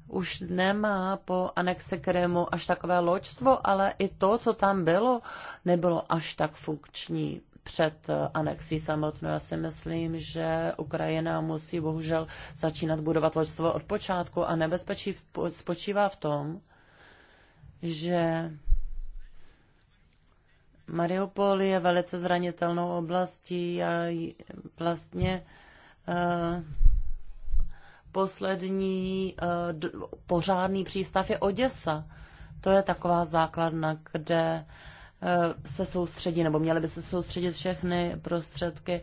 už nemá po anexe Krému až takové loďstvo, ale i to, co tam bylo, nebylo až tak funkční před eh, anexí samotnou. Já si myslím, že Ukrajina musí bohužel začínat budovat loďstvo od počátku a nebezpečí spočívá v tom, že Mariupol je velice zranitelnou oblastí a vlastně eh, poslední eh, pořádný přístav je Oděsa. To je taková základna, kde eh, se soustředí, nebo měly by se soustředit všechny prostředky,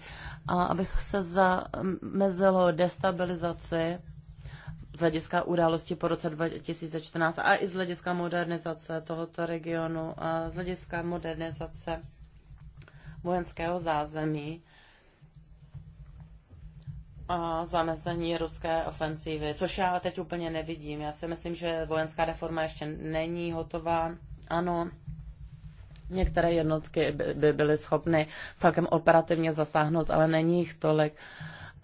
a abych se zamezilo destabilizaci z hlediska události po roce 2014 a i z hlediska modernizace tohoto regionu a z hlediska modernizace vojenského zázemí a zamezení ruské ofensívy, což já teď úplně nevidím. Já si myslím, že vojenská reforma ještě není hotová. Ano, některé jednotky by byly schopny celkem operativně zasáhnout, ale není jich tolik,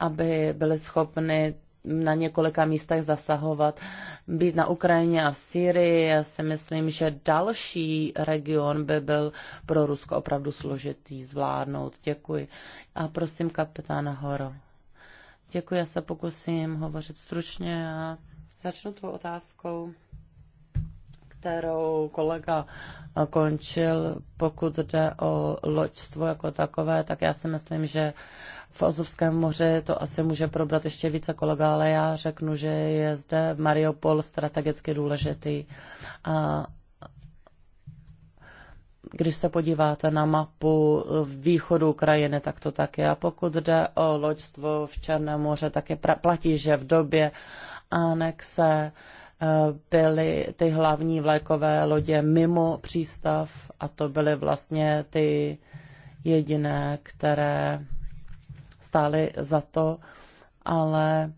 aby byly schopny na několika místech zasahovat, být na Ukrajině a v Syrii. Já si myslím, že další region by byl pro Rusko opravdu složitý zvládnout. Děkuji. A prosím kapitána Horo. Děkuji, já se pokusím hovořit stručně a začnu tou otázkou kterou kolega končil, pokud jde o loďstvo jako takové, tak já si myslím, že v Azovském moři to asi může probrat ještě více kolega, ale já řeknu, že je zde Mariupol strategicky důležitý. A když se podíváte na mapu východu Ukrajiny, tak to tak je. A pokud jde o loďstvo v Černém moře, tak je platí, že v době anexe byly ty hlavní vlajkové lodě mimo přístav a to byly vlastně ty jediné, které stály za to, ale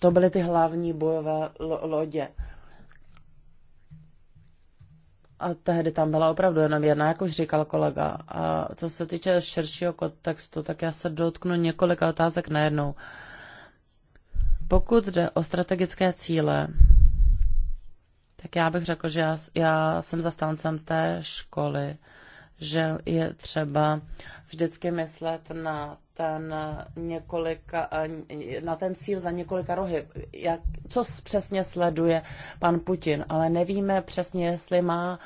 to byly ty hlavní bojové lodě. A tehdy tam byla opravdu jenom jedna, jak už říkal kolega. A co se týče širšího kontextu, tak já se dotknu několika otázek najednou. Uh, pokud jde o strategické cíle, tak já bych řekl, že já, já jsem zastáncem té školy, že je třeba vždycky myslet na ten, několika, na ten cíl za několika rohy. Jak, co přesně sleduje pan Putin, ale nevíme přesně, jestli má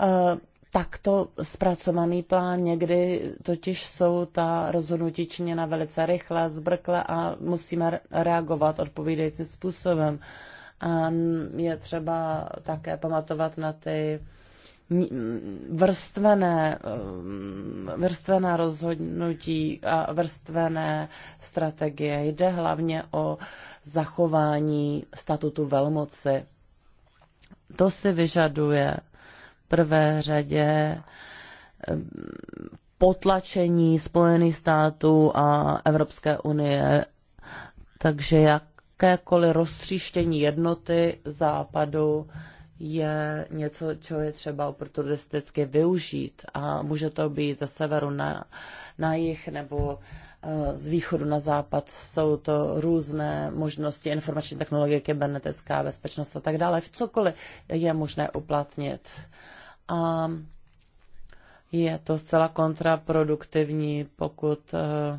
eh, takto zpracovaný plán. Někdy totiž jsou ta rozhodnutí činěna velice rychle, zbrkle a musíme reagovat odpovídajícím způsobem. A je třeba také pamatovat na ty vrstvené, um, vrstvená rozhodnutí a vrstvené strategie. Jde hlavně o zachování statutu velmoci. To si vyžaduje prvé řadě potlačení Spojených států a Evropské unie. Takže jakékoliv roztříštění jednoty západu je něco, co je třeba oportunisticky využít a může to být ze severu na, na jih nebo eh, z východu na západ. Jsou to různé možnosti informační technologie, kybernetická bezpečnost a tak dále. Cokoliv je možné uplatnit. A je to zcela kontraproduktivní, pokud eh,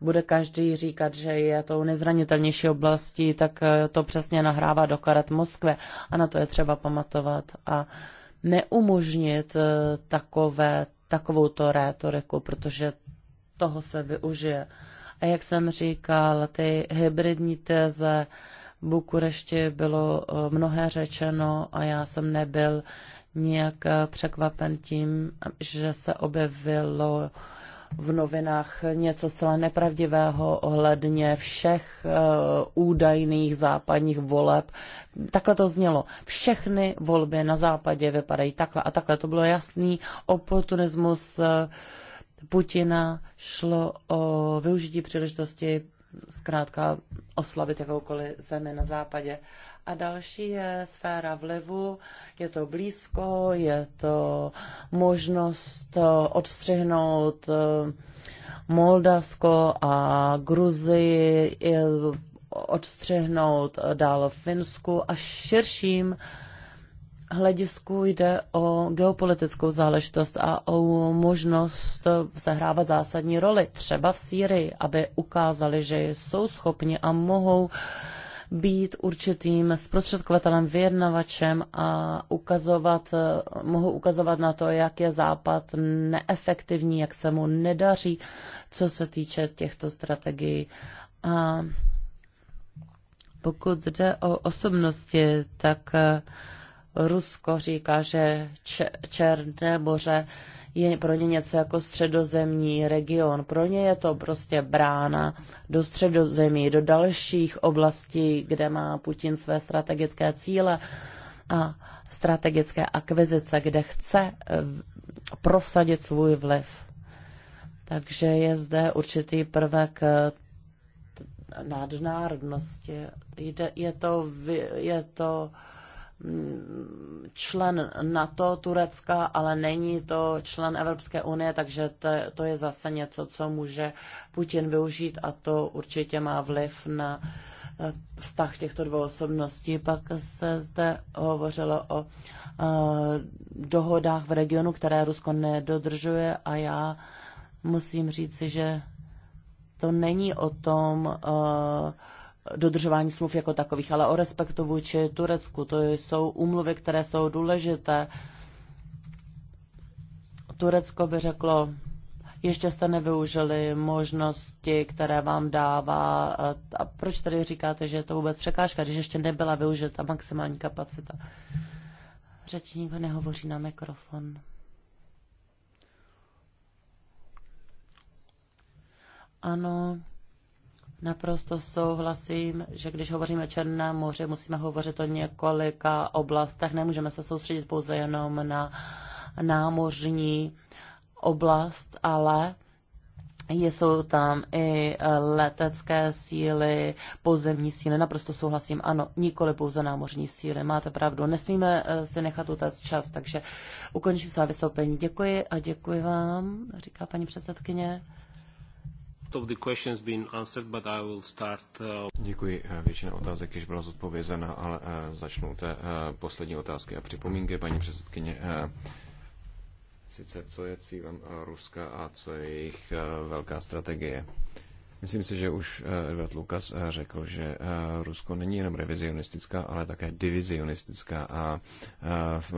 bude každý říkat, že je tou nezranitelnější oblastí, tak eh, to přesně nahrává do karet Moskve a na to je třeba pamatovat a neumožnit eh, takové, takovouto rétoriku, protože toho se využije. A jak jsem říkal, ty hybridní teze v Bukurešti bylo eh, mnohé řečeno a já jsem nebyl nějak překvapen tím, že se objevilo v novinách něco zcela nepravdivého ohledně všech eh, údajných západních voleb. Takhle to znělo. Všechny volby na západě vypadají takhle a takhle. To bylo jasný oportunismus eh, Putina. Šlo o využití příležitosti zkrátka oslavit jakoukoliv zemi na západě. A další je sféra vlivu, je to blízko, je to možnost eh, odstřihnout eh, Moldavsko a Gruzii, odstřihnout eh, dál Finsku a širším hledisku jde o geopolitickou záležitost a o možnost zahrávat zásadní roli, třeba v Sýrii, aby ukázali, že jsou schopni a mohou být určitým zprostředkovatelem, vyjednavačem a ukazovat, mohou ukazovat na to, jak je Západ neefektivní, jak se mu nedaří, co se týče těchto strategií. A pokud jde o osobnosti, tak uh, Rusko říká, že Černé moře je pro ně něco jako středozemní region. Pro ně je to prostě brána do středozemí, do dalších oblastí, kde má Putin své strategické cíle a strategické akvizice, kde chce eh, prosadit svůj vliv. Takže je zde určitý prvek eh, nadnárodnosti. Je to, je to Mm, člen NATO Turecka, ale není to člen Evropské unie, takže to je zase něco, co může Putin využít a to určitě má vliv na eh, vztah těchto dvou osobností. Pak se zde hovořilo o eh, dohodách v regionu, které Rusko nedodržuje a já musím říci, že to není o tom, uh, dodržování smluv jako takových, ale o respektu vůči Turecku. To jsou úmluvy, které jsou důležité. Turecko by řeklo, ještě jste nevyužili možnosti, které vám dává. A proč tady říkáte, že je to vůbec překážka, když ještě nebyla využita maximální kapacita? Řečník nehovoří na mikrofon. Ano, Naprosto souhlasím, že když hovoříme o Černém moři, musíme hovořit o několika oblastech. Nemůžeme se soustředit pouze jenom na námořní oblast, ale jsou tam i letecké síly, pozemní síly, naprosto souhlasím, ano, nikoli pouze námořní síly, máte pravdu, nesmíme eh, si nechat utéct čas, takže ukončím své vystoupení. Děkuji a děkuji vám, říká paní předsedkyně. Děkuji, většina otázek již byla zodpovězena, ale eh, začnu té eh, poslední otázky a připomínky, paní předsedkyně. Eh, sice co je cílem Ruska a co je jejich velká strategie. Myslím si, že už eh, Edward Lukas eh, řekl, že eh, Rusko není jenom revizionistická, ale také divizionistická a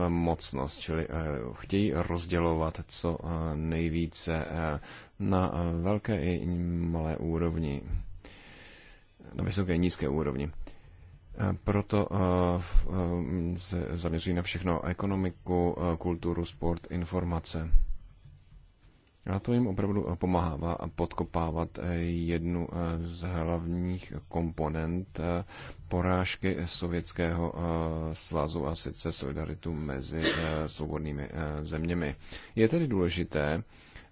mocnost, čili chtějí rozdělovat co nejvíce na velké i malé úrovni, na vysoké i nízké úrovni. Proto se zaměřují na všechno ekonomiku, kulturu, sport, informace. A to jim opravdu eh, pomáhá podkopávat eh, jednu eh, z hlavních komponent porážky Sovětského svazu a sice solidaritu mezi svobodnými zeměmi. Je tedy důležité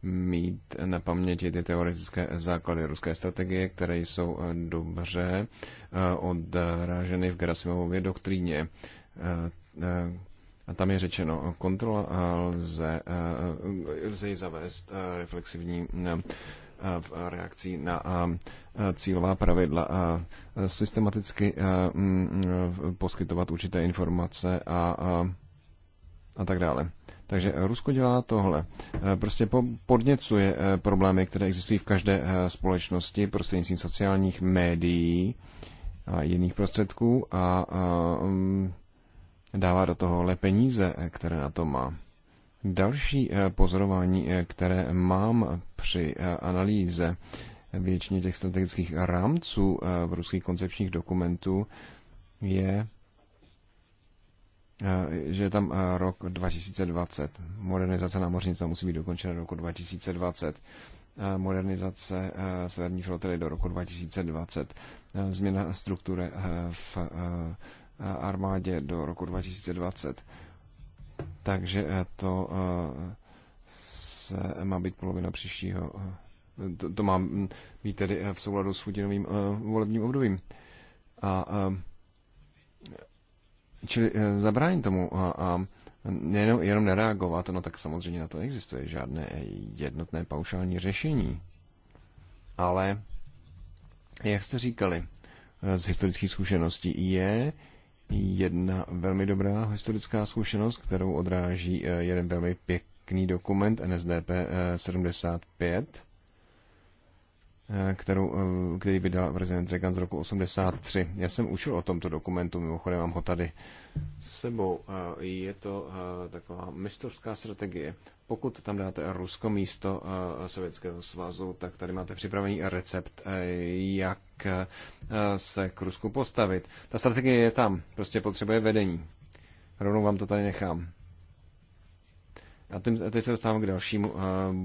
mít na paměti ty teoretické základy ruské strategie, které jsou dobře odráženy v Grasimovově doktríně tam je řečeno, kontrola eh, lze, eh, lze ji zavést eh, reflexivní v reakcí na cílová pravidla a systematicky mm, poskytovat určité informace a, a tak dále. Takže Rusko dělá tohle. Prostě podněcuje problémy, které existují v každé společnosti prostřednictvím sociálních médií a jiných prostředků a, a dává do le peníze, eh, které na to má. Další eh, pozorování, eh, které mám při analýze většině těch strategických rámců v ruských koncepčních dokumentů, je, že je tam rok 2020. Modernizace námořnice musí být dokončena do roku 2020 modernizace severní flotily do roku 2020, změna struktury v Eh, armádě do roku 2020. Takže eh, to eh, se má být polovina příštího. To, to má být tedy v souladu s Putinovým volebním obdobím. A, čili zabránit tomu a, a jenom, jenom nereagovat, no tak samozřejmě na to existuje žádné jednotné paušální řešení. Ale, jak jste říkali, z historických zkušeností je, jedna velmi dobrá historická zkušenost, kterou odráží eh, jeden velmi pěkný dokument NSDP 75, eh, eh, kterou, který vydal prezident Reagan z roku 83. Já jsem učil o tomto dokumentu, mimochodem mám ho tady s sebou. Je to taková mistrovská strategie pokud tam dáte Rusko místo eh, Sovětského svazu, tak tady máte připravený recept, eh, jak eh, se k Rusku postavit. Ta strategie je tam, prostě potřebuje vedení. Rovnou vám to tady nechám. A teď se dostávám k dalšímu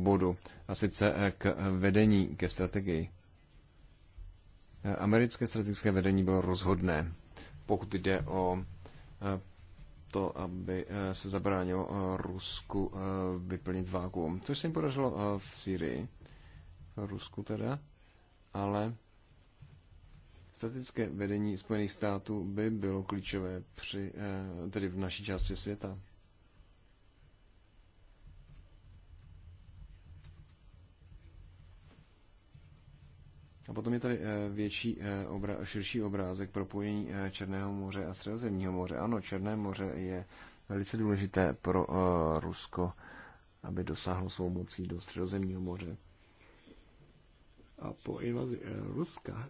bodu, a sice k vedení, ke strategii. Americké strategické vedení bylo rozhodné, pokud jde o to, aby eh, se zabránilo eh, Rusku eh, vyplnit vákuum, což se jim podařilo v Syrii, Rusku teda, ale statické vedení Spojených států by bylo klíčové při, tedy v naší části světa. A potom je tady eh, větší, eh, obra, širší obrázek propojení eh, Černého moře a Středozemního moře. Ano, Černé moře je velice důležité pro Rusko, aby dosáhlo svou mocí do Středozemního moře. A po invazi Ruska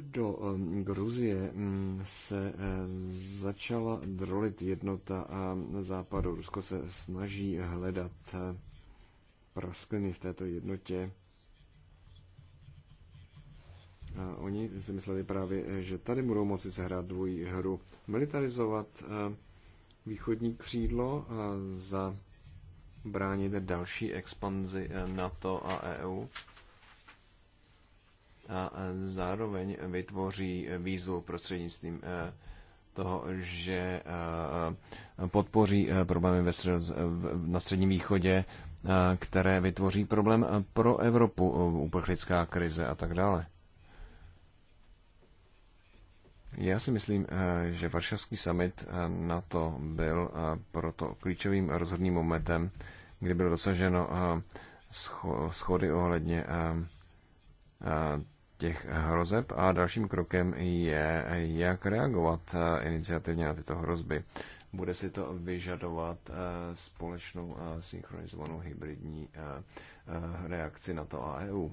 do Gruzie mm, se začala drolit jednota a západu. Rusko se snaží hledat praskliny v této jednotě Oni si mysleli právě, že tady budou moci sehrát dvojí hru. Militarizovat eh, východní křídlo eh, za bránit další expanzi eh, NATO a EU a zároveň vytvoří výzvu prostřednictvím toho, že podpoří problémy ve střed, na Středním východě, které vytvoří problém pro Evropu, uprchlická krize a tak dále. Já si myslím, eh, že Varšavský summit eh, na to byl eh, proto klíčovým rozhodným momentem, kdy bylo dosaženo schody ohledně těch hrozeb a dalším krokem je, jak reagovat iniciativně na tyto hrozby. Bude si to vyžadovat společnou synchronizovanou hybridní reakci na to a EU.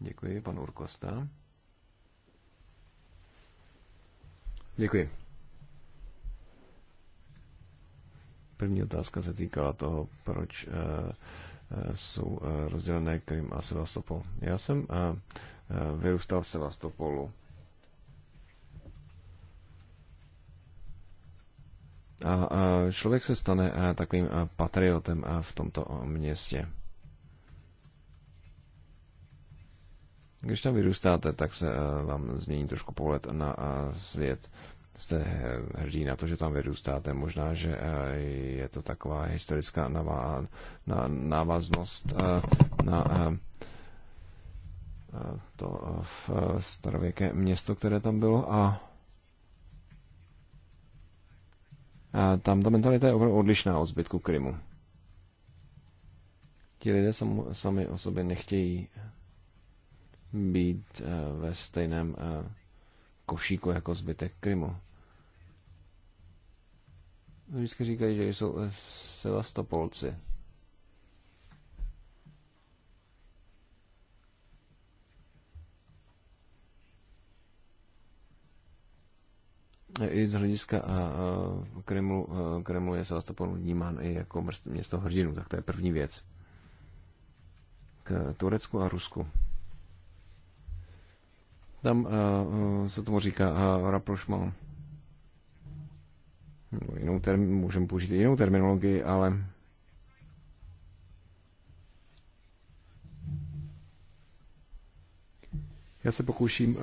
Děkuji, pan Urkosta. Děkuji. První otázka se týkala toho, proč uh, jsou uh, rozdělené Krym a Sevastopol. Já jsem uh, vyrůstal v Sevastopolu. A, a člověk se stane a, takovým a, patriotem a v tomto městě. Když tam vyrůstáte, tak se eh, vám změní trošku pohled na eh, svět. Jste hrdí na to, že tam vyrůstáte. Možná, že eh, je to taková historická návaznost na to v starověké město, které tam bylo a a tam ta mentalita je opravdu odlišná od zbytku Krymu. Ti lidé sami o sobě nechtějí být eh, ve stejném eh, košíku jako zbytek Krymu. No, vždycky říkají, že jsou eh, Sevastopolci. I z hlediska a, a Kremlu, a Kremlu je Sevastopol vnímán i jako město hrdinu, tak to je první věc. K Turecku a Rusku. Tam eh, eh, se tomu říká eh, rapprochement. jinou term, můžeme použít jinou terminologii, ale já se pokouším uh,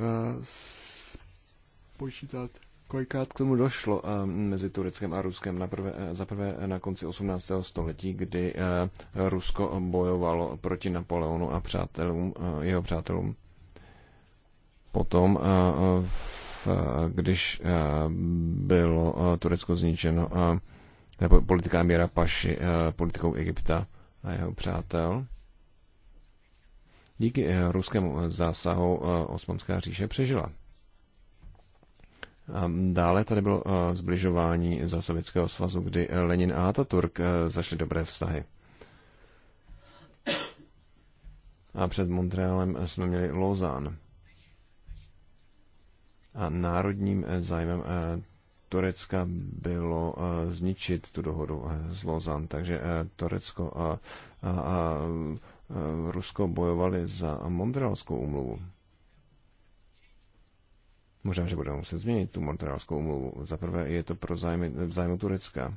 počítat, kolikrát k tomu došlo uh, mezi Tureckem a Ruskem. Naprvé, uh, zaprvé na konci 18. století, kdy uh, Rusko bojovalo proti Napoleonu a přátelům, uh, jeho přátelům potom, eh, když eh, bylo eh, Turecko zničeno politika Amira Paši politikou Egypta a jeho přátel, díky ruskému zásahu Osmanská říše přežila. dále tady bylo zbližování za Sovětského svazu, kdy Lenin a Ataturk zašli dobré vztahy. A před Montrealem jsme měli Lausanne. A národním eh, zájmem eh, Turecka bylo eh, zničit tu dohodu z Lozan, takže Turecko a, a, a Rusko bojovali za Montrealskou umluvu. Možná, že budeme muset změnit tu Montrealskou umluvu. Za prvé je to pro zájmy, v zájmu Turecka,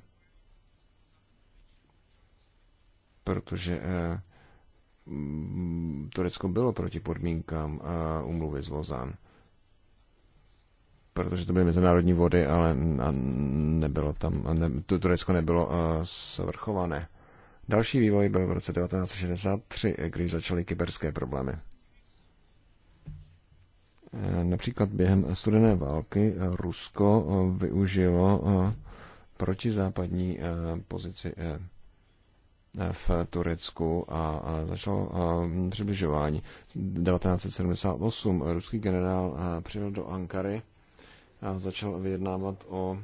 protože eh, Turecko bylo proti podmínkám eh, umluvy z Lozán. Eh, protože to byly mezinárodní vody, ale nebylo tam, ne, to Turecko nebylo eh, svrchované. Další vývoj byl v roce 1963, eh, když začaly kyberské problémy. Eh, například během studené války Rusko využilo protizápadní pozici v Turecku a začalo přibližování. 1978 ruský generál přijel do Ankary začal vyjednávat o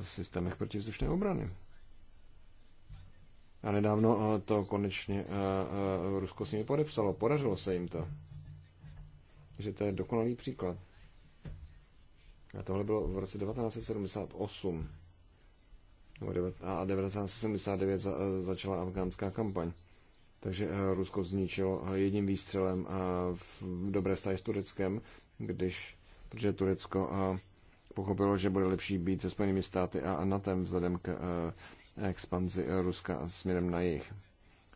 systémech protivzdušné obrany. A nedávno to konečně Rusko s nimi podepsalo. Podařilo se jim to. Že to je dokonalý příklad. A tohle bylo v roce 1978. A 1979 začala afgánská kampaň. Takže Rusko zničilo jedním výstřelem v dobré stáje s Tureckem, když protože Turecko eh, pochopilo, že bude lepší být se Spojenými státy a NATO vzhledem k eh, expanzi Ruska směrem na jih.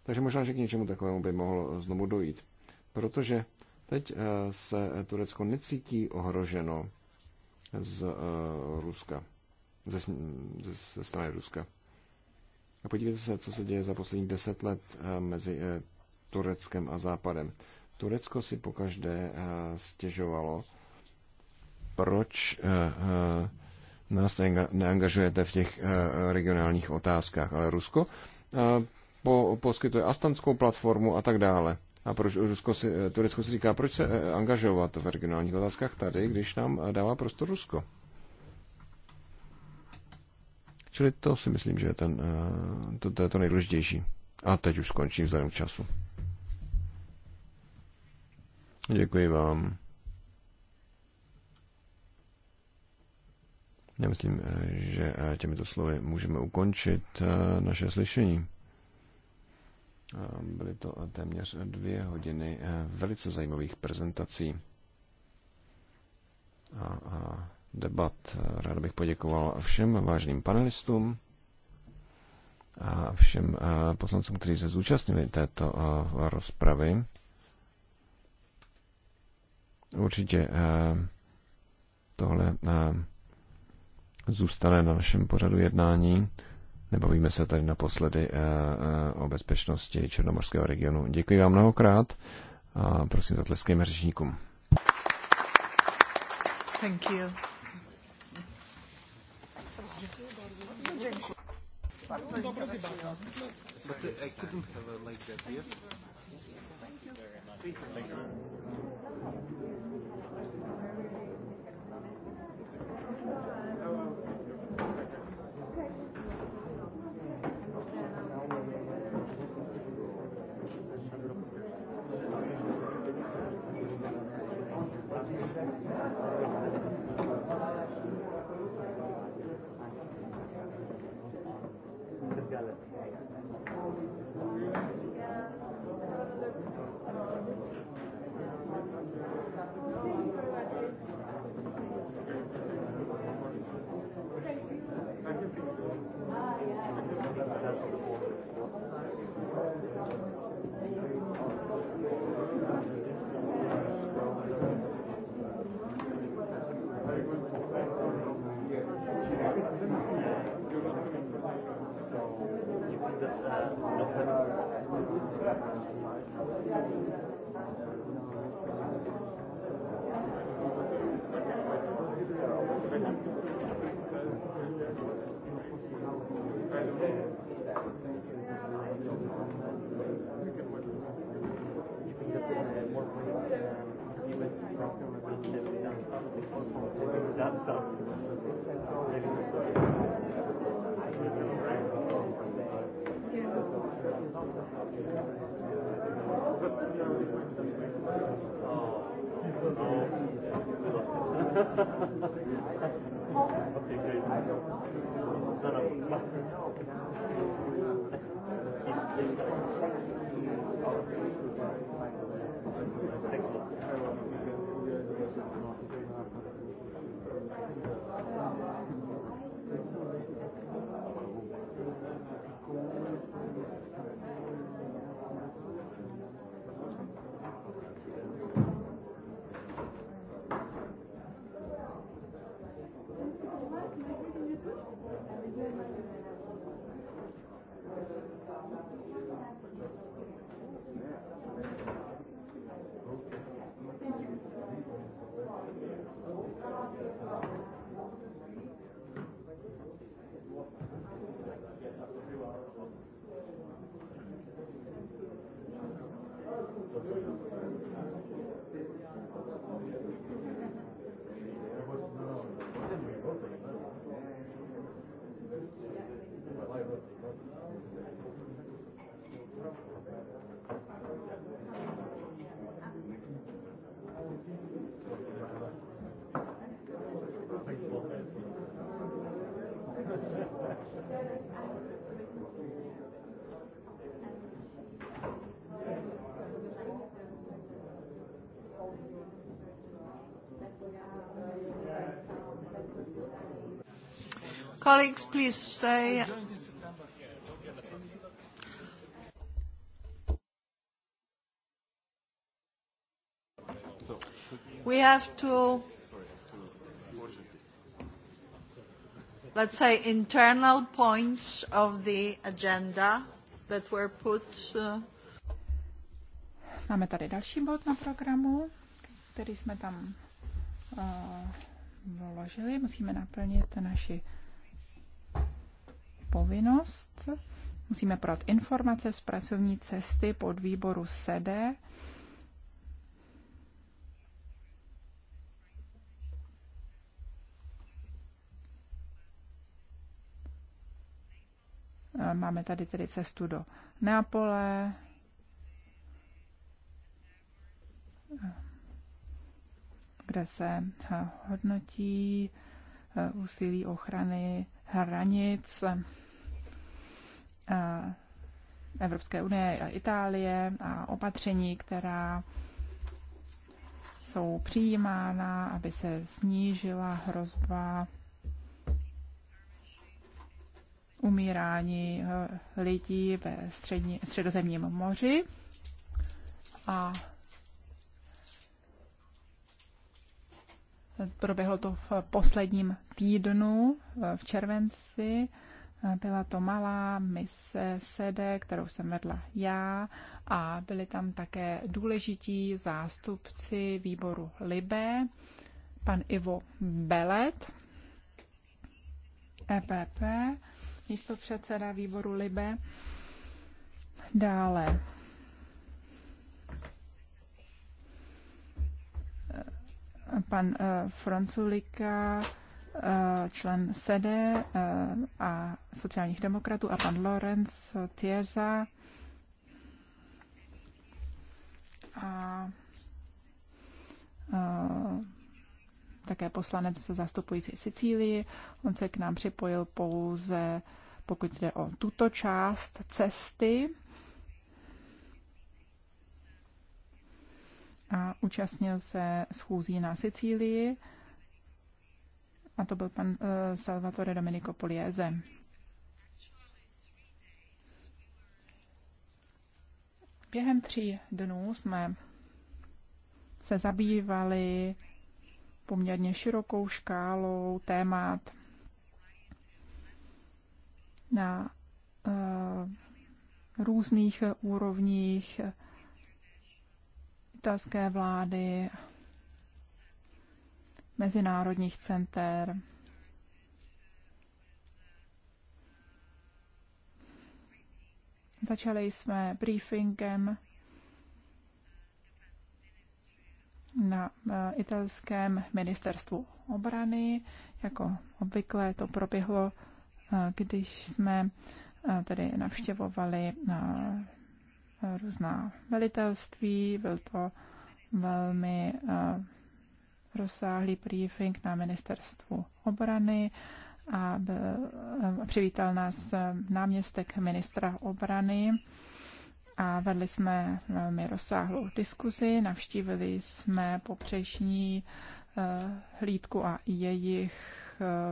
Takže možná, že k něčemu takovému by mohlo znovu dojít. Protože teď eh, se Turecko necítí ohroženo z Ruska, ze, ze strany Ruska. A podívejte se, co se děje za posledních deset let mezi Tureckem a Západem. Turecko si pokaždé stěžovalo proč eh, eh, nás neangažujete v těch eh, regionálních otázkách, ale Rusko po, poskytuje astanskou platformu a tak dále. A proč Rusko si, Turecko si říká, proč se angažovat v regionálních otázkách tady, když nám dává prostor Rusko? Čili to si myslím, že je, ten, to, to je to nejdůležitější. A teď už skončím vzhledem k času. Děkuji vám. Já myslím, eh, že eh, těmito slovy můžeme ukončit eh, naše slyšení. Byly to téměř dvě hodiny velice zajímavých prezentací a, a debat. Rád bych poděkoval všem vážným panelistům a všem poslancům, kteří se zúčastnili této rozpravy. Určitě tohle zůstane na našem pořadu jednání. Nebavíme se tady naposledy eh, eh, o bezpečnosti Černomorského regionu. Děkuji vám mnohokrát a prosím zatleskejme řečníkům. Thank you. Bardzo interesujące. I couldn't have a like that, yes? Thank you. Thank you. Colleagues, please stay. We have to, let's say, internal points of the agenda that were put. Uh, Máme tady další bod na programu, který jsme tam uh, vložili. Musíme naplnit naši povinnost. Musíme podat informace z pracovní cesty pod výboru SEDE. Máme tady tedy cestu do Neapole. kde se eh, hodnotí eh, úsilí ochrany hranic Evropské unie a Itálie a opatření, která jsou přijímána, aby se snížila hrozba umírání eh, lidí ve střední, středozemním moři. A proběhlo to v posledním týdnu eh, v červenci byla to malá mise sede, kterou jsem vedla já a byli tam také důležití zástupci výboru Libé, pan Ivo Belet, EPP, místo předseda výboru Libe. Dále pan eh, Franculika, člen SEDE eh, a sociálních demokratů a pan Lorenz Tieza a eh, také poslanec zastupující Sicílii. On se k nám připojil pouze, pokud jde o tuto část cesty. A účastnil se schůzí na Sicílii a to byl pan eh, Salvatore Domenico Polieze. Během tří dnů jsme se zabývali poměrně širokou škálou témat na uh, různých úrovních italské vlády, mezinárodních center. Začali jsme briefingem na eh, italském ministerstvu obrany. Jako obvykle to proběhlo, eh, když jsme eh, tedy navštěvovali různá velitelství. Byl to velmi rozsáhlý briefing na ministerstvu obrany a eh, přivítal nás eh, náměstek ministra obrany a vedli jsme velmi rozsáhlou diskuzi, navštívili jsme popřešní eh, hlídku a jejich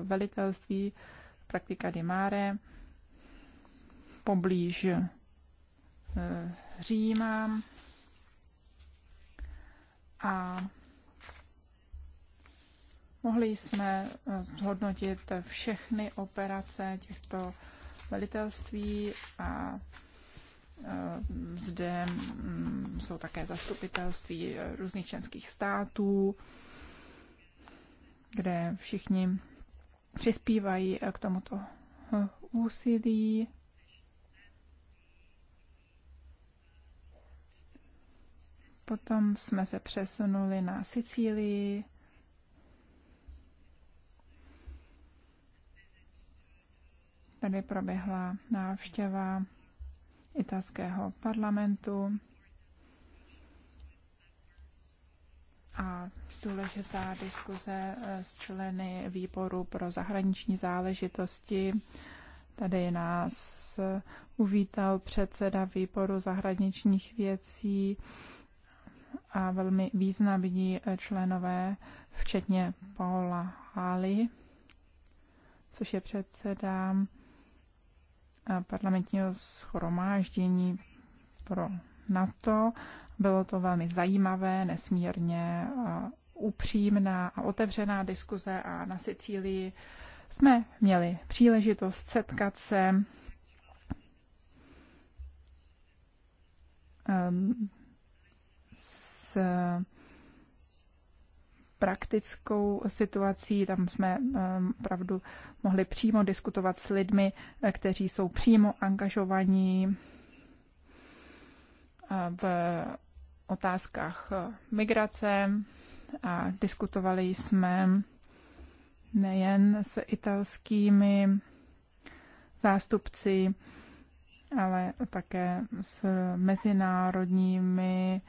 velitelství praktika di mare poblíž Říma a Mohli jsme eh, zhodnotit všechny operace těchto velitelství a eh, zde mm, jsou také zastupitelství eh, různých členských států, kde všichni přispívají k tomuto úsilí. Potom jsme se přesunuli na Sicílii, Tady proběhla návštěva italského parlamentu a důležitá diskuze eh, s členy výboru pro zahraniční záležitosti. Tady nás eh, uvítal předseda výboru zahraničních věcí a velmi významní eh, členové, včetně Paula Hali, což je předseda parlamentního schromáždění pro NATO. Bylo to velmi zajímavé, nesmírně upřímná a otevřená diskuze a na Sicílii jsme měli příležitost setkat se ehm, s praktickou situací. Tam jsme eh, opravdu mohli přímo diskutovat s lidmi, eh, kteří jsou přímo angažovaní eh, v otázkách migrace a diskutovali jsme nejen s italskými zástupci, ale také s mezinárodními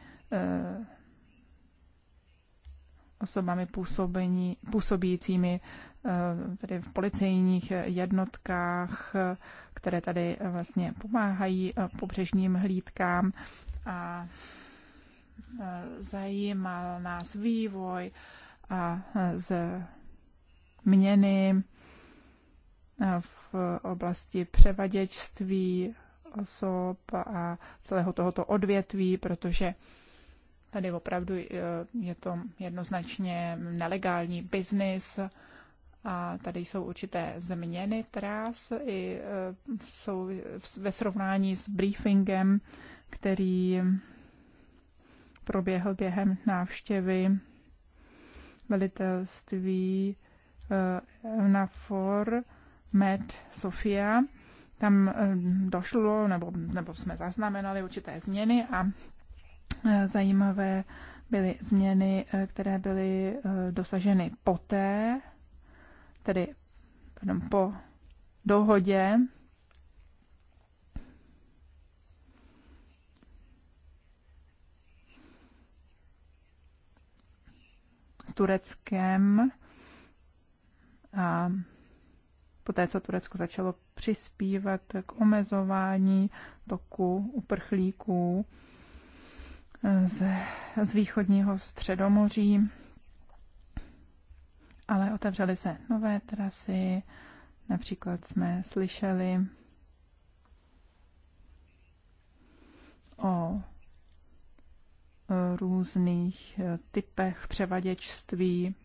osobami působení, působícími eh, tedy v policejních jednotkách, které tady eh, vlastně pomáhají eh, pobřežním hlídkám a zajímal nás vývoj a z měny v oblasti převaděčství osob a celého tohoto odvětví, protože Tady opravdu eh, je to jednoznačně nelegální biznis a tady jsou určité změny tras i eh, jsou ve srovnání s briefingem, který proběhl během návštěvy velitelství eh, na FOR Med Sofia. Tam došlo, nebo, nebo jsme zaznamenali určité změny a zajímavé byly změny, eh, které byly eh, dosaženy poté, tedy pardon, po dohodě. s Tureckem a poté, co Turecko začalo přispívat k omezování toku uprchlíků, z, z východního středomoří, ale otevřely se nové trasy, například jsme slyšeli o e, různých e, typech převaděčství,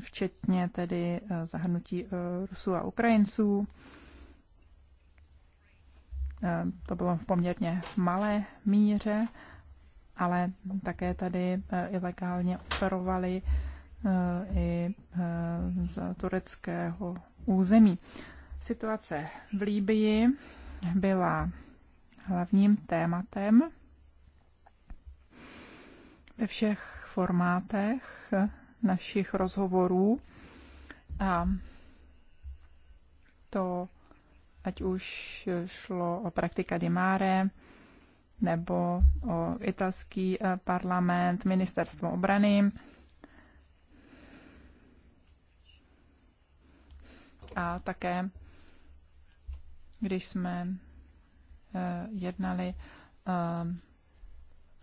včetně tedy e, zahrnutí Rusů a Ukrajinců. Eh, to bylo v poměrně malé míře, ale také tady eh, ilegálně operovali eh, i z tureckého území. Situace v Líbii byla hlavním tématem ve všech formátech našich rozhovorů a to ať už šlo o praktika di mare, nebo o italský eh, parlament, ministerstvo obrany. A také, když jsme eh, jednali eh,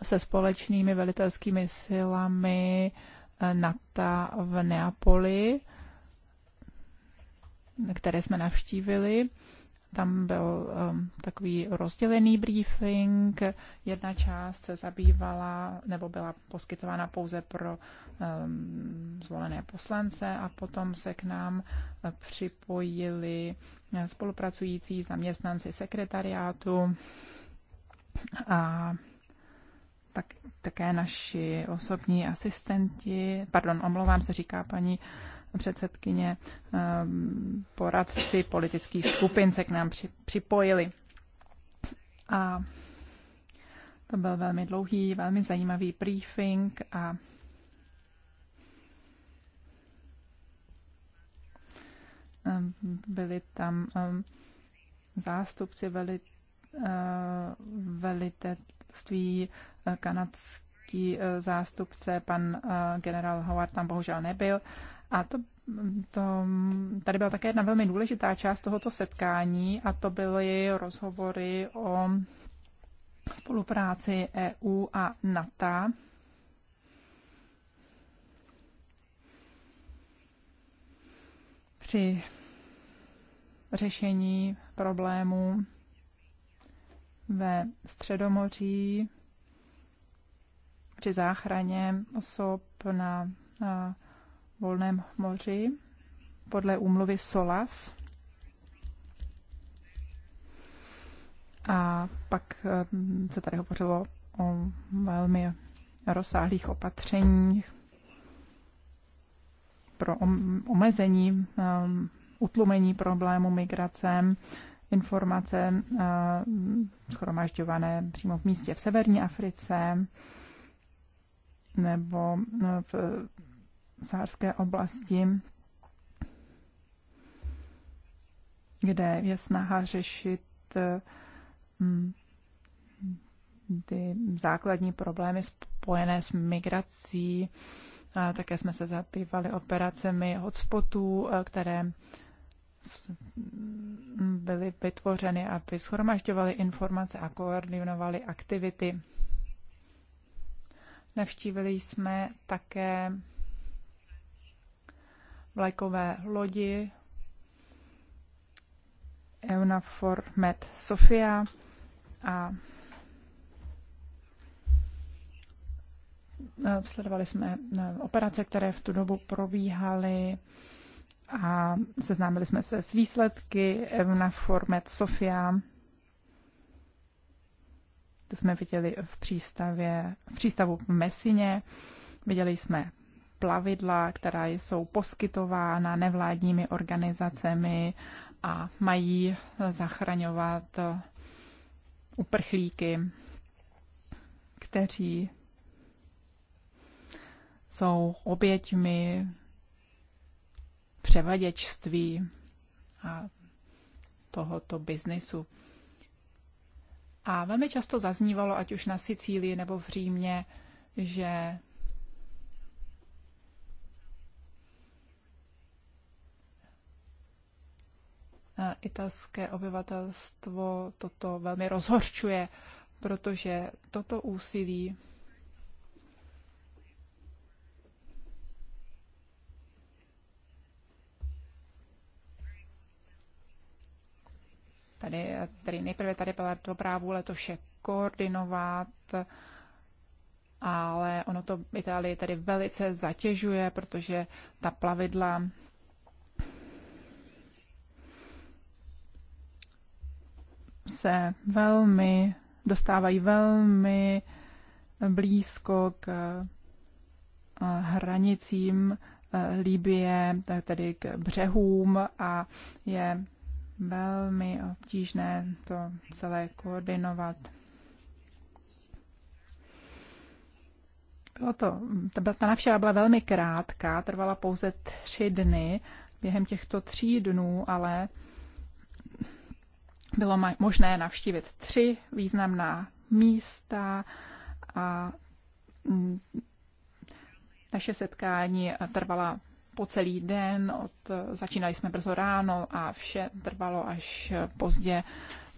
se společnými velitelskými silami NATO v Neapoli, které jsme navštívili, tam byl um, takový rozdělený briefing. Jedna část se zabývala nebo byla poskytována pouze pro um, zvolené poslance a potom se k nám připojili spolupracující zaměstnanci sekretariátu a tak, také naši osobní asistenti, pardon, omlouvám se, říká paní předsedkyně, ehm, poradci politických skupin se k nám připojili. A to byl velmi dlouhý, velmi zajímavý briefing a ehm, byli tam ehm, zástupci veli, eh, velitelství eh, kanadský eh, zástupce, pan generál Howard tam bohužel nebyl, a to, to, tady byla také jedna velmi důležitá část tohoto setkání a to byly rozhovory o spolupráci EU a NATO. Při řešení problémů ve Středomoří při záchraně osob na, na volném moři podle úmluvy SOLAS. A pak eh, se tady hovořilo o velmi rozsáhlých opatřeních pro omezení, eh, utlumení problému migrace, informace eh, schromažďované přímo v místě v severní Africe nebo v sárské oblasti, kde je snaha řešit mm, ty základní problémy spojené s migrací. Také jsme se zabývali operacemi hotspotů, které mm, byly vytvořeny, aby schromažďovaly informace a koordinovaly aktivity. Navštívili jsme také vlajkové lodi EUNAFOR Med Sofia a sledovali jsme e, operace, které v tu dobu probíhaly a seznámili jsme se s výsledky EUNAFOR Med Sofia. To jsme viděli v, přístavě, v přístavu v Mesině. Viděli jsme plavidla, která jsou poskytována nevládními organizacemi a mají zachraňovat uprchlíky, kteří jsou oběťmi převaděčství a tohoto biznisu. A velmi často zaznívalo, ať už na Sicílii nebo v Římě, že italské obyvatelstvo toto velmi rozhorčuje, protože toto úsilí tady, tady nejprve tady byla to právo leto vše koordinovat, ale ono to Itálii tady velice zatěžuje, protože ta plavidla se velmi, dostávají velmi blízko k eh, hranicím eh, Libie, tedy k břehům a je velmi obtížné to celé koordinovat. Bylo to, ta, ta návštěva byla velmi krátká, trvala pouze tři dny. Během těchto tří dnů ale bylo možné navštívit tři významná místa a mm, naše setkání trvala po celý den, od, začínali jsme brzo ráno a vše trvalo až pozdě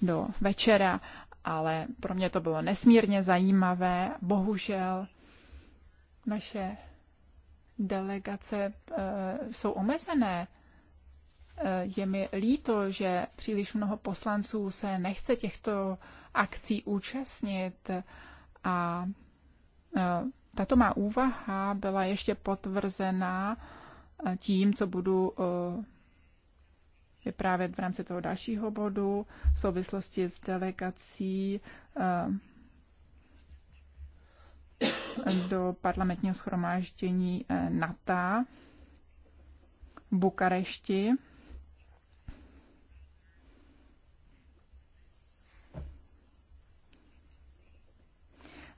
do večera, ale pro mě to bylo nesmírně zajímavé. Bohužel naše delegace e, jsou omezené. Je mi líto, že příliš mnoho poslanců se nechce těchto akcí účastnit a e, tato má úvaha byla ještě potvrzená e, tím, co budu e, vyprávět v rámci toho dalšího bodu v souvislosti s delegací do parlamentního schromáždění NATO v Bukarešti.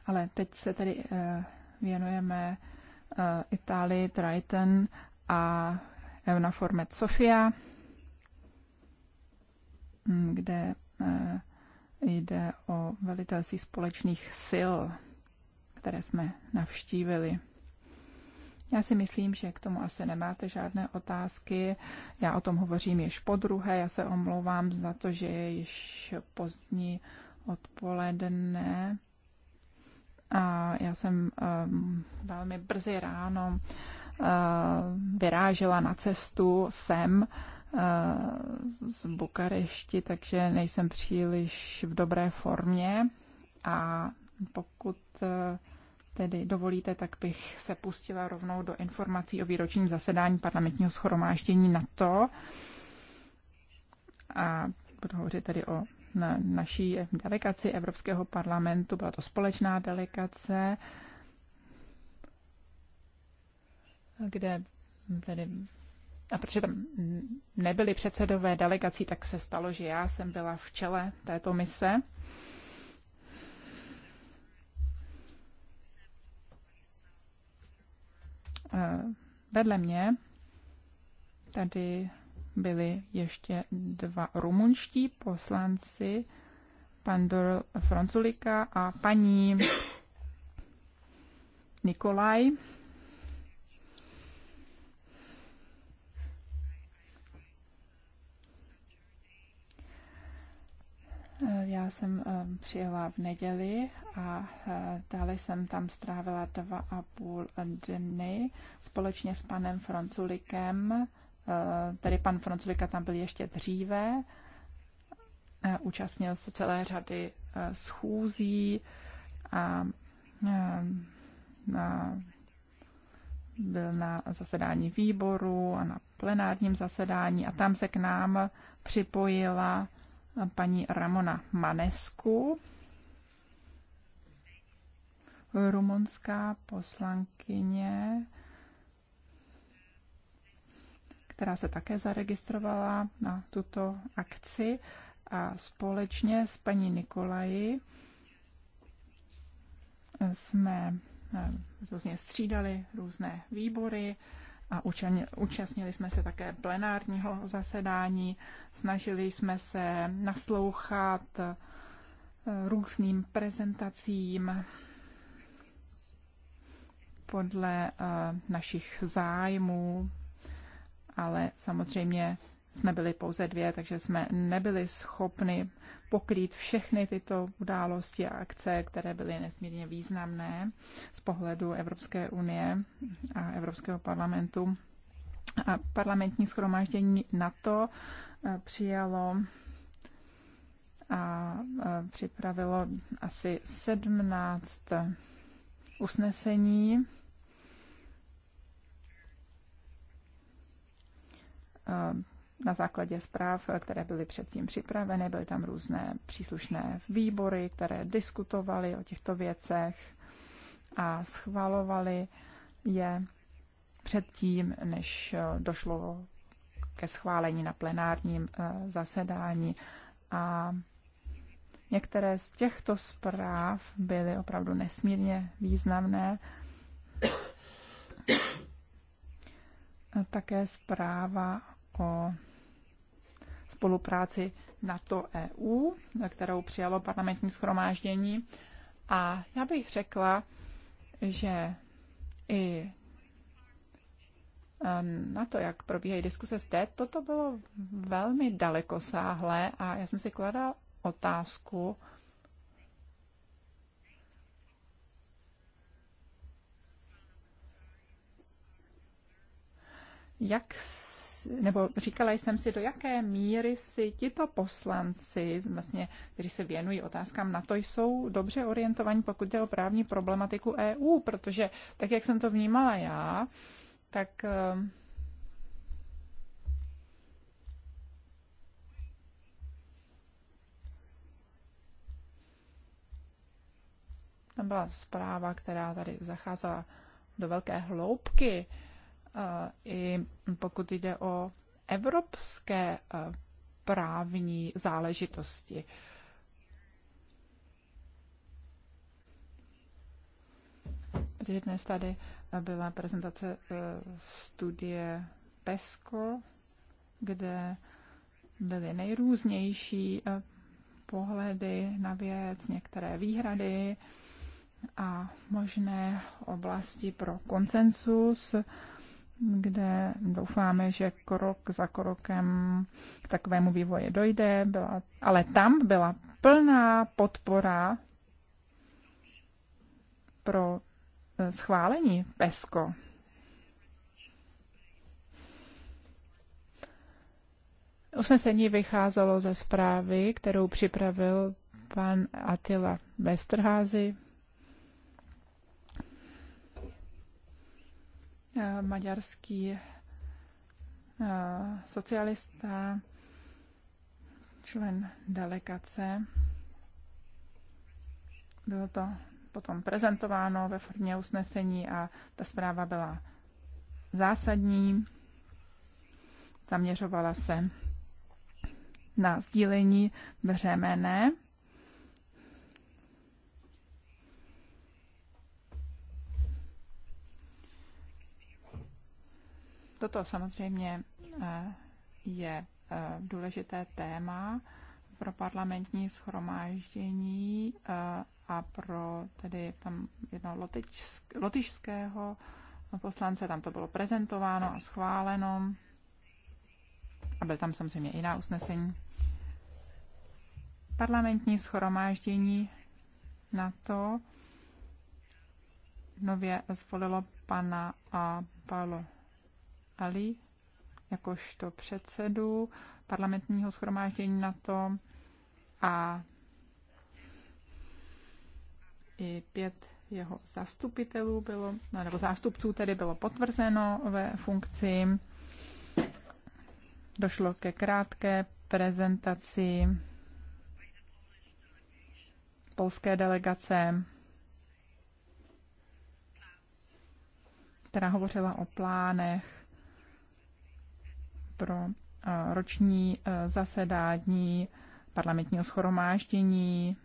Ale teď se tedy eh, věnujeme eh, Itálii, Triton a Eunaformet Sofia, mm, kde eh, jde o velitelství společných sil, které jsme navštívili. Já si myslím, že k tomu asi nemáte žádné otázky. Já o tom hovořím již po druhé. Já se omlouvám za to, že je již pozdní odpoledne a já jsem um, velmi brzy ráno uh, vyrážela na cestu sem eh, z Bukarešti, takže nejsem příliš v dobré formě a pokud tedy dovolíte, tak bych se pustila rovnou do informací o výročním zasedání parlamentního schromáždění na to a budu hovořit tedy o na naší delegaci Evropského parlamentu, byla to společná delegace, kde tedy a protože tam nebyly předsedové delegací, tak se stalo, že já jsem byla v čele této mise. Eh, vedle mě tady byli ještě dva rumunští poslanci, pan Dor Franculika a paní Nikolaj. Já jsem eh, přijela v neděli a eh, dále jsem tam strávila dva a půl dny společně s panem Franculikem Eh, tady pan Franculika tam byl ještě dříve, eh, účastnil se celé řady eh, schůzí a na, byl na zasedání výboru a na plenárním zasedání a tam se k nám připojila paní Ramona Manesku, rumunská poslankyně která se také zaregistrovala na tuto akci a společně s paní Nikolaji jsme eh, různě střídali různé výbory a účastnili jsme se také plenárního zasedání. Snažili jsme se naslouchat eh, různým prezentacím podle eh, našich zájmů ale samozřejmě jsme byli pouze dvě, takže jsme nebyli schopni pokrýt všechny tyto události a akce, které byly nesmírně významné z pohledu Evropské unie a Evropského parlamentu. A parlamentní schromáždění NATO eh, přijalo a eh, připravilo asi 17 usnesení Eh, na základě zpráv, eh, které byly předtím připraveny. Byly tam různé příslušné výbory, které diskutovaly o těchto věcech a schvalovaly je předtím, než eh, došlo ke schválení na plenárním zasedání. A některé z těchto zpráv byly opravdu nesmírně významné. Také zpráva o spolupráci NATO-EU, kterou přijalo parlamentní schromáždění. A já bych řekla, že i e, na to, jak probíhají diskuse zde, toto bylo velmi dalekosáhlé a já jsem si kladla otázku, jak nebo říkala jsem si, do jaké míry si tito poslanci, vlastně, kteří se věnují otázkám na to, jsou dobře orientovaní, pokud jde o právní problematiku EU, protože tak, jak jsem to vnímala já, tak eh, tam byla zpráva, která tady zacházela do velké hloubky Eh, i pokud jde o evropské eh, právní záležitosti. Protože dnes tady eh, byla prezentace studie PESCO, kde byly nejrůznější pohledy na věc, některé výhrady a možné oblasti pro konsensus kde doufáme, že krok za krokem k takovému vývoji dojde, byla, ale tam byla plná podpora pro e, schválení PESCO. Usnesení vycházelo ze zprávy, kterou připravil pan Attila Westerházy, Eh, maďarský eh, socialista, člen delegace. Bylo to potom prezentováno ve formě usnesení a ta zpráva byla zásadní. Zaměřovala se na sdílení břemene Toto samozřejmě eh, je eh, důležité téma pro parlamentní schromáždění eh, a pro tedy tam jednoho lotyšského poslance, tam to bylo prezentováno a schváleno. A byl tam samozřejmě jiná usnesení. Parlamentní schromáždění na to nově zvolilo pana a Paolo Ali jakožto předsedu parlamentního schromáždění na to a i pět jeho zastupitelů bylo, no, nebo zástupců tedy bylo potvrzeno ve funkci. Došlo ke krátké prezentaci polské delegace, která hovořila o plánech pro eh, roční eh, zasedání parlamentního schromáždění,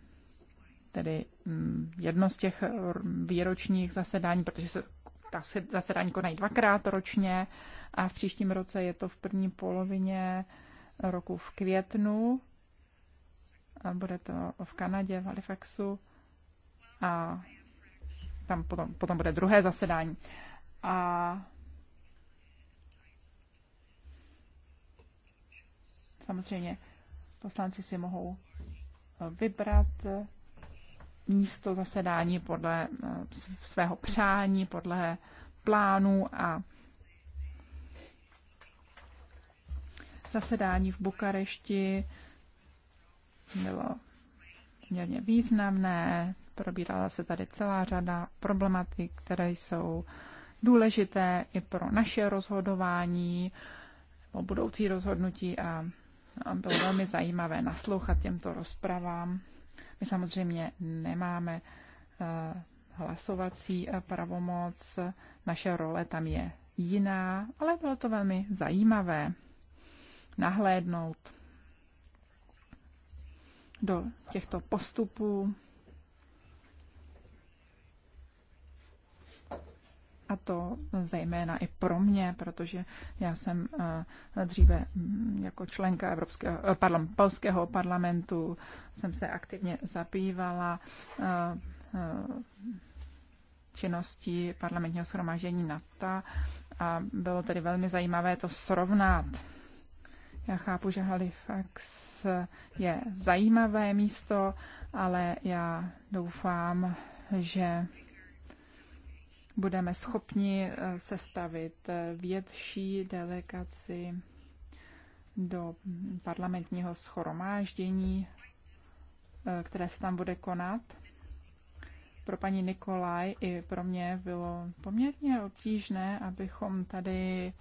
tedy mm, jedno z těch výročních zasedání, protože se ta zasedání konají dvakrát ročně a v příštím roce je to v první polovině roku v květnu. A bude to v Kanadě, v Halifaxu a tam potom, potom bude druhé zasedání. A Samozřejmě poslanci si mohou eh, vybrat eh, místo zasedání podle eh, svého přání, podle plánu a zasedání v Bukarešti bylo poměrně významné. Probírala se tady celá řada problematik, které jsou důležité i pro naše rozhodování o budoucí rozhodnutí a bylo velmi zajímavé naslouchat těmto rozpravám. My samozřejmě nemáme eh, hlasovací eh, pravomoc, naše role tam je jiná, ale bylo to velmi zajímavé nahlédnout do těchto postupů A to zejména i pro mě, protože já jsem eh, dříve mm, jako členka Evropského, eh, pardon, Polského parlamentu jsem se aktivně zabývala eh, činností parlamentního shromáždění NATO a bylo tedy velmi zajímavé to srovnat. Já chápu, že Halifax je zajímavé místo, ale já doufám, že budeme schopni eh, sestavit eh, větší delegaci do parlamentního schromáždění, eh, které se tam bude konat. Pro paní Nikolaj i pro mě bylo poměrně obtížné, abychom tady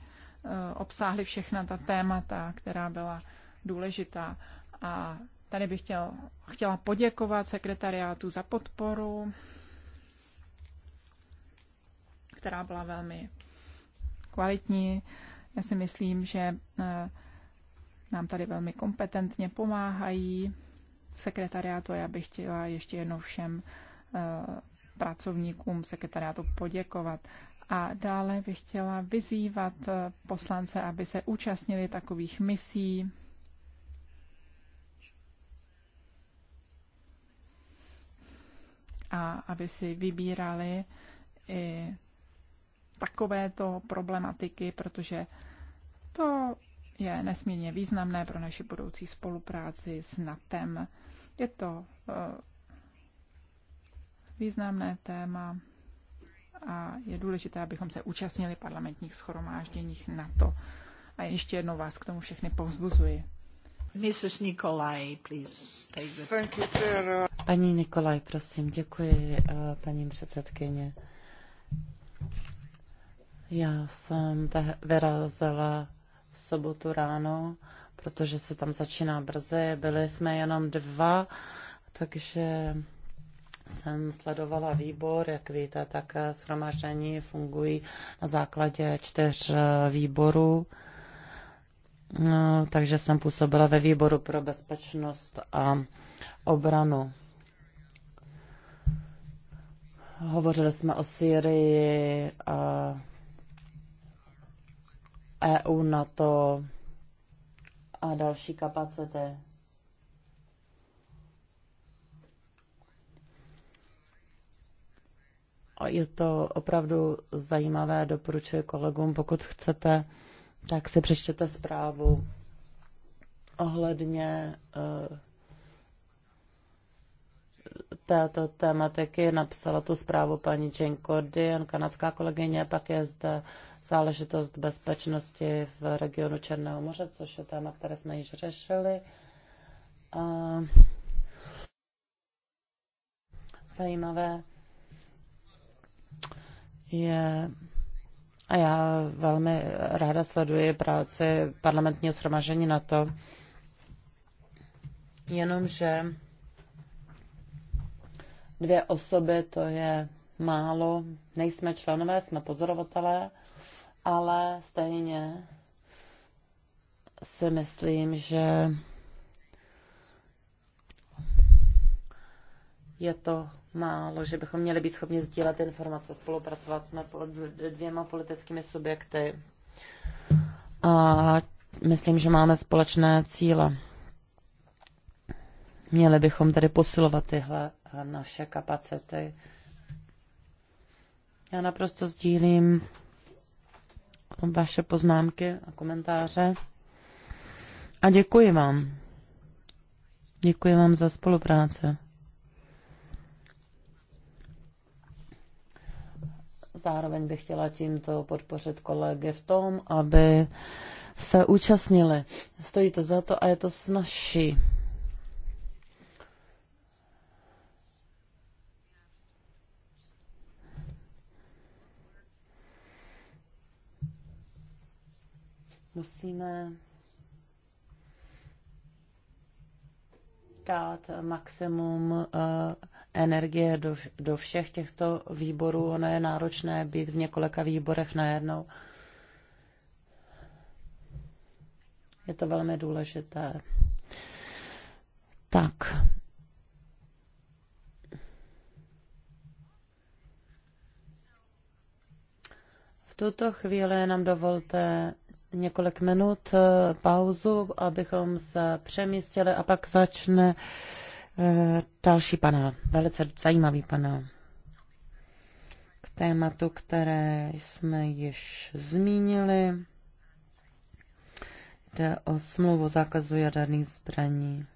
obsáhli všechna ta témata, která byla důležitá. A tady bych chtěl, chtěla poděkovat sekretariátu za podporu která byla velmi kvalitní. Já si myslím, že eh, nám tady velmi kompetentně pomáhají sekretariátu. Já bych chtěla ještě jednou všem eh, pracovníkům sekretariátu poděkovat. A dále bych chtěla vyzývat eh, poslance, aby se účastnili takových misí. A aby si vybírali i takovéto problematiky, protože to je nesmírně významné pro naši budoucí spolupráci s NATEM. Je to eh, významné téma a je důležité, abychom se účastnili parlamentních schromážděních NATO. A ještě jednou vás k tomu všechny povzbuzuji. Mrs. Nikolaj, please. Take the... Paní Nikolaj, prosím, děkuji, eh, paní předsedkyně. Já jsem vyrazila v sobotu ráno, protože se tam začíná brzy. Byli jsme jenom dva, takže jsem sledovala výbor, jak víte, tak shromáždění fungují na základě čtyř výborů. No, takže jsem působila ve výboru pro bezpečnost a obranu. Hovořili jsme o Syrii a EU, NATO a další kapacity. Je to opravdu zajímavé, doporučuji kolegům, pokud chcete, tak si přečtěte zprávu ohledně uh, této tématiky napsala tu zprávu paní Jane Cordian, kanadská kolegyně, pak je zde záležitost bezpečnosti v regionu Černého moře, což je téma, které jsme již řešili. A zajímavé je a já velmi ráda sleduji práci parlamentního shromažení na to, jenomže dvě osoby, to je málo. Nejsme členové, jsme pozorovatelé, ale stejně si myslím, že je to málo, že bychom měli být schopni sdílet informace, spolupracovat s dvěma politickými subjekty. A myslím, že máme společné cíle. Měli bychom tedy posilovat tyhle naše kapacity. Já naprosto sdílím vaše poznámky a komentáře. A děkuji vám. Děkuji vám za spolupráci. Zároveň bych chtěla tímto podpořit kolegy v tom, aby se účastnili. Stojí to za to a je to snažší. musíme dát maximum eh, energie do, do všech těchto výborů. Ono je náročné být v několika výborech najednou. Je to velmi důležité. Tak. V tuto chvíli nám dovolte několik minut eh, pauzu, abychom se přemístili a pak začne eh, další panel, velice zajímavý panel k tématu, které jsme již zmínili. Jde o smlouvu zákazu jaderných zbraní.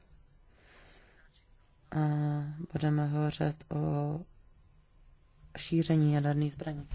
A budeme hovořit o šíření jaderných zbraní.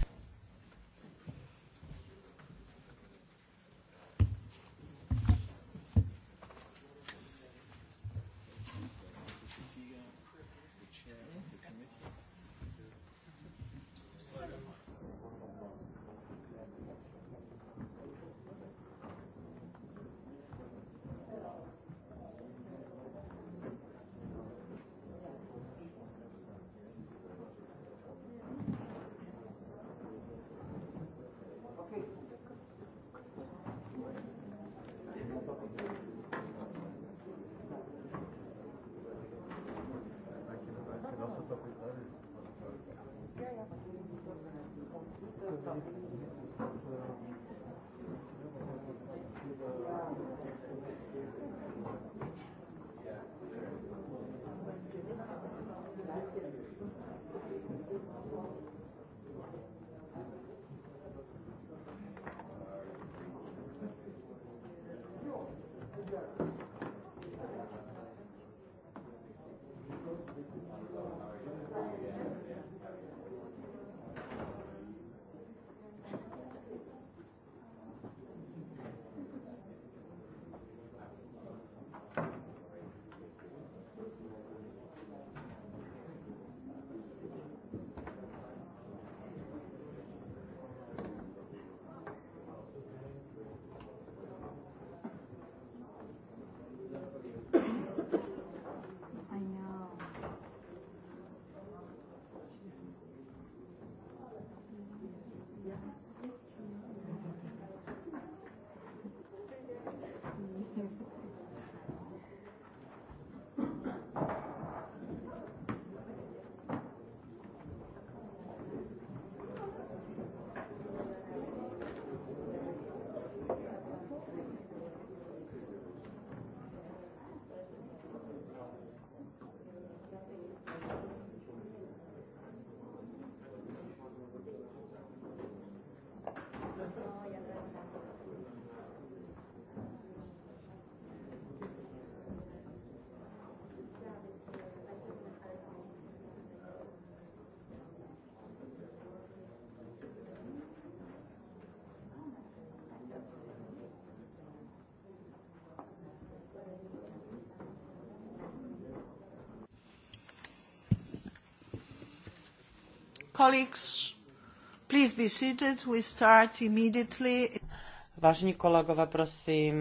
Vážení kolegové, prosím,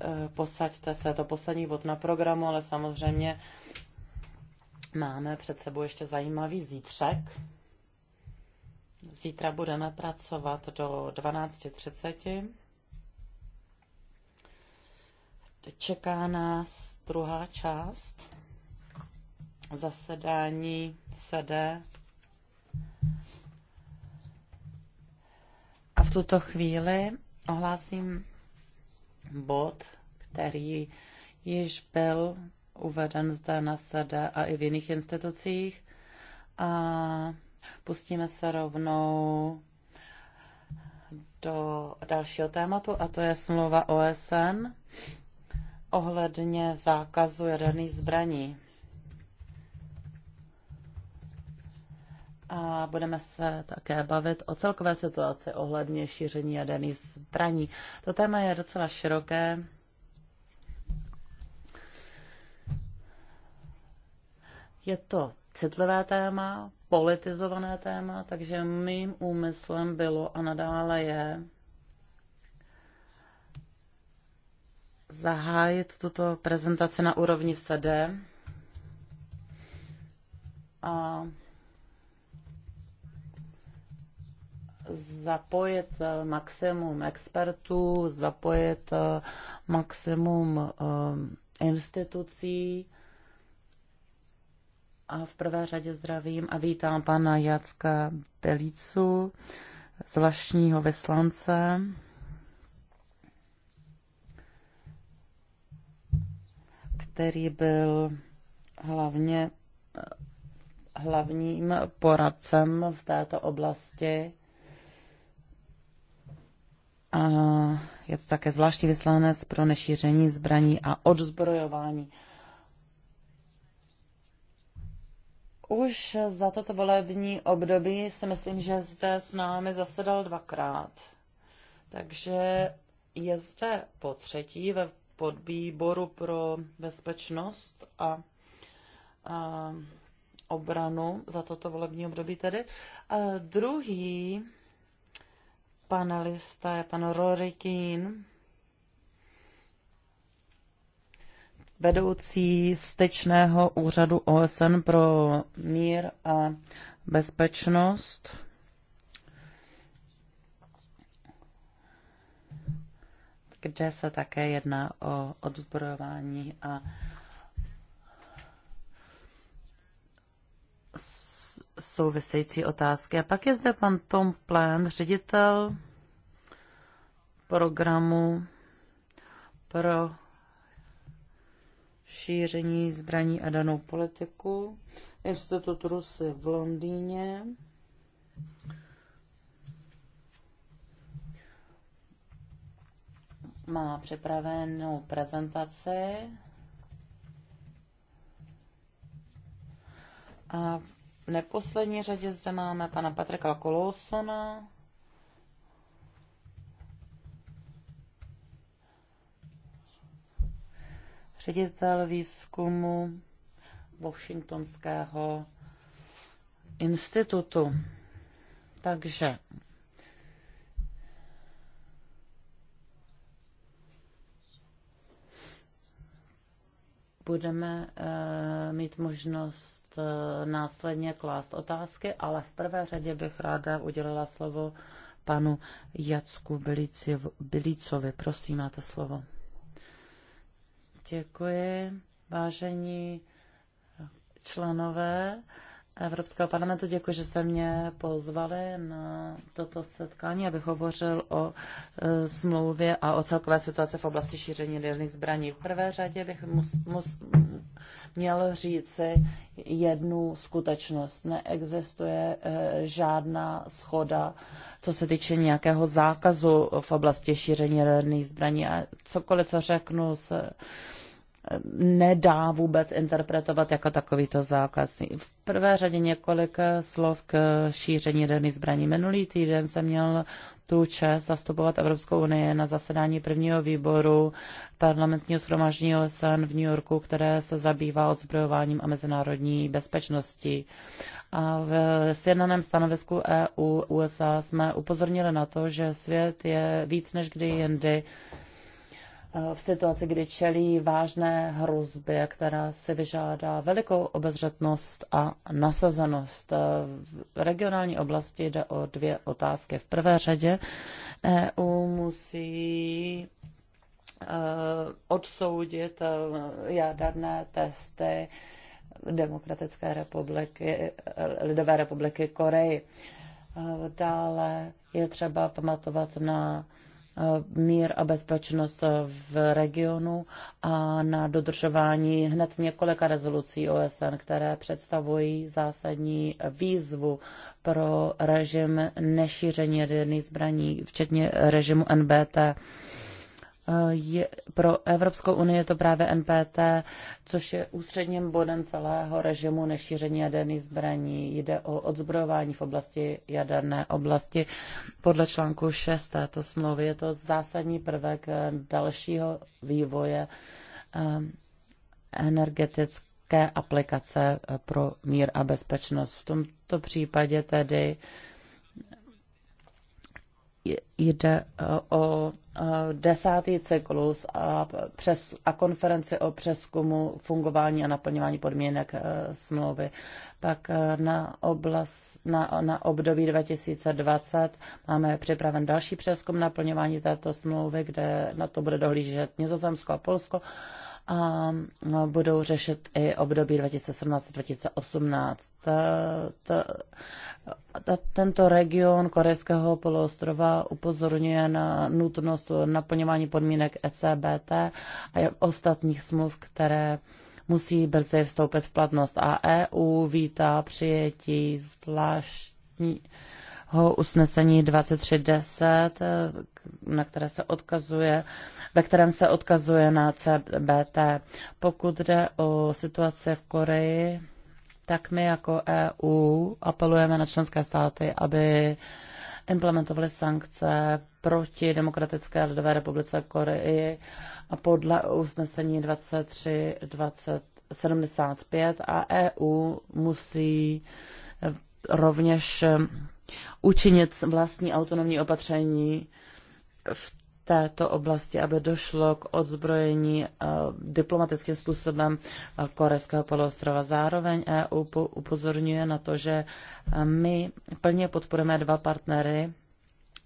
eh, posaďte se. To poslední bod na programu, ale samozřejmě máme před sebou ještě zajímavý zítřek. Zítra budeme pracovat do 12.30. Čeká nás druhá část zasedání sede tuto chvíli ohlásím bod, který již byl uveden zde na sede a i v jiných institucích. A pustíme se rovnou do dalšího tématu, a to je smlouva OSN ohledně zákazu jaderných zbraní. a budeme se také bavit o celkové situaci ohledně šíření jaderných zbraní. To téma je docela široké. Je to citlivé téma, politizované téma, takže mým úmyslem bylo a nadále je zahájit tuto prezentaci na úrovni sede a zapojit eh, maximum expertů, zapojit eh, maximum eh, institucí a v prvé řadě zdravím a vítám pana Jacka Belícu, zvláštního vyslance. který byl hlavně hlavním poradcem v této oblasti a je to také zvláštní vyslanec pro nešíření zbraní a odzbrojování. Už za toto volební období si myslím, že zde s námi zasedal dvakrát. Takže je zde po třetí ve podvýboru pro bezpečnost a, a obranu za toto volební období tedy. A druhý panelista je pan Rory Keane, vedoucí styčného úřadu OSN pro mír a bezpečnost. kde se také jedná o odzbrojování a související otázky. A pak je zde pan Tom Plan, ředitel programu pro šíření zbraní a danou politiku Institut Rusy v Londýně. Má připravenou prezentaci. A v neposlední řadě zde máme pana Patrika Kolosona. Ředitel výzkumu Washingtonského institutu. Takže budeme uh, mít možnost E, následně klást otázky, ale v prvé řadě bych ráda udělala slovo panu Jacku Bilicovi. Prosím, máte slovo. Děkuji, vážení členové Evropského parlamentu. Děkuji, že jste mě pozvali na toto setkání, abych hovořil o e, smlouvě a o celkové situaci v oblasti šíření jaderných zbraní. V prvé řadě bych mus, mus, měl říci jednu skutečnost. Neexistuje e, žádná schoda, co se týče nějakého zákazu v oblasti šíření jaderných zbraní. A cokoliv, co řeknu, se nedá vůbec interpretovat jako takovýto zákaz. V prvé řadě několik slov k šíření jaderných zbraní. Minulý týden jsem měl tu čest zastupovat Evropskou unii na zasedání prvního výboru parlamentního shromaždění OSN v New Yorku, které se zabývá odzbrojováním a mezinárodní bezpečností. A v sjednaném stanovisku EU USA jsme upozornili na to, že svět je víc než kdy jindy v situaci, kdy čelí vážné hrozby, která si vyžádá velikou obezřetnost a nasazenost. V regionální oblasti jde o dvě otázky. V prvé řadě EU musí eh, odsoudit eh, jaderné testy Demokratické republiky, eh, Lidové republiky Koreji. Dále je třeba pamatovat na Eh, mír a bezpečnost eh, v regionu a na dodržování hned několika rezolucí OSN, které představují zásadní výzvu pro režim nešíření jaderných zbraní, včetně režimu NBT je, pro Evropskou unii je to právě NPT, což je ústředním bodem celého režimu nešíření jaderných zbraní. Jde o odzbrojování v oblasti jaderné oblasti. Podle článku 6 této smlouvy je to zásadní prvek dalšího vývoje ehm, energetické aplikace pro mír a bezpečnost. V tomto případě tedy jde eh, o eh, desátý cyklus a, přes, a konferenci o přeskumu fungování a naplňování podmínek eh, smlouvy. Pak na, oblast, na, na období 2020 máme připraven další přeskum naplňování této smlouvy, kde na to bude dohlížet Nizozemsko a Polsko a no, budou řešit i období 2017-2018. Tento region Korejského poloostrova upozorňuje na nutnost naplňování podmínek ECBT a ostatních smluv, které musí brzy vstoupit v platnost a EU vítá přijetí zvláštní usnesení 2310, eh, na které se odkazuje, ve kterém se odkazuje na CBT. Pokud jde o situaci v Koreji, tak my jako EU apelujeme na členské státy, aby implementovali sankce proti Demokratické lidové republice Koreji a podle usnesení 23 20, 75 a EU musí rovněž učinit vlastní autonomní opatření v této oblasti, aby došlo k odzbrojení eh, diplomatickým způsobem eh, Korejského poloostrova. Zároveň EU upozorňuje na to, že eh, my plně podporujeme dva partnery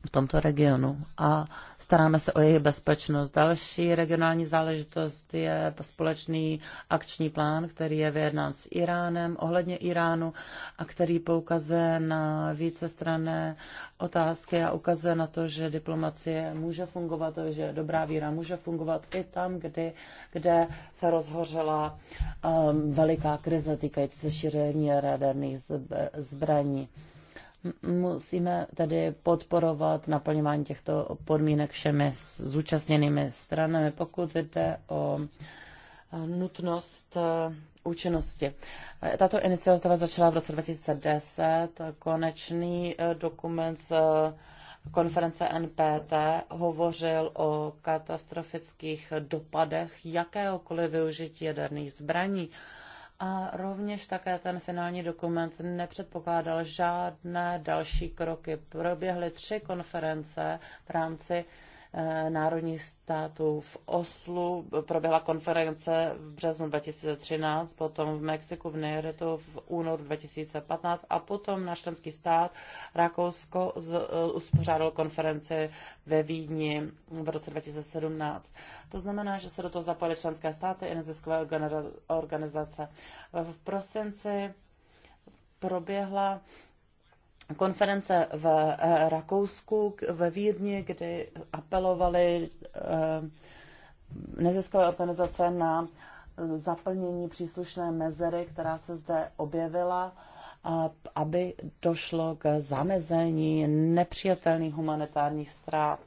v tomto regionu a staráme se o jejich bezpečnost. Další regionální záležitost je společný akční plán, který je vyjednán s Iránem ohledně Iránu a který poukazuje na více strané otázky a ukazuje na to, že diplomacie může fungovat, že dobrá víra může fungovat i tam, kdy, kde se rozhořela um, veliká krize týkající se šíření radarných zbraní. Musíme tedy podporovat naplňování těchto podmínek všemi zúčastněnými stranami, pokud jde o eh, nutnost eh, účinnosti. Eh, tato iniciativa začala v roce 2010. Konečný dokument z konference NPT hovořil o katastrofických dopadech jakéhokoliv využití jaderných zbraní a rovněž také ten finální dokument nepředpokládal žádné další kroky. Proběhly tři konference v rámci Eh, národních států v Oslu, proběhla konference v březnu 2013, potom v Mexiku, v Nejretu v únoru 2015 a potom na členský stát Rakousko eh, uspořádalo konferenci ve Vídni v roce 2017. To znamená, že se do toho zapojily členské státy i neziskové organizace. V prosinci proběhla konference v eh, Rakousku, ve Vídni, kdy apelovali eh, neziskové organizace na zaplnění příslušné mezery, která se zde objevila, aby došlo k zamezení nepřijatelných humanitárních ztrát.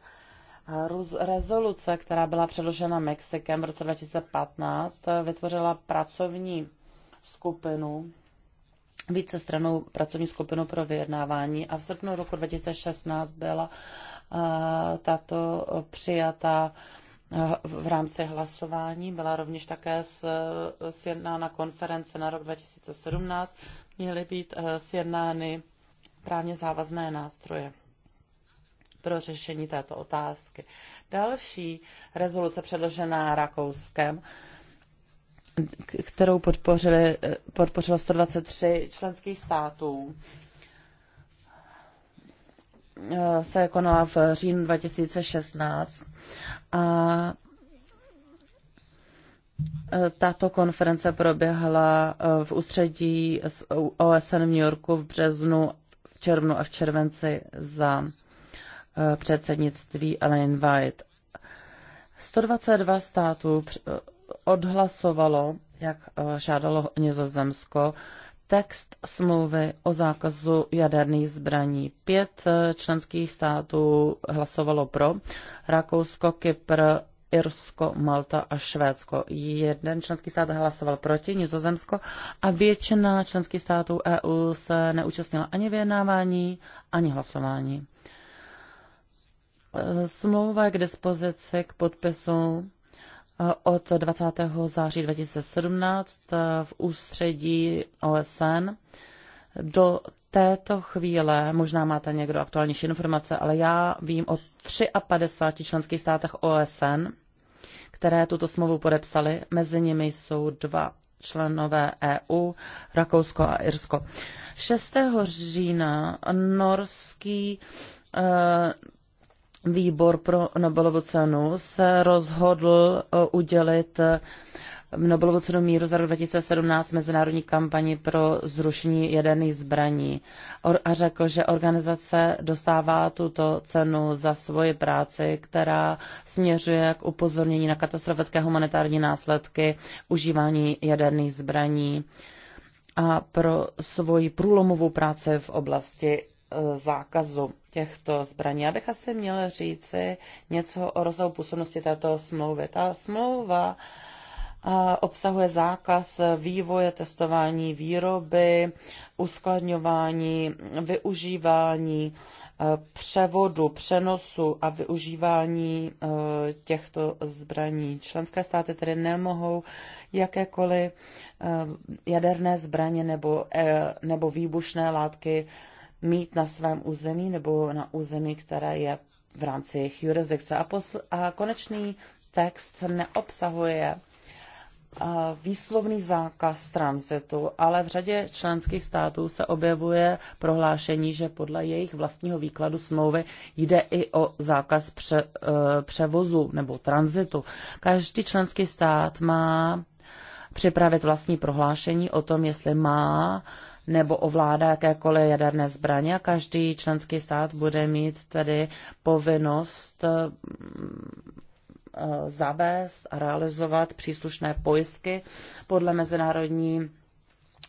Rezoluce, která byla předložena Mexikem v roce 2015, vytvořila pracovní skupinu více stranou pracovní skupinu pro vyjednávání a v srpnu roku 2016 byla tato přijata v rámci hlasování. Byla rovněž také sjednána konference na rok 2017. Měly být sjednány právně závazné nástroje pro řešení této otázky. Další rezoluce předložená Rakouskem kterou podpořili, eh, podpořilo 123 členských států, eh, se konala v říjnu 2016 a eh, tato konference proběhla v ústředí OSN v New Yorku v březnu, v červnu a v červenci za předsednictví Ellen White. 122 států odhlasovalo, jak eh, žádalo Nizozemsko, text smlouvy o zákazu jaderných zbraní. Pět eh, členských států hlasovalo pro, Rakousko, Kypr, Irsko, Malta a Švédsko. Jeden členský stát hlasoval proti, Nizozemsko, a většina členských států EU se neúčastnila ani vyjednávání, ani hlasování. Eh, smlouva je k dispozici k podpisu Eh, od 20. září 2017 eh, v ústředí OSN. Do této chvíle, možná máte někdo aktuálnější informace, ale já vím o 53 členských státech OSN, které tuto smlouvu podepsali. Mezi nimi jsou dva členové EU, Rakousko a Irsko. 6. října norský eh, výbor pro Nobelovu cenu se rozhodl eh, udělit eh, Nobelovu cenu míru za rok 2017 mezinárodní kampani pro zrušení jaderných zbraní a řekl, že organizace dostává tuto cenu za svoji práci, která směřuje k upozornění na katastrofické humanitární následky užívání jaderných zbraní a pro svoji průlomovou práci v oblasti eh, zákazu těchto zbraní. Já bych asi měl říci něco o rozsahu působnosti této smlouvy. Ta smlouva obsahuje zákaz vývoje, testování výroby, uskladňování, využívání, e, převodu, přenosu a využívání e, těchto zbraní. Členské státy tedy nemohou jakékoliv e, jaderné zbraně nebo, nebo výbušné látky mít na svém území nebo na území, které je v rámci jejich jurisdikce. A, posl- a konečný text neobsahuje eh, výslovný zákaz tranzitu, ale v řadě členských států se objevuje prohlášení, že podle jejich vlastního výkladu smlouvy jde i o zákaz pře, eh, převozu nebo tranzitu. Každý členský stát má připravit vlastní prohlášení o tom, jestli má uh, nebo ovládá jakékoliv jaderné zbraně a každý členský stát bude mít tedy povinnost eh, eh, zavést a realizovat příslušné pojistky podle mezinárodní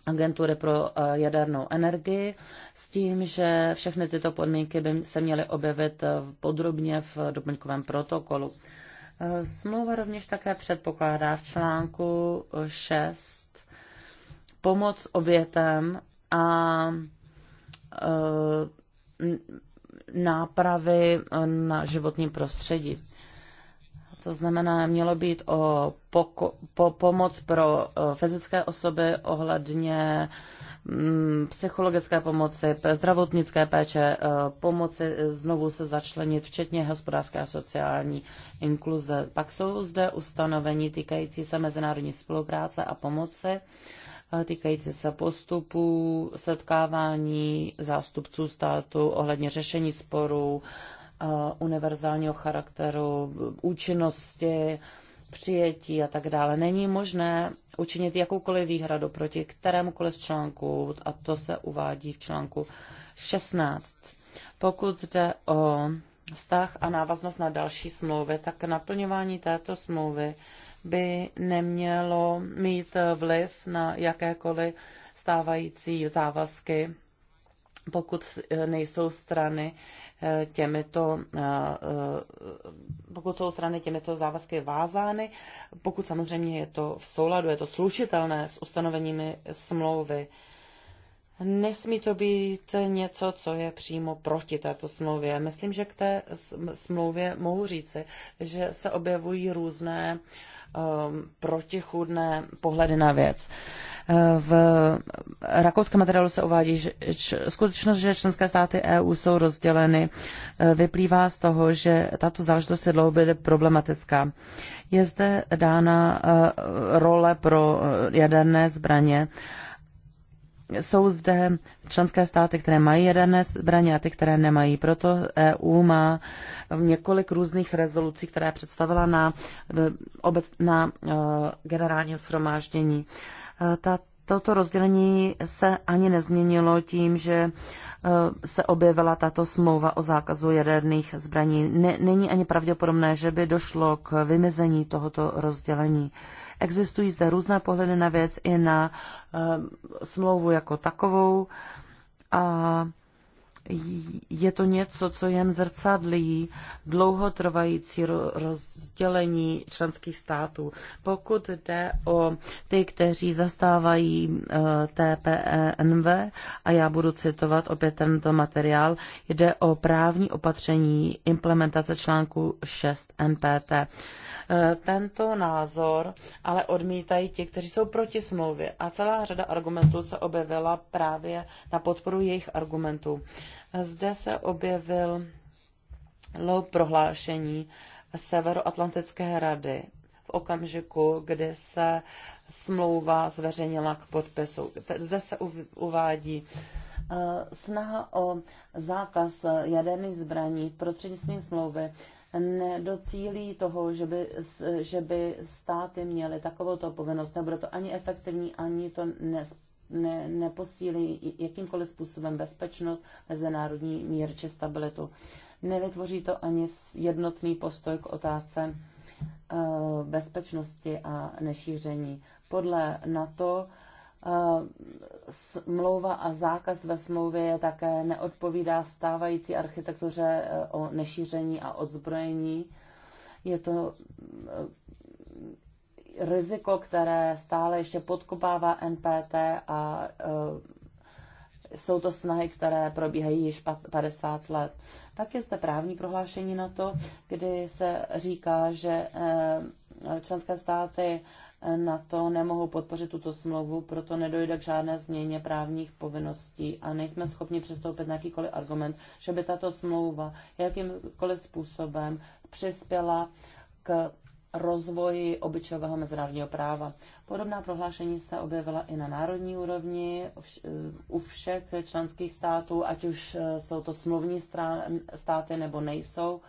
agentury pro eh, jadernou energii s tím, že všechny tyto podmínky by se měly objevit podrobně v doplňkovém protokolu. Smlouva rovněž také předpokládá v článku 6 pomoc obětem a eh, nápravy na životním prostředí. To znamená, mělo být o poko- po pomoc pro eh, fyzické osoby ohledně mm, psychologické pomoci, zdravotnické péče, eh, pomoci znovu se začlenit, včetně hospodářské a sociální inkluze. Pak jsou zde ustanovení týkající se mezinárodní spolupráce a pomoci Eh, týkající se postupu setkávání zástupců státu ohledně řešení sporů, eh, univerzálního charakteru, účinnosti, přijetí a tak dále. Není možné učinit jakoukoliv výhradu proti kterémukoliv z článků, a to se uvádí v článku 16. Pokud jde o vztah a návaznost na další smlouvy, tak naplňování této smlouvy by nemělo mít vliv na jakékoliv stávající závazky, pokud nejsou strany eh, těmito, eh, eh, pokud jsou strany těmito závazky vázány, pokud samozřejmě je to v souladu, je to slušitelné s ustanoveními smlouvy. Nesmí to být něco, co je přímo proti této smlouvě. Myslím, že k té smlouvě mohu říci, že se objevují různé uh, um, protichudné pohledy na věc. Uh, v rakouském materiálu se uvádí, že skutečnost, že členské státy EU jsou rozděleny, uh, vyplývá z toho, že tato záležitost je byla problematická. Je zde dána uh, role pro jaderné zbraně jsou zde členské státy, které mají jaderné zbraně a ty, které nemají. Proto EU má několik různých rezolucí, které představila na, obec, na e, generálním shromáždění. E, ta Toto rozdělení se ani nezměnilo tím, že eh, se objevila tato smlouva o zákazu jaderných zbraní. Není ani pravděpodobné, že by došlo k vymezení tohoto rozdělení. Existují zde různé pohledy na věc i na eh, smlouvu jako takovou. A je to něco, co jen zrcadlí dlouhotrvající rozdělení členských států. Pokud jde o ty, kteří zastávají eh, TPNV, e a já budu citovat opět tento materiál, jde o právní opatření implementace článku 6 NPT. Eh, tento názor ale odmítají ti, kteří jsou proti smlouvě a celá řada argumentů se objevila právě na podporu jejich argumentů. Zde se objevil prohlášení Severoatlantické rady v okamžiku, kdy se smlouva zveřejnila k podpisu. Zde se uvádí eh, snaha o zákaz jaderných zbraní prostřednictvím smlouvy nedocílí toho, že by, že by státy měly takovouto povinnost. Nebude to ani efektivní, ani to nes, ne, neposílí jakýmkoliv způsobem bezpečnost, mezinárodní mír či stabilitu. Nevytvoří to ani jednotný postoj k otázce eh, bezpečnosti a nešíření. Podle NATO eh, smlouva a zákaz ve smlouvě také neodpovídá stávající architektuře eh, o nešíření a odzbrojení. Je to riziko, které stále ještě podkopává NPT a eh, jsou to snahy, které probíhají již 50 let. Tak je zde právní prohlášení na to, kdy se říká, že eh, členské státy na to nemohou podpořit tuto smlouvu, proto nedojde k žádné změně právních povinností a nejsme schopni přistoupit na jakýkoliv argument, že by tato smlouva jakýmkoliv způsobem přispěla k rozvoji obyčejového mezinárodního práva. Podobná prohlášení se objevila i na národní úrovni eh, u všech členských států, ať už eh, jsou to smluvní státy nebo nejsou,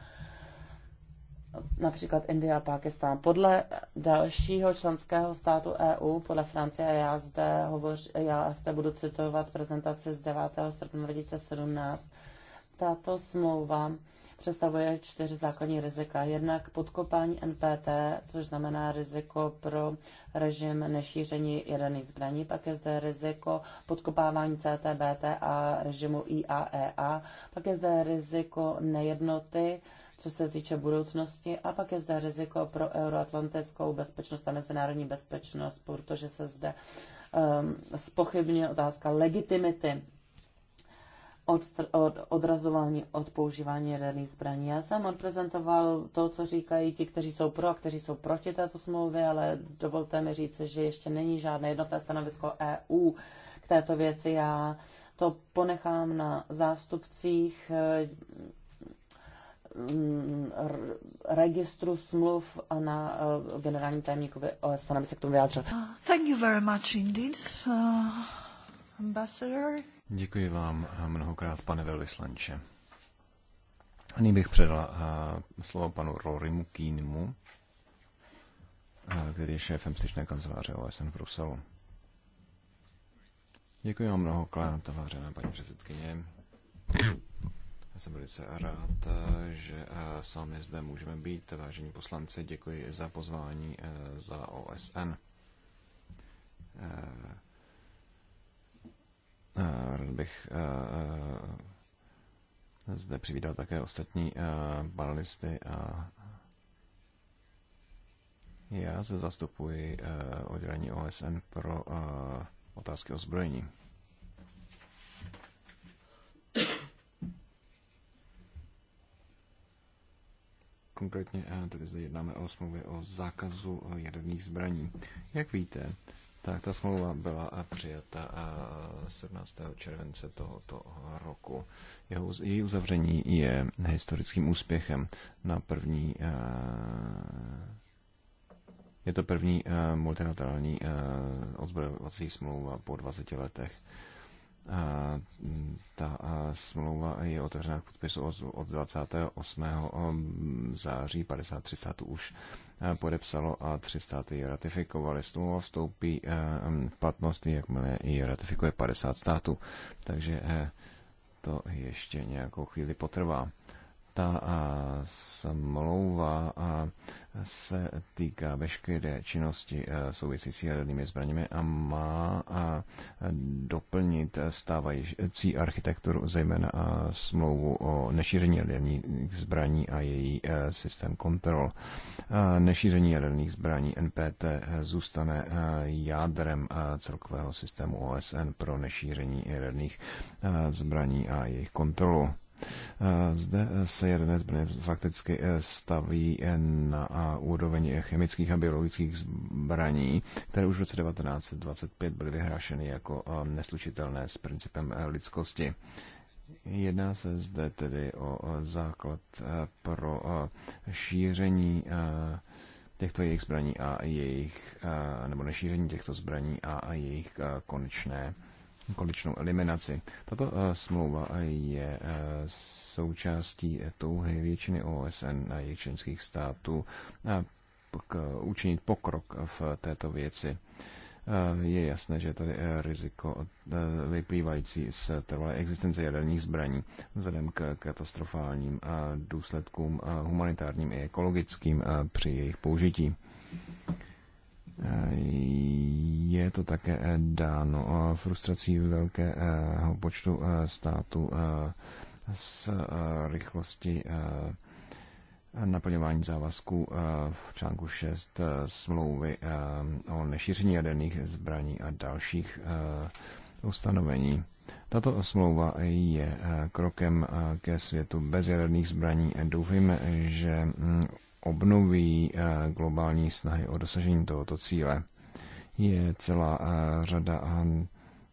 například India a Pákistán. Podle dalšího členského státu EU, podle Francie, já zde, hovoř, já zde budu citovat prezentaci z 9. srpna 2017, tato smlouva představuje čtyři základní rizika. Jednak podkopání NPT, což znamená riziko pro režim nešíření jaderných zbraní, pak je zde riziko podkopávání CTBT a režimu IAEA, e pak je zde riziko nejednoty, co se týče budoucnosti, a pak je zde riziko pro euroatlantickou bezpečnost a mezinárodní bezpečnost, protože se zde um, spochybňuje otázka legitimity od, od, odrazování od používání jaderných zbraní. Já jsem odprezentoval to, co říkají ti, kteří jsou pro a kteří jsou proti této smlouvě, ale dovolte mi říct, že ještě není žádné jednotné stanovisko EU k této věci. Já to ponechám na zástupcích eh, mm, registru smluv a na eh, generálním tajemníkovi OSN, aby se k tomu vyjádřil. Uh, thank you very much indeed, uh, ambassador. Děkuji vám mnohokrát, pane velvyslanče. Nyní bych předala eh, slovo panu Rorimu Kýnimu, eh, který je šéfem styčné kanceláře OSN v Bruselu. Děkuji vám mnohokrát, vážená paní předsedkyně. Já jsem velice rád, eh, že s vámi zde můžeme být. Vážení poslanci, děkuji za pozvání za OSN Eh, rád bych eh, eh, zde přivítal také ostatní panelisty a já se zastupuji oddělení OSN pro otázky zbrojení. Konkrétně tedy zde jednáme o smlouvě o zákazu jaderných zbraní. Jak víte, tak ta smlouva byla eh, přijata 17. Eh, července tohoto roku. Jeho, její uzavření je historickým úspěchem na první eh, je to první multilaterální odzbrojovací smlouva po 20 letech. Ta smlouva je otevřená k podpisu od 28. září 53 států už Eh, podepsalo a tři státy ji ratifikovaly. tomu vstoupí eh, v platnost, jakmile ji ratifikuje 50 států. Takže eh, to ještě nějakou chvíli potrvá ta smlouva se týká veškeré činnosti e, související s jadernými zbraněmi a má doplnit stávající architekturu, zejména smlouvu o nešíření jaderných zbraní a její e, systém kontrol. Nešíření jaderných zbraní NPT zůstane e, jádrem celkového systému OSN pro nešíření jaderných zbraní a jejich kontrolu. Eh, zde eh, se jaderné zbraně fakticky eh, staví na úroveň chemických a biologických zbraní, které už v roce 1925 byly vyhrášeny jako neslučitelné s principem lidskosti. Jedná se zde tedy o základ pro šíření těchto jejich zbraní a jejich, nebo nešíření těchto zbraní a jejich konečné konečnou eliminaci. Tato eh, smlouva je eh, součástí touhy většiny OSN a jejich členských států pok- eh, učinit pokrok v této věci. Je jasné, že tady je riziko vyplývající z trvalé existence jaderných zbraní vzhledem k katastrofálním důsledkům humanitárním i ekologickým při jejich použití je to také eh, dáno eh, frustrací velkého počtu eh, států s rychlosti naplňování závazků v článku 6 smlouvy o nešíření jaderných zbraní a dalších ustanovení. Tato smlouva je krokem ke světu bez jaderných zbraní. Doufejme, že mm, obnoví eh, globální snahy o dosažení tohoto cíle. Je celá eh, řada eh,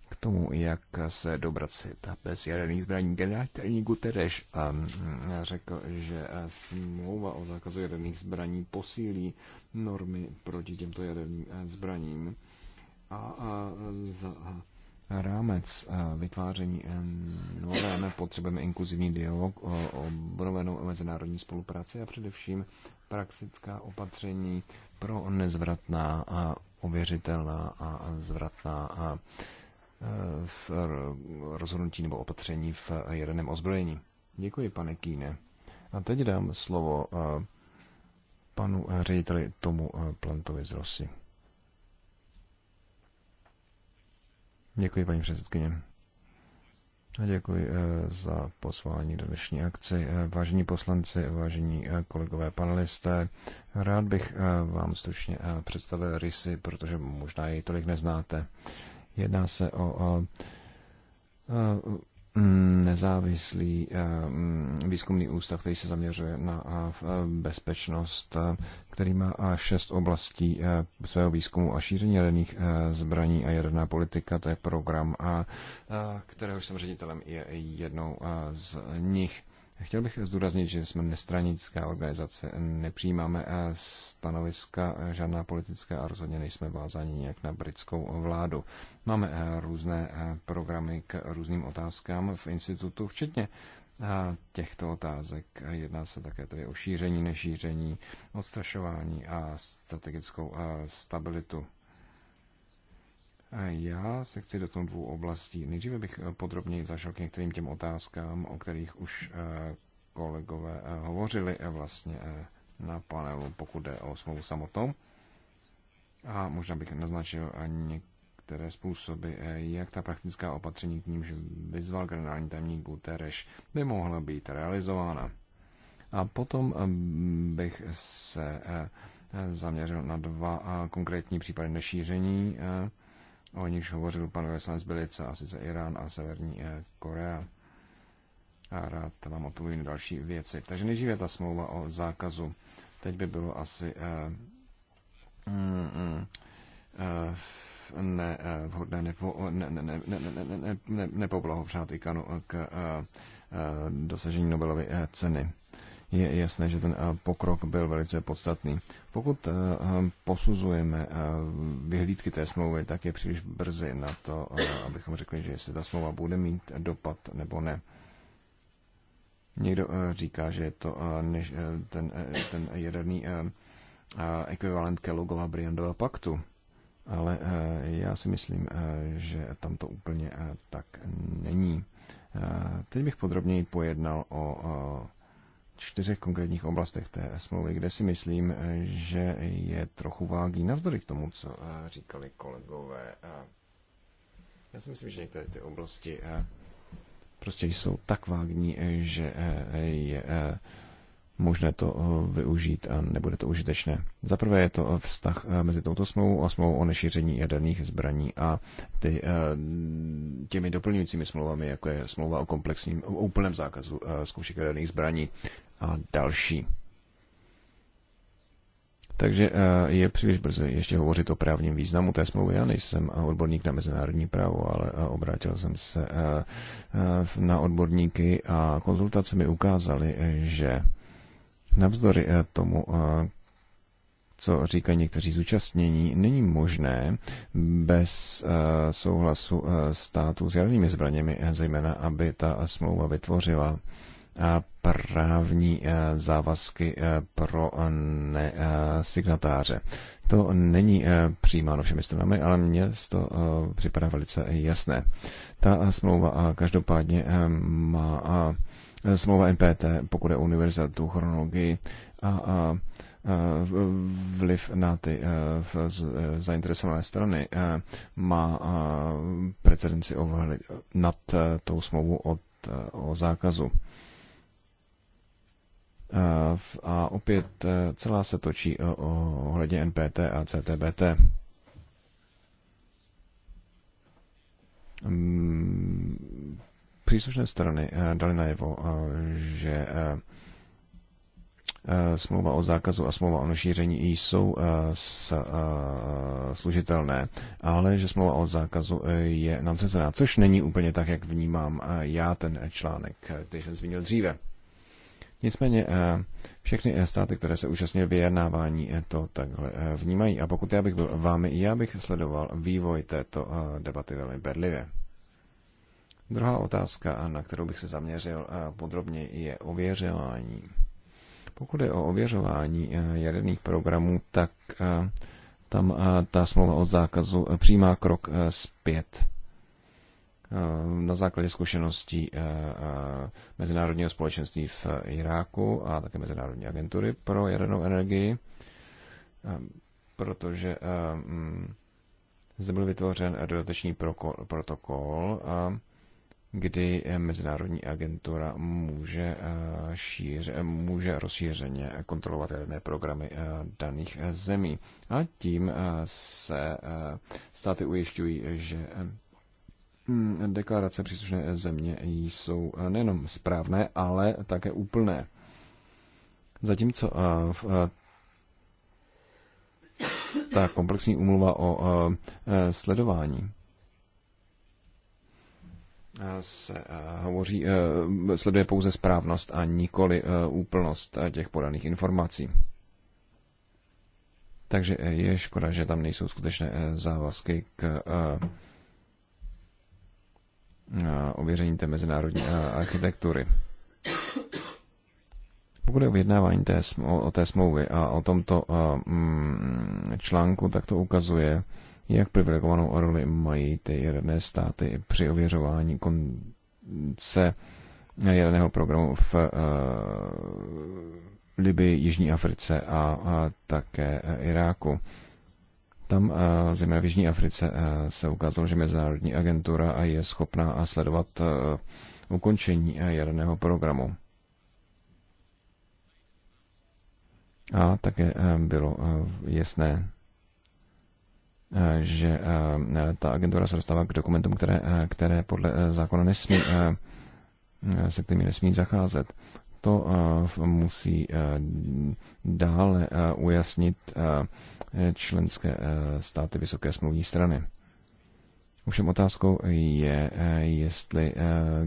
k tomu, jak se dobrat ta bez jaderných zbraní. Generální Guterres ehm, řekl, že smlouva o zákazu jaderných zbraní posílí normy proti těmto jaderným zbraním a, a za rámec eh, vytváření eh, nového potřebujeme inkluzivní dialog o obrovenou mezinárodní spolupráci a především praktická opatření pro nezvratná a ověřitelná a zvratná a eh, v rozhodnutí nebo opatření v jaderném ozbrojení. Děkuji, pane Kýne. A teď dám slovo panu řediteli Tomu Plantovi z Rosy. Děkuji, paní předsedkyně. A děkuji eh, za poslání do dnešní akci. Eh, vážení poslanci, vážení eh, kolegové panelisté, rád bych vám stručně představil rysy, protože možná jej tolik neznáte. Jedná se o, o, o Mm, nezávislý eh, mm, výzkumný ústav, který se zaměřuje na eh, eh, bezpečnost, který má šest oblastí svého výzkumu a šíření jaderných zbraní a jaderná politika. To je program, kterého jsem ředitelem, je jednou z nich. Chtěl bych zdůraznit, že jsme nestranická organizace, nepřijímáme eh, stanoviska eh, žádná politická a rozhodně nejsme vázáni nějak na britskou vládu. Máme eh, různé programy k různým otázkám v institutu, včetně těchto otázek. Jedná se také tedy o šíření, nešíření, odstrašování a strategickou stabilitu. Já se chci dotknout dvou oblastí. Nejdříve bych eh, podrobněji zašel k některým těm otázkám, o kterých už eh, kolegové eh, hovořili vlastně na panelu, pokud jde o smlouvu samotnou. A možná bych naznačil některé způsoby, jak ta praktická opatření, k nímž vyzval generální tajemník Guterres, by mohla být realizována. A potom bych se zaměřil na dva konkrétní případy nešíření o níž hovořil pan Veslanc Bilica, a sice Irán a Severní eh, Korea. A rád vám odpovím další věci. Takže nejdříve ta smlouva o zákazu. Teď by bylo asi nevhodné vhodné nepoblahopřát Ikanu k eh, eh, dosažení Nobelovy ceny. Je jasné, že ten pokrok byl velice podstatný. Pokud eh, eh, posuzujeme eh, vyhlídky té smlouvy, tak je příliš brzy na to, abychom řekli, že jestli ta smlouva bude mít dopad nebo ne. Někdo říká, že je to než ten, ten jaderný ekvivalent Kellogova Briandova paktu, ale já si myslím, že tam to úplně tak není. Teď bych podrobněji pojednal o čtyřech konkrétních oblastech té smlouvy, kde si myslím, že je trochu vágí navzdory k tomu, co eh, říkali kolegové. Já si myslím, že některé ty oblasti eh, prostě jsou tak vágní, eh, že je možné to eh, využít a nebude to užitečné. Za prvé je to eh, vztah eh, mezi touto smlouvou a smlouvou o nešíření jaderných zbraní a ty, těmi doplňujícími smlouvami, jako je smlouva o komplexním, o úplném zákazu zkoušek jaderných zbraní a další. Takže je příliš brzy ještě hovořit o právním významu té smlouvy. Já nejsem odborník na mezinárodní právo, ale obrátil jsem se na odborníky a konzultace mi ukázaly, že Navzdory eh, tomu, eh, co říkají někteří zúčastnění, není možné bez eh, souhlasu států s jadernými zbraněmi, zejména aby ta smlouva vytvořila právní závazky pro ne, signatáře. To není přijímáno všemi stranami, ale mně to připadá velice jasné. Ta smlouva každopádně má Eh, smlouva MPT, pokud je univerzitu, chronologii a, a vliv na ty eh, eh, zainteresované strany má precedenci nad tou smlouvu od, o zákazu. A opět celá se točí ohledně NPT a CTBT příslušné strany eh, dali najevo, eh, že eh, smlouva o zákazu a smlouva o nošíření jsou služitelné, ale že smlouva o zákazu je nám cezená, což není úplně tak, jak vnímám já ten článek, který jsem zmínil dříve. Nicméně všechny státy, které se účastnily vyjednávání, to takhle vnímají. A pokud já bych byl vámi, já bych sledoval vývoj této debaty velmi bedlivě. Druhá otázka, na kterou bych se zaměřil eh, podrobně, je ověřování. Pokud je o ověřování eh, jaderných programů, tak eh, tam ta smlouva od zákazu přijímá krok zpět na základě zkušeností Mezinárodního společenství v Iráku a také Mezinárodní agentury pro jadernou energii, protože mm, zde byl vytvořen dodatečný protokol a kdy eh, Mezinárodní agentura může, eh, šíř, eh, může rozšířeně kontrolovat jedné programy daných zemí. A tím se státy ujišťují, že hm, deklarace příslušné země jsou nejenom správné, ale také úplné. Zatímco v ta komplexní umluva o sledování se eh, hovoří, eh, sleduje pouze správnost a nikoli eh, úplnost těch podaných informací. Takže je škoda, že tam nejsou skutečné závazky k ověření té mezinárodní architektury. Pokud je o vyjednávání té, o, o té smlouvy a o tomto mm, článku, tak to ukazuje, jak privilegovanou roli mají ty jedné státy při ověřování konce jedného programu v uh, Libii, Jižní Africe a, a také eh, Iráku. Tam, eh, zejména v Jižní Africe, se ukázalo, že Mezinárodní agentura je schopná sledovat ukončení jaderného programu. A také bylo jasné, že eh, ta agentura se dostává k dokumentům, které, eh, které podle eh, zákona nesmí, se kterými nesmí zacházet. To musí dále ujasnit členské státy Vysoké smluvní strany. Ovšem otázkou je, jestli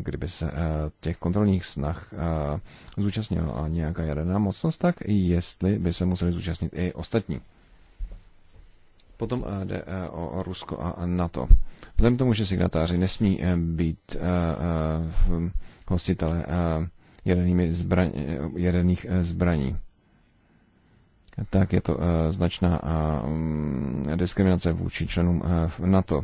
kdyby se těch kontrolních snah zúčastnila nějaká jaderná mocnost, tak jestli by se museli zúčastnit i ostatní. Potom eh, jde eh, o Rusko a NATO. Vzhledem k tomu, že signatáři nesmí eh, být hostitele zbraň, jaderných zbraní, tak je to značná mm, diskriminace vůči členům NATO.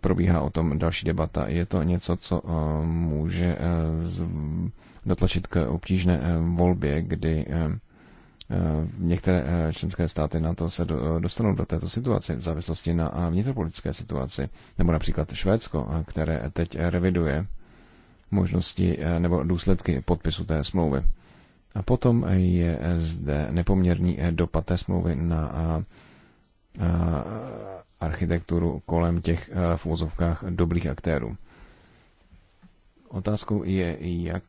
Probíhá o tom další debata. Je to něco, co může dotlačit k obtížné volbě, kdy Eh, některé eh, členské státy na to se eh, dostanou do této situace v závislosti na vnitropolitické situaci, nebo například Švédsko, které teď reviduje možnosti nebo důsledky podpisu té smlouvy. A potom je zde nepoměrný dopad té smlouvy na architekturu kolem těch v úzovkách dobrých aktérů. Otázkou je, jak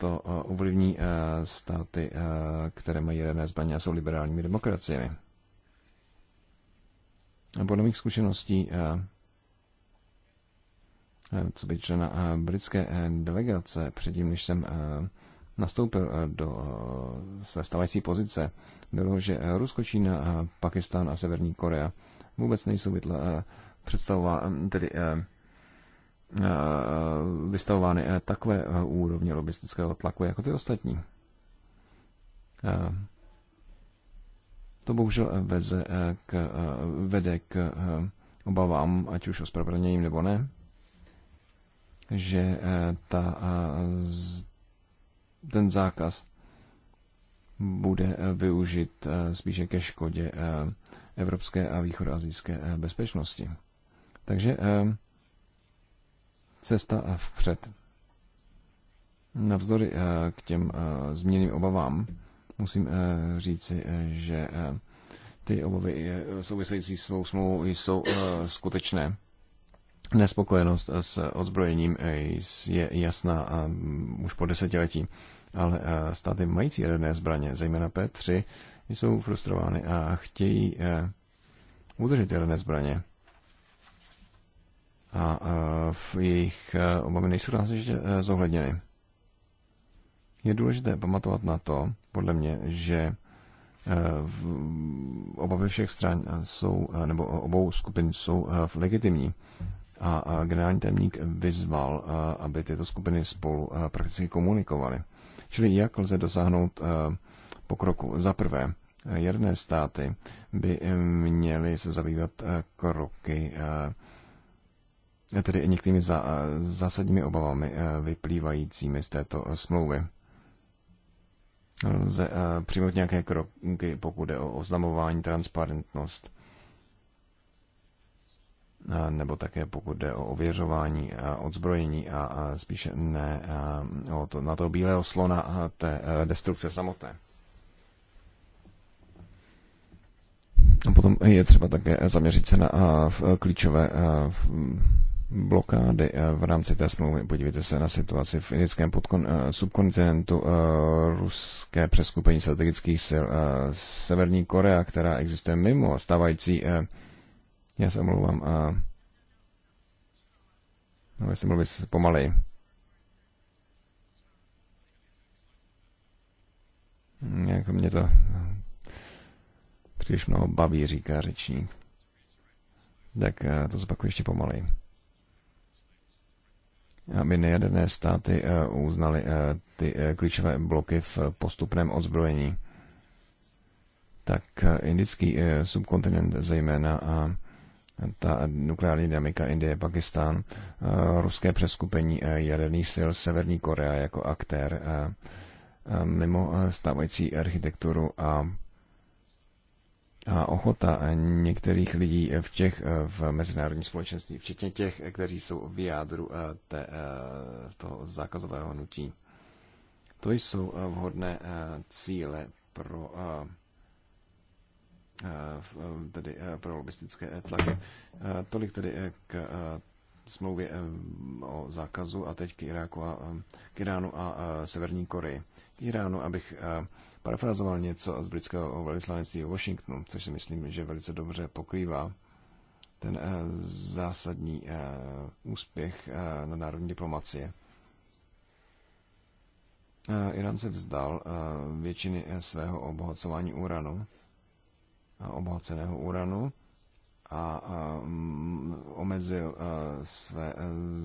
to eh, ovlivní eh, státy, eh, které mají jedné zbraně a jsou liberálními demokraciemi. Podle mých zkušeností, co by člena britské delegace, předtím, než jsem nastoupil do své stávající pozice, bylo, že Rusko, Čína, Pakistán a Severní Korea vůbec nejsou bytla, představová, tedy Eh, vystavovány eh, takové eh, úrovně lobistického tlaku jako ty ostatní. To bohužel veze k, vede k obavám, ať už ospravedlněním nebo ne, že ta, ten zákaz bude využit spíše ke škodě evropské a východoazijské bezpečnosti. Takže cesta eh, vpřed. Navzdory eh, k těm eh, změným obavám musím říci, že ty obavy související s svou smlouvou jsou skutečné. Nespokojenost s odzbrojením je jasná a už po desetiletí, ale státy mající jedné zbraně, zejména P3, jsou frustrovány a chtějí udržet jedné zbraně a e, v jejich e, obavy nejsou ještě e, zohledněny. Je důležité pamatovat na to, podle mě, že obavy všech stran jsou, nebo obou skupin jsou legitimní. A generální témník vyzval, aby tyto skupiny spolu prakticky komunikovaly. Čili jak lze dosáhnout pokroku? Za prvé, jedné státy by měly se zabývat kroky Eh, tedy některými zá, eh, zásadními obavami eh, vyplývajícími z této smlouvy. Lze přijmout nějaké kroky, pokud jde o oznamování, transparentnost, nebo také pokud jde o ověřování a odzbrojení a, spíše ne o to, na to bílého slona a té a destrukce samotné. A potom je třeba také zaměřit se na klíčové blokády eh, v rámci té smlouvy. Podívejte se na situaci v indickém eh, subkontinentu, eh, ruské přeskupení strategických sil, Severní Korea, která existuje mimo stávající, já se omlouvám, ale no, si mluvit pomalej. Jak mě to příliš mnoho baví, říká řečník. Tak to zopakuju ještě pomalej aby nejaderné státy eh, uznaly eh, ty eh, klíčové bloky v postupném odzbrojení. Tak indický subkontinent zejména a ta nukleární dynamika Indie, Pakistán, ruské přeskupení jaderných sil, Severní Korea jako aktér, mimo stávající architekturu a a ochota některých lidí v těch eh, v mezinárodní společenství, včetně těch, eh, kteří jsou v jádru eh, té, toho zákazového hnutí. To jsou vhodné cíle pro tedy pro lobistické tlaky. Tolik tedy k smlouvě o zákazu a teď k, Iráku a, k Iránu a Severní Koreji. K Iránu, abych parafrazoval něco z britského velvyslanectví v Washingtonu, což si myslím, že velice dobře pokrývá ten eh, zásadní eh, úspěch eh, na národní diplomacie. Irán se vzdal většiny svého obohacování uranu, obohaceného uranu, a omezil své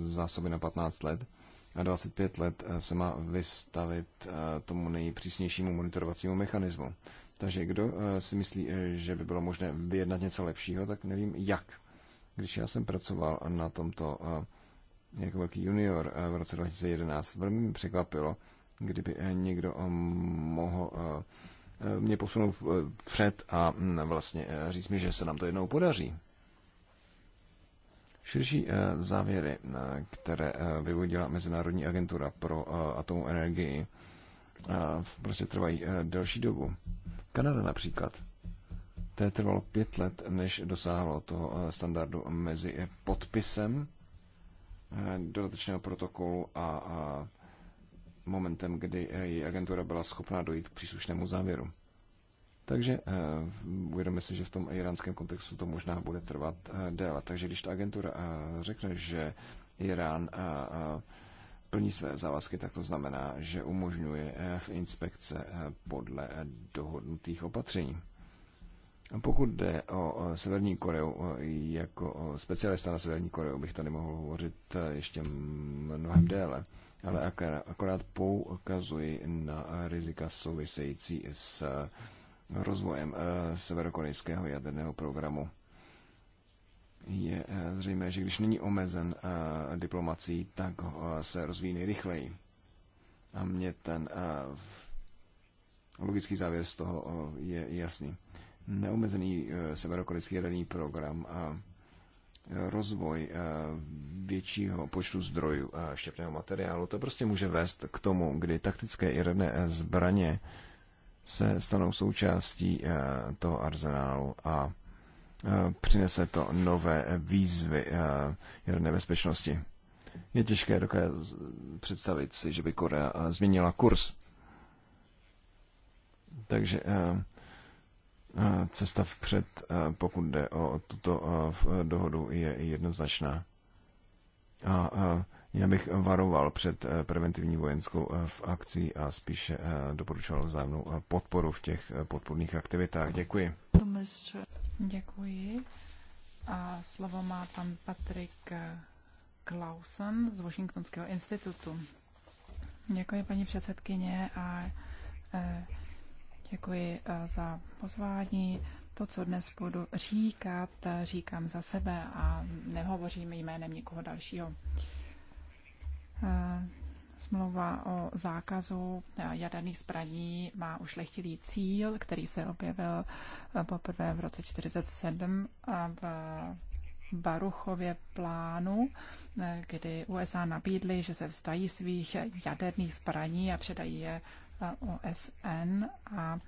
zásoby na 15 let na 25 let eh, se má vystavit eh, tomu nejpřísnějšímu monitorovacímu mechanismu. Takže kdo eh, si myslí, že by bylo možné vyjednat něco lepšího, tak nevím jak. Když já jsem pracoval na tomto jako velký junior v roce 2011, velmi mi překvapilo, kdyby někdo mohl mě posunout před a mm, vlastně říct mi, že se nám to jednou podaří. Širší eh, závěry, eh, které eh, vyvodila Mezinárodní agentura pro atomovou energii, prostě trvají delší dobu. Kanada například. Té trvalo pět let, než dosáhlo toho standardu mezi podpisem dodatečného protokolu a momentem, kdy její agentura byla schopná dojít k příslušnému závěru. Takže eh, uvědomíme si, že v tom iránském kontextu to možná bude trvat eh, déle. Takže když ta agentura eh, řekne, že Irán plní své závazky, tak to znamená, že umožňuje v inspekce podle dohodnutých opatření. Pokud jde o Severní Koreu, jako specialista na Severní Koreu bych tady mohl hovořit ještě mnohem déle, ale akorát poukazuji na rizika související s rozvojem eh, severokorejského jaderného programu. Je eh, zřejmé, že když není omezen eh, diplomací, tak se rozvíjí nejrychleji. A mě ten logický závěr z toho je jasný. Neomezený severokorejský jaderný program a rozvoj většího počtu zdrojů štěpného materiálu, to prostě může vést k tomu, kdy taktické jaderné zbraně se stanou součástí eh, toho arzenálu a eh, přinese to nové výzvy eh, jaderné bezpečnosti. Je těžké představit si, že by Korea změnila kurz. Takže cesta vpřed, pokud jde o tuto dohodu, je jednoznačná. A já bych varoval před eh, preventivní vojenskou eh, v akcí a spíše eh, doporučoval vzájemnou podporu v těch podporných aktivitách. Děkuji. Děkuji. A slovo má pan Patrik Klausen z Washingtonského institutu. Děkuji, paní předsedkyně, a děkuji za pozvání. To, co dnes budu říkat, říkám za sebe a nehovořím jménem nikoho dalšího. Eh, smlouva o zákazu eh, jaderných zbraní má ušlechtilý cíl, který se objevil eh, poprvé v roce 1947 v Baruchově plánu, kdy USA nabídly, že se vzdají svých jaderných zbraní a předají je OSN a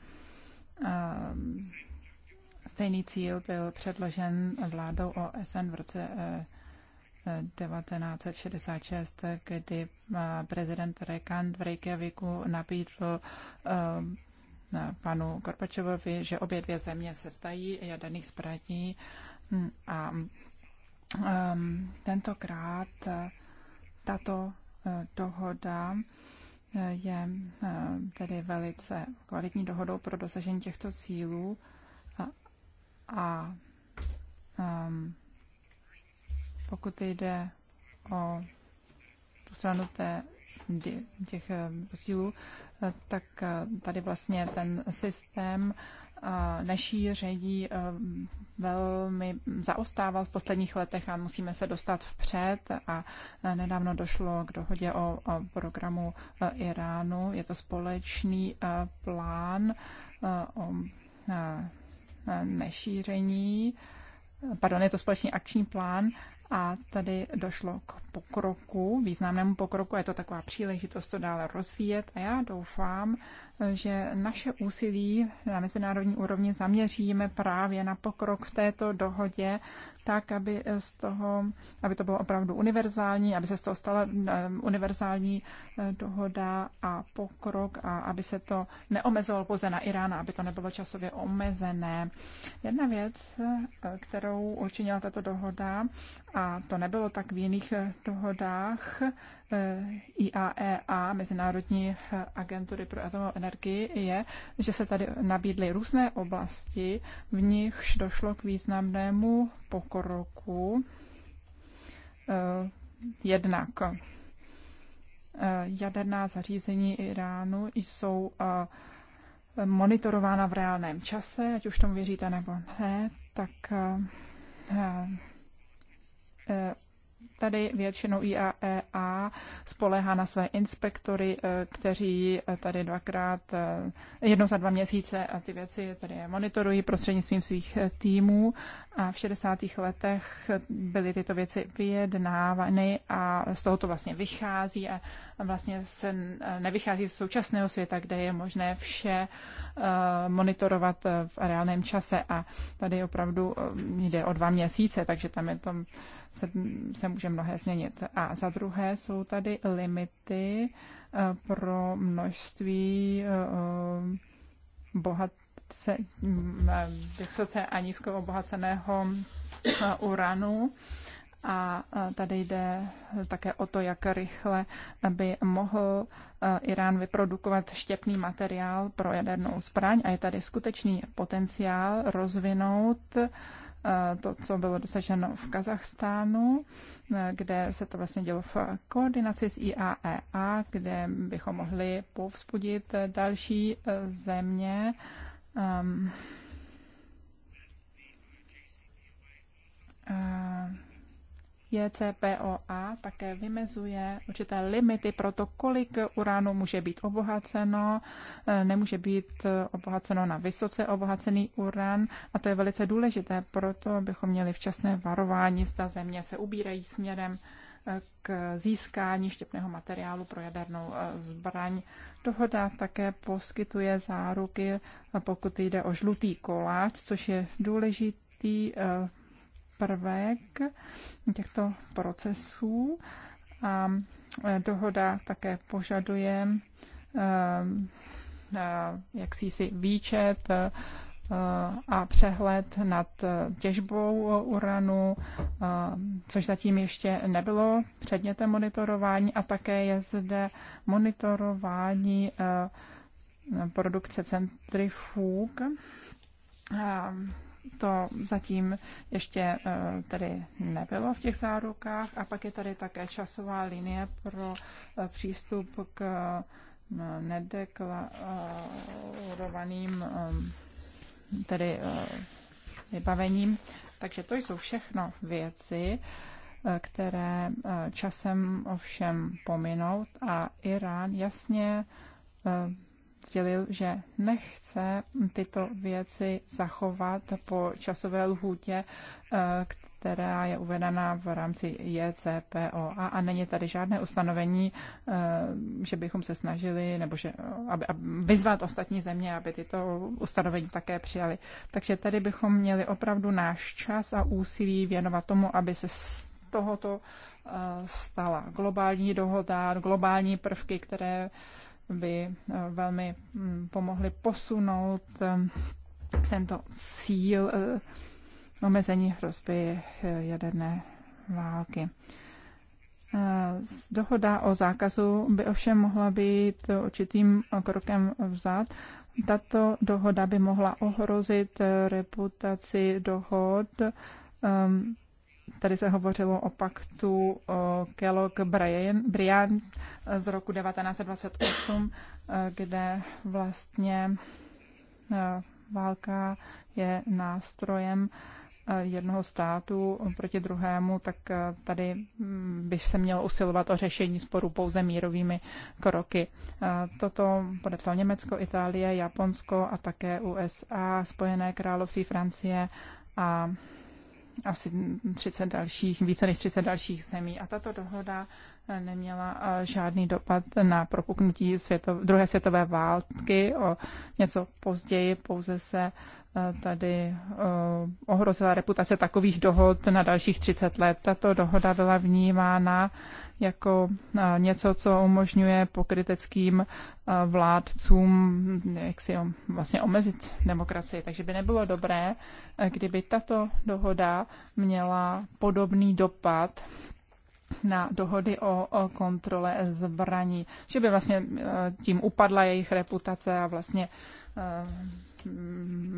stejný cíl byl předložen vládou OSN v roce 1966, kdy eh, prezident Rekand v Reykjaviku nabídl eh, panu Gorbačovovi, že obě dvě země se vzdají jaderných zbraní a ehm, tentokrát eh, tato dohoda je tedy velice kvalitní dohodou pro dosažení těchto cílů a, a um, pokud jde o tu stranu té, těch eh, rozdílů, eh, tak eh, tady vlastně ten systém nešíření velmi zaostával v posledních letech a musíme se dostat vpřed a nedávno došlo k dohodě o programu Iránu. Je to společný plán o nešíření, pardon, je to společný akční plán a tady došlo k pokroku, významnému pokroku, je to taková příležitost to dále rozvíjet a já doufám, že naše úsilí na mezinárodní úrovni zaměříme právě na pokrok v této dohodě, tak, aby, z toho, aby to bylo opravdu univerzální, aby se z toho stala eh, univerzální eh, dohoda a pokrok a aby se to neomezovalo pouze na Irán, aby to nebylo časově omezené. Jedna věc, eh, kterou učinila tato dohoda, a to nebylo tak v jiných dohodách, Eh, IAEA, e Mezinárodní eh, agentury pro atomovou energii, je, že se tady nabídly různé oblasti, v nichž došlo k významnému pokroku eh, jednak jaderná zařízení Iránu jsou monitorována v reálném čase, ať už tomu věříte nebo ne, tak Tady většinou IAEA spolehá na své inspektory, eh, kteří eh, tady dvakrát, eh, jedno za dva měsíce a ty věci tady monitorují prostřednictvím svých týmů. A v 60. letech byly tyto věci vyjednávány a z toho to vlastně vychází a vlastně se nevychází z současného světa, kde je možné vše monitorovat v reálném čase a tady opravdu jde o dva měsíce, takže tam je to se, se může mnohé změnit. A za druhé jsou tady limity eh, pro množství eh, eh, bohatce, mm, vysoce a nízko obohaceného uranu. A tady jde také o to, jak rychle by mohl Irán vyprodukovat štěpný materiál pro jadernou zbraň. A je tady skutečný potenciál rozvinout uh, Eh, to, co bylo dosaženo v Kazachstánu, eh, kde se to vlastně dělo v koordinaci s IAEA, e kde bychom mohli povzbudit další eh, země. Um, uh, JCPOA také vymezuje určité limity pro to, kolik uránu může být obohaceno. E, nemůže být e, obohaceno na vysoce obohacený uran a to je velice důležité, proto abychom měli včasné varování, zda země se ubírají směrem e, k získání štěpného materiálu pro jadernou zbraň. Dohoda také poskytuje záruky, pokud jde o žlutý koláč, což je důležitý prvek těchto procesů a e, dohoda také požaduje e, e, jaksi výčet a přehled nad těžbou uranu, což zatím ještě nebylo předmětem monitorování a také je zde monitorování produkce centrifug to zatím ještě eh, tady nebylo v těch zárukách. A pak je tady také časová linie pro eh, přístup k eh, nedeklarovaným tedy vybavením. Takže to jsou všechno věci, které časem ovšem pominou a Irán jasně sdělil, že nechce tyto věci zachovat po časové lhůtě, eh, která je uvedena v rámci JCPOA e a není tady žádné ustanovení, eh, že bychom se snažili nebo že, aby, aby vyzvat ostatní země, aby tyto ustanovení také přijali. Takže tady bychom měli opravdu náš čas a úsilí věnovat tomu, aby se tohoto eh, stala globální dohoda, globální prvky, které by eh, velmi mm, pomohly posunout eh, tento cíl eh, omezení hrozby jaderné války. Dohoda o zákazu by ovšem mohla být určitým krokem vzad. Tato dohoda by mohla ohrozit reputaci dohod ehm, Tady se hovořilo o paktu Kellogg-Brian z roku 1928, kde vlastně e, válka je nástrojem e, jednoho státu proti druhému, tak e, tady mm, by se mělo usilovat o řešení sporu pouze mírovými kroky. Toto podepsal Německo, Itálie, Japonsko a také USA, Spojené království, Francie a asi 30 dalších, více než 30 dalších zemí. A tato dohoda eh, neměla eh, žádný dopad na propuknutí světov, druhé světové války. O něco později pouze se eh, tady ohrozila reputace takových dohod na dalších 30 let. Tato dohoda byla vnímána jako něco, co umožňuje pokryteckým vládcům jak si vlastně omezit demokracii. Takže by nebylo dobré, kdyby tato dohoda měla podobný dopad na dohody o, o kontrole zbraní, že by vlastně tím upadla jejich reputace a vlastně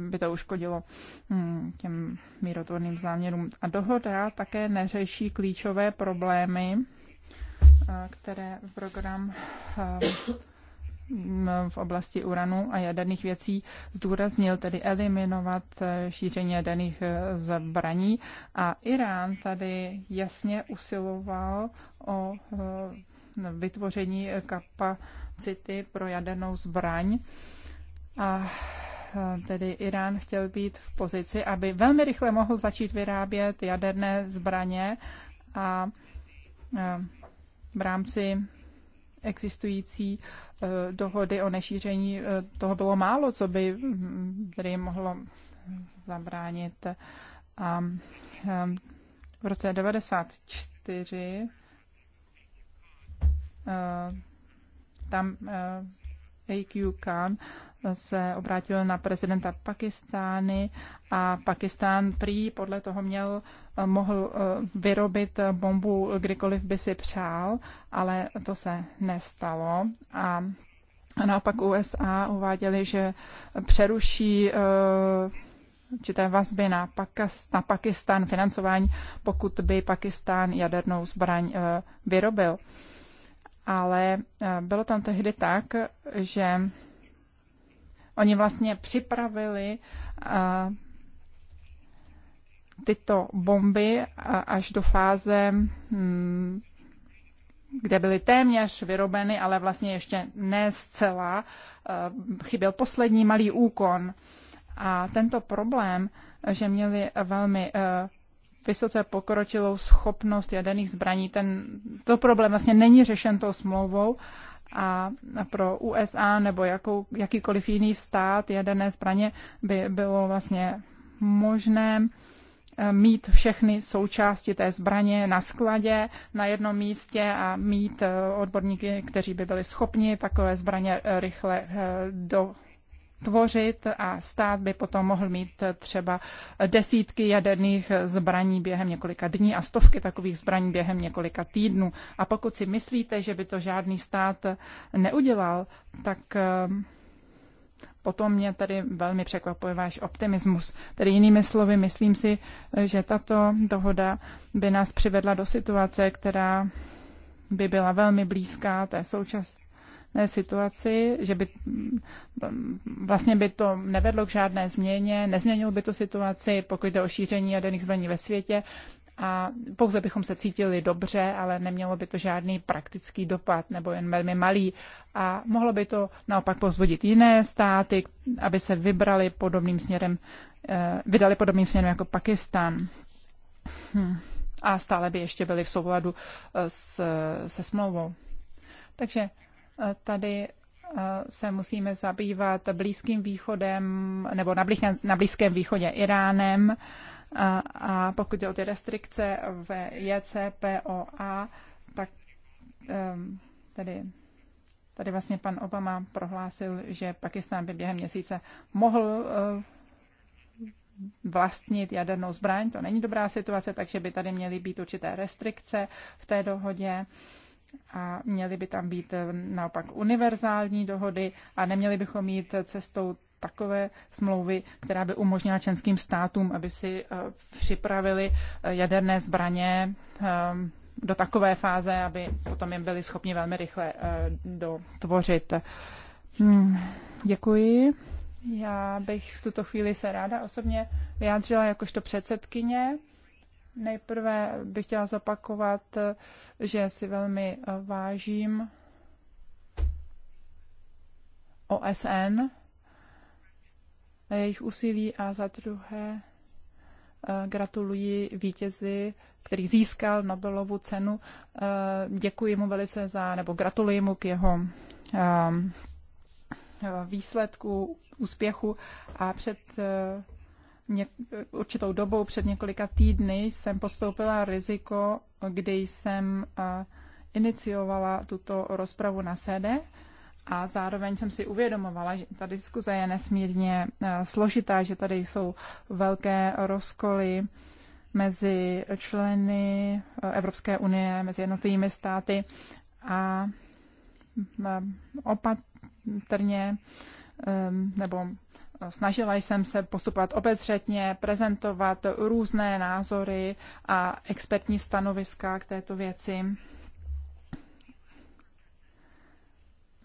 by to uškodilo hm, těm mírotvorným záměrům. A dohoda také neřeší klíčové problémy Eh, které program eh, v oblasti uranu a jaderných věcí zdůraznil tedy eliminovat eh, šíření jaderných zbraní a Irán tady jasně usiloval o vytvoření kapacity pro jadernou zbraň a tedy Irán chtěl být v pozici, aby velmi rychle mohl začít vyrábět jaderné zbraně a v rámci existující eh, dohody o nešíření, eh, toho bylo málo, co by mm, tedy mohlo zabránit. A eh, v roce 94 tam AQ Khan se obrátil na prezidenta Pakistány a Pakistán prý podle toho měl mohl eh, vyrobit bombu kdykoliv by si přál, ale to se nestalo. A naopak USA uváděli, že přeruší eh, určité vazby na, Pakas, na Pakistan financování, pokud by Pakistán jadernou zbraň eh, vyrobil. Ale bylo tam tehdy tak, že oni vlastně připravili tyto bomby až do fáze, hmm, kde byly téměř vyrobeny, ale vlastně ještě ne zcela. Eh, chyběl poslední malý úkon. A tento problém, že měli velmi eh, vysoce pokročilou schopnost jaderných zbraní, ten, to problém vlastně není řešen tou smlouvou, a pro USA nebo jakou, jakýkoliv jiný stát jaderné zbraně by bylo vlastně možné mít všechny součásti té zbraně na skladě na jednom místě a mít eh, odborníky, kteří by byli schopni takové zbraně eh, rychle eh, do tvořit a stát by potom mohl mít třeba desítky jaderných zbraní během několika dní a stovky takových zbraní během několika týdnů. A pokud si myslíte, že by to žádný stát neudělal, tak potom mě tady velmi překvapuje váš optimismus. Tedy jinými slovy, myslím si, že tato dohoda by nás přivedla do situace, která by byla velmi blízká té současné situaci, že by mm, vlastně by to nevedlo k žádné změně, nezměnilo by to situaci, pokud jde o šíření jaderných zbraní ve světě a pouze bychom se cítili dobře, ale nemělo by to žádný praktický dopad nebo jen velmi malý. A mohlo by to naopak povzbudit jiné státy, aby se vybrali podobným směrem, eh, vydali podobným směrem jako Pakistan. Hm. A stále by ještě byli v souladu eh, s, se smlouvou. Takže eh, tady se musíme zabývat Blízkým východem, nebo na, blíž, na Blízkém východě Iránem, a, a pokud jde o ty restrikce v JCPOA, tak um, tedy tady vlastně pan Obama prohlásil, že Pakistán by během měsíce mohl uh, vlastnit jadernou zbraň. To není dobrá situace, takže by tady měly být určité restrikce v té dohodě a měly by tam být eh, naopak univerzální dohody a neměli bychom jít cestou takové smlouvy, která by umožnila členským státům, aby si eh, připravili eh, jaderné zbraně eh, do takové fáze, aby potom jim byli schopni velmi rychle dotvořit. Hmm, děkuji. Já bych v tuto chvíli se ráda osobně vyjádřila jakožto předsedkyně. Nejprve bych chtěla zopakovat, že si velmi vážím OSN jejich úsilí a za druhé eh, gratuluji vítězi, který získal Nobelovu cenu. Eh, děkuji mu velice za, nebo gratuluji mu k jeho eh, výsledku, úspěchu a před určitou dobou, před několika týdny, jsem postoupila riziko, kdy jsem iniciovala tuto rozpravu na sede a zároveň jsem si uvědomovala, že ta diskuze je nesmírně eh, složitá, že tady jsou velké rozkoly mezi členy eh, Evropské unie, mezi jednotlivými státy a eh, opatrně nebo snažila jsem se postupovat obezřetně, prezentovat různé názory a expertní stanoviska k této věci.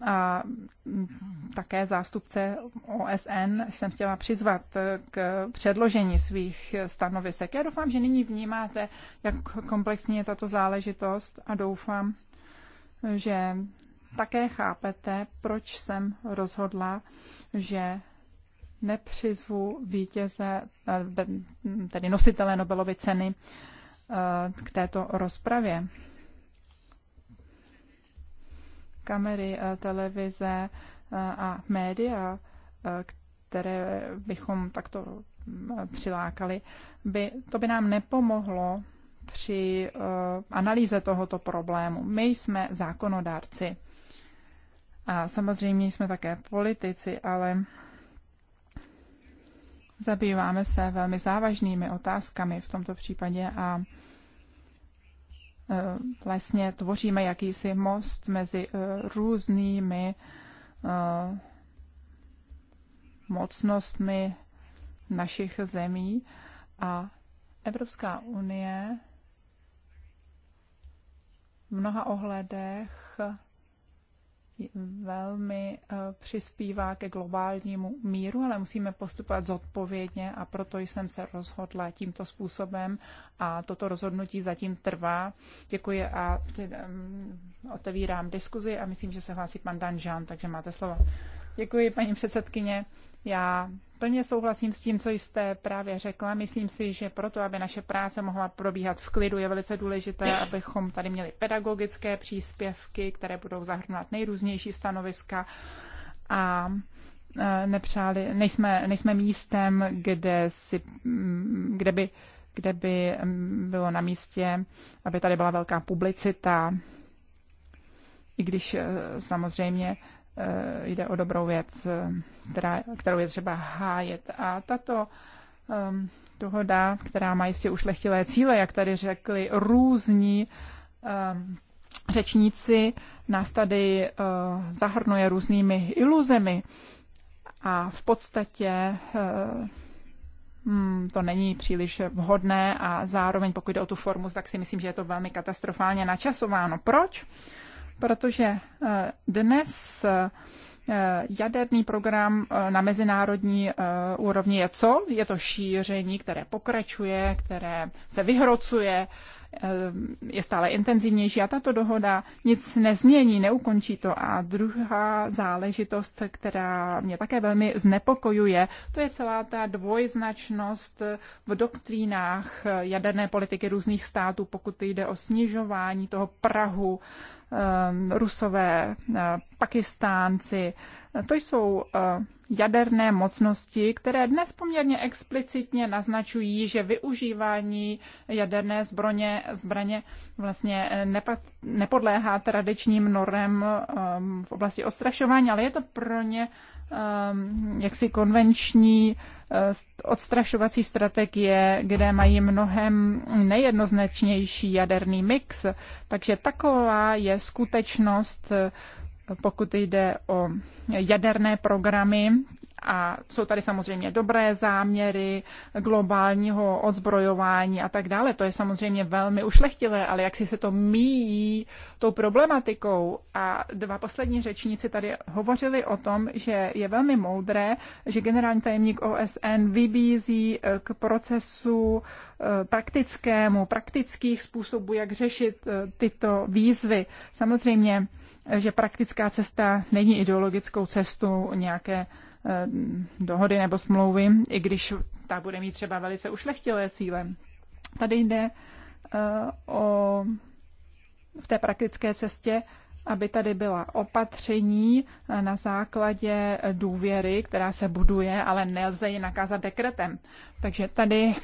a mm, také zástupce OSN jsem chtěla přizvat eh, k předložení svých stanovisek. Já doufám, že nyní vnímáte, jak komplexní je tato záležitost a doufám, že také chápete, proč jsem rozhodla, že nepřizvu vítěze, eh, tedy nositele Nobelovy ceny eh, k této rozpravě kamery, eh, televize eh, a média, eh, které bychom takto mm, přilákali, by, to by nám nepomohlo při analýze tohoto problému. My jsme zákonodárci a samozřejmě jsme také politici, ale zabýváme se velmi závažnými otázkami v tomto případě a Eh, vlastně tvoříme jakýsi most mezi eh, různými eh, mocnostmi našich zemí a Evropská unie v mnoha ohledech velmi eh, přispívá ke globálnímu míru, ale musíme postupovat zodpovědně a proto jsem se rozhodla tímto způsobem a toto rozhodnutí zatím trvá. Děkuji a otevírám diskuzi a myslím, že se hlásí pan Danžan, takže máte slovo. Děkuji, paní předsedkyně. Já plně souhlasím s tím, co jste právě řekla. Myslím si, že proto, aby naše práce mohla probíhat v klidu, je velice důležité, abychom tady měli pedagogické příspěvky, které budou zahrnovat nejrůznější stanoviska a e, nepřáli, nejsme, nejsme místem, kde, si, kde, by, kde by bylo na místě, aby tady byla velká publicita, i když e, samozřejmě Eh, jde o dobrou věc, eh, která, kterou je třeba hájet. A tato um, dohoda, která má jistě ušlechtilé cíle, jak tady řekli různí um, řečníci, nás tady uh, zahrnuje různými iluzemi. A v podstatě uh, hmm, to není příliš vhodné a zároveň pokud jde o tu formu, tak si myslím, že je to velmi katastrofálně načasováno. Proč? Uh, protože eh, dnes eh, jaderný program eh, na mezinárodní úrovni je co? Je to šíření, které pokračuje, které se vyhrocuje, je stále intenzivnější a tato dohoda nic nezmění, neukončí to. A druhá záležitost, která mě také velmi znepokojuje, to je celá ta dvojznačnost v doktrínách jaderné politiky různých států, pokud jde o snižování toho Prahu Ehm, Rusové, eh, Pakistánci. To jsou eh, jaderné mocnosti, které dnes poměrně explicitně naznačují, že využívání jaderné zbroně, zbraně vlastně eh, nepodléhá tradičním norem ehm, v oblasti ostrašování, ale je to pro ně Um, jaksi konvenční eh, odstrašovací strategie, kde mají mnohem nejednoznačnější jaderný mix. Takže taková je skutečnost, eh, pokud jde o jaderné programy a jsou tady samozřejmě dobré záměry globálního odzbrojování a tak dále. To je samozřejmě velmi ušlechtilé, ale jak si se to míjí tou problematikou a dva poslední řečníci tady hovořili o tom, že je velmi moudré, že generální tajemník OSN vybízí eh, k procesu eh, praktickému, praktických způsobů, jak řešit eh, tyto výzvy. Samozřejmě, že praktická cesta není ideologickou cestou nějaké Eh, dohody nebo smlouvy, i když ta bude mít třeba velice ušlechtilé cíle. Tady jde eh, o v té praktické cestě, aby tady byla opatření eh, na základě důvěry, která se buduje, ale nelze ji nakázat dekretem. Takže tady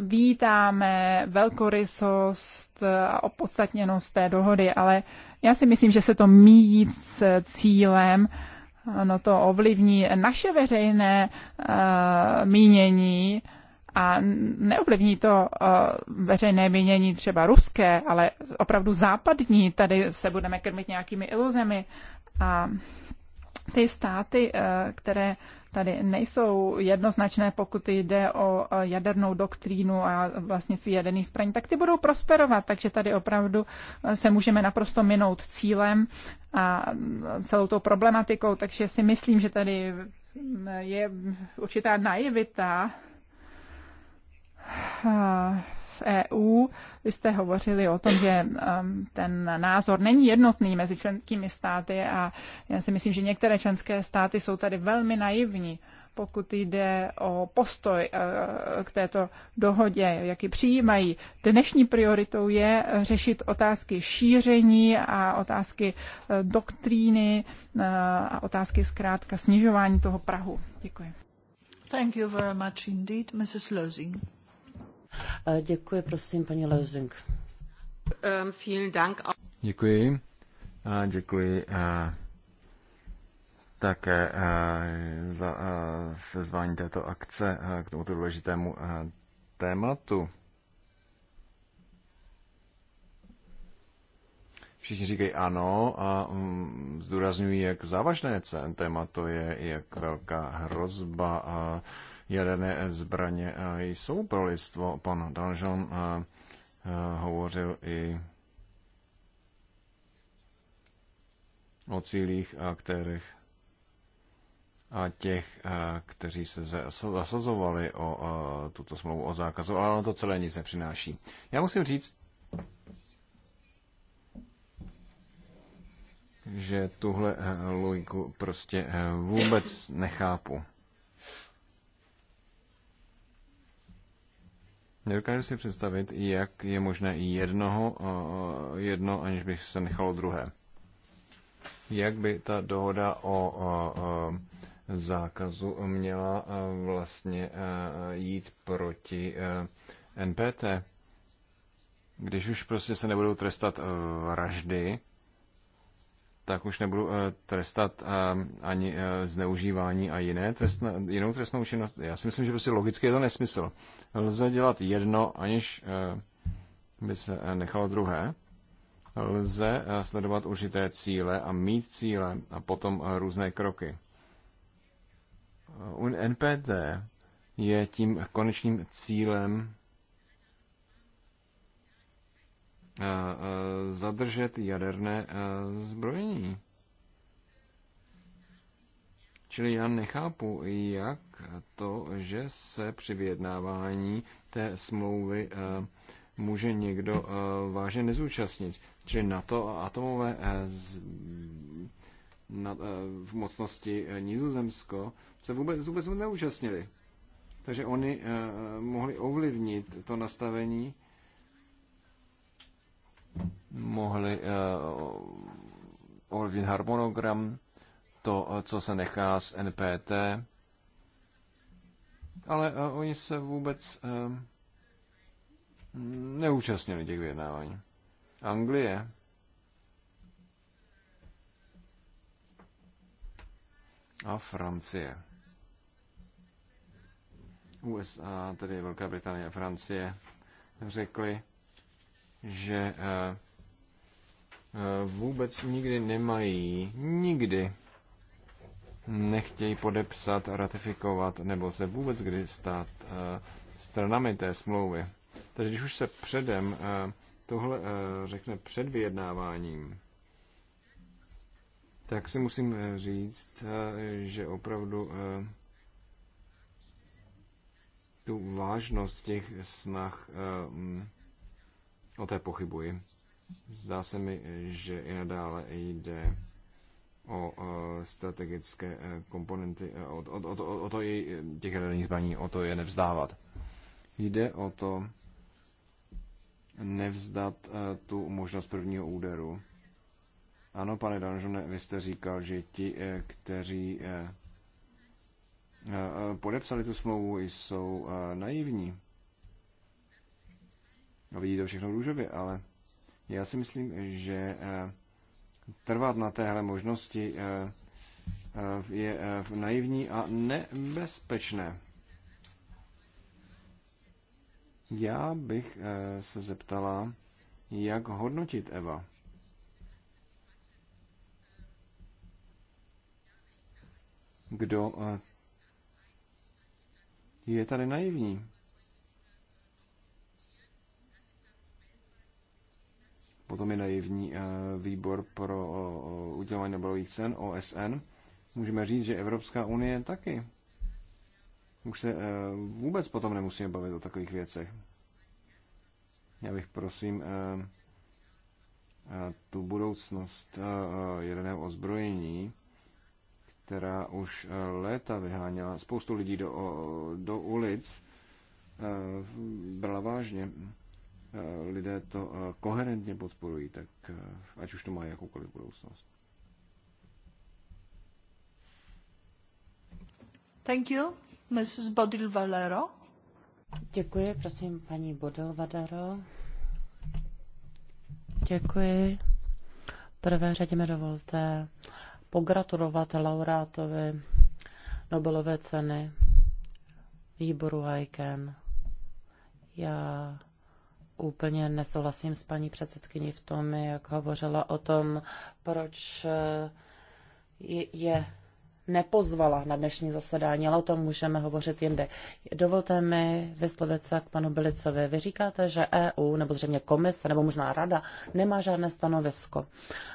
vítáme velkorysost a opodstatněnost té dohody, ale já si myslím, že se to míjí s cílem, no to ovlivní naše veřejné uh, mínění a neovlivní to uh, veřejné mínění třeba ruské, ale opravdu západní, tady se budeme krmit nějakými iluzemi a ty státy, uh, které tady nejsou jednoznačné, pokud jde o e, jadernou doktrínu a vlastně svý jaderný zbraní, tak ty budou prosperovat. Takže tady opravdu e, se můžeme naprosto minout cílem a e, celou tou problematikou. Takže si myslím, že tady je určitá naivita v EU. Vy jste hovořili o tom, že um, ten názor není jednotný mezi členskými státy a já si myslím, že některé členské státy jsou tady velmi naivní pokud jde o postoj uh, k této dohodě, jak ji přijímají. Dnešní prioritou je řešit otázky šíření a otázky uh, doktríny uh, a otázky zkrátka snižování toho Prahu. Děkuji. Thank you very much indeed, Mrs. Eh, děkuji, prosím, paní Leusing. Eh, děkuji. děkuji eh, také za sezvání této akce k tomuto důležitému tématu. Všichni říkají ano a mm, zdůrazňují, jak závažné téma to je, jak velká hrozba a jaderné zbraně jsou pro lidstvo. Pan Danžon hovořil i o cílích a kterých a těch, kteří se zasazovali o tuto smlouvu o zákazu, ale ono to celé nic nepřináší. Já musím říct, že tuhle logiku prostě vůbec nechápu. Nedokážu si představit, jak je možné i jednoho, jedno, aniž by se nechalo druhé. Jak by ta dohoda o zákazu měla e, vlastně e, jít proti e, NPT? Když už prostě se nebudou trestat vraždy, tak už nebudu trestat ani zneužívání a jiné trestna, jinou trestnou činnost. Já si myslím, že prostě logicky je to nesmysl. Lze dělat jedno, aniž eh, by se eh, nechalo druhé. Lze eh, sledovat určité cíle a mít cíle a potom různé kroky. NPT je tím konečným cílem zadržet jaderné zbrojení. Čili já nechápu, jak to, že se při vyjednávání té smlouvy eh, může někdo eh, vážně nezúčastnit. Čili na to atomové eh, z, na, v mocnosti Nizozemsko se vůbec, vůbec neúčastnili. Takže oni mohli ovlivnit to nastavení, mohli ovlivnit harmonogram, to, co se nechá z NPT, ale eh, oni se vůbec eh, neúčastnili těch vyjednávání. Anglie a Francie. USA, tedy Velká Británie a Francie, řekli, že eh, vůbec nikdy nemají, nikdy nechtějí podepsat, ratifikovat nebo se vůbec kdy stát eh, stranami té smlouvy. Takže když už se předem eh, tohle eh, řekne před vyjednáváním, tak si musím říct, že opravdu tu vážnost těch snah mm, o té pochybuji. Zdá se mi, že i nadále jde o strategické e, komponenty, e, o, o, o, o to je těch jaderných zbraní, o to je nevzdávat. Jde o to nevzdat e, tu možnost prvního úderu. Ano, pane Danžone, vy jste říkal, že ti, kteří podepsali tu smlouvu, jsou naivní. A no, vidí to všechno růžově, ale já si myslím, že trvat na téhle možnosti eh, eh, je eh, naivní a nebezpečné. Já bych se zeptala, jak hodnotit Eva. Kdo je tady naivní? Potom je naivní eh, výbor pro udělování Nobelových cen OSN. Můžeme říct, že Evropská unie taky. Už se eh, vůbec potom nemusíme bavit o takových věcech. Já bych prosím eh, tu budoucnost jedného ozbrojení, která už léta vyháněla spoustu lidí do, do ulic, brala vážně. Eh, lidé to eh, koherentně podporují, tak eh, ať už to má jakoukoliv budoucnost. Thank you, Mrs. Bodil Valero. Děkuji, prosím, paní Bodil Valero. Děkuji. prvé řadě mi dovolte pogratulovat laureátovi Nobelové ceny výboru ICANN. Já úplně nesouhlasím s paní předsedkyní v tom, jak hovořila o tom, proč eh, je nepozvala na dnešní zasedání, ale o tom můžeme hovořit jinde. Dovolte mi vyslovit se k panu Bilicovi. Vy říkáte, že EU, nebo zřejmě komise, nebo možná rada, nemá žádné stanovisko.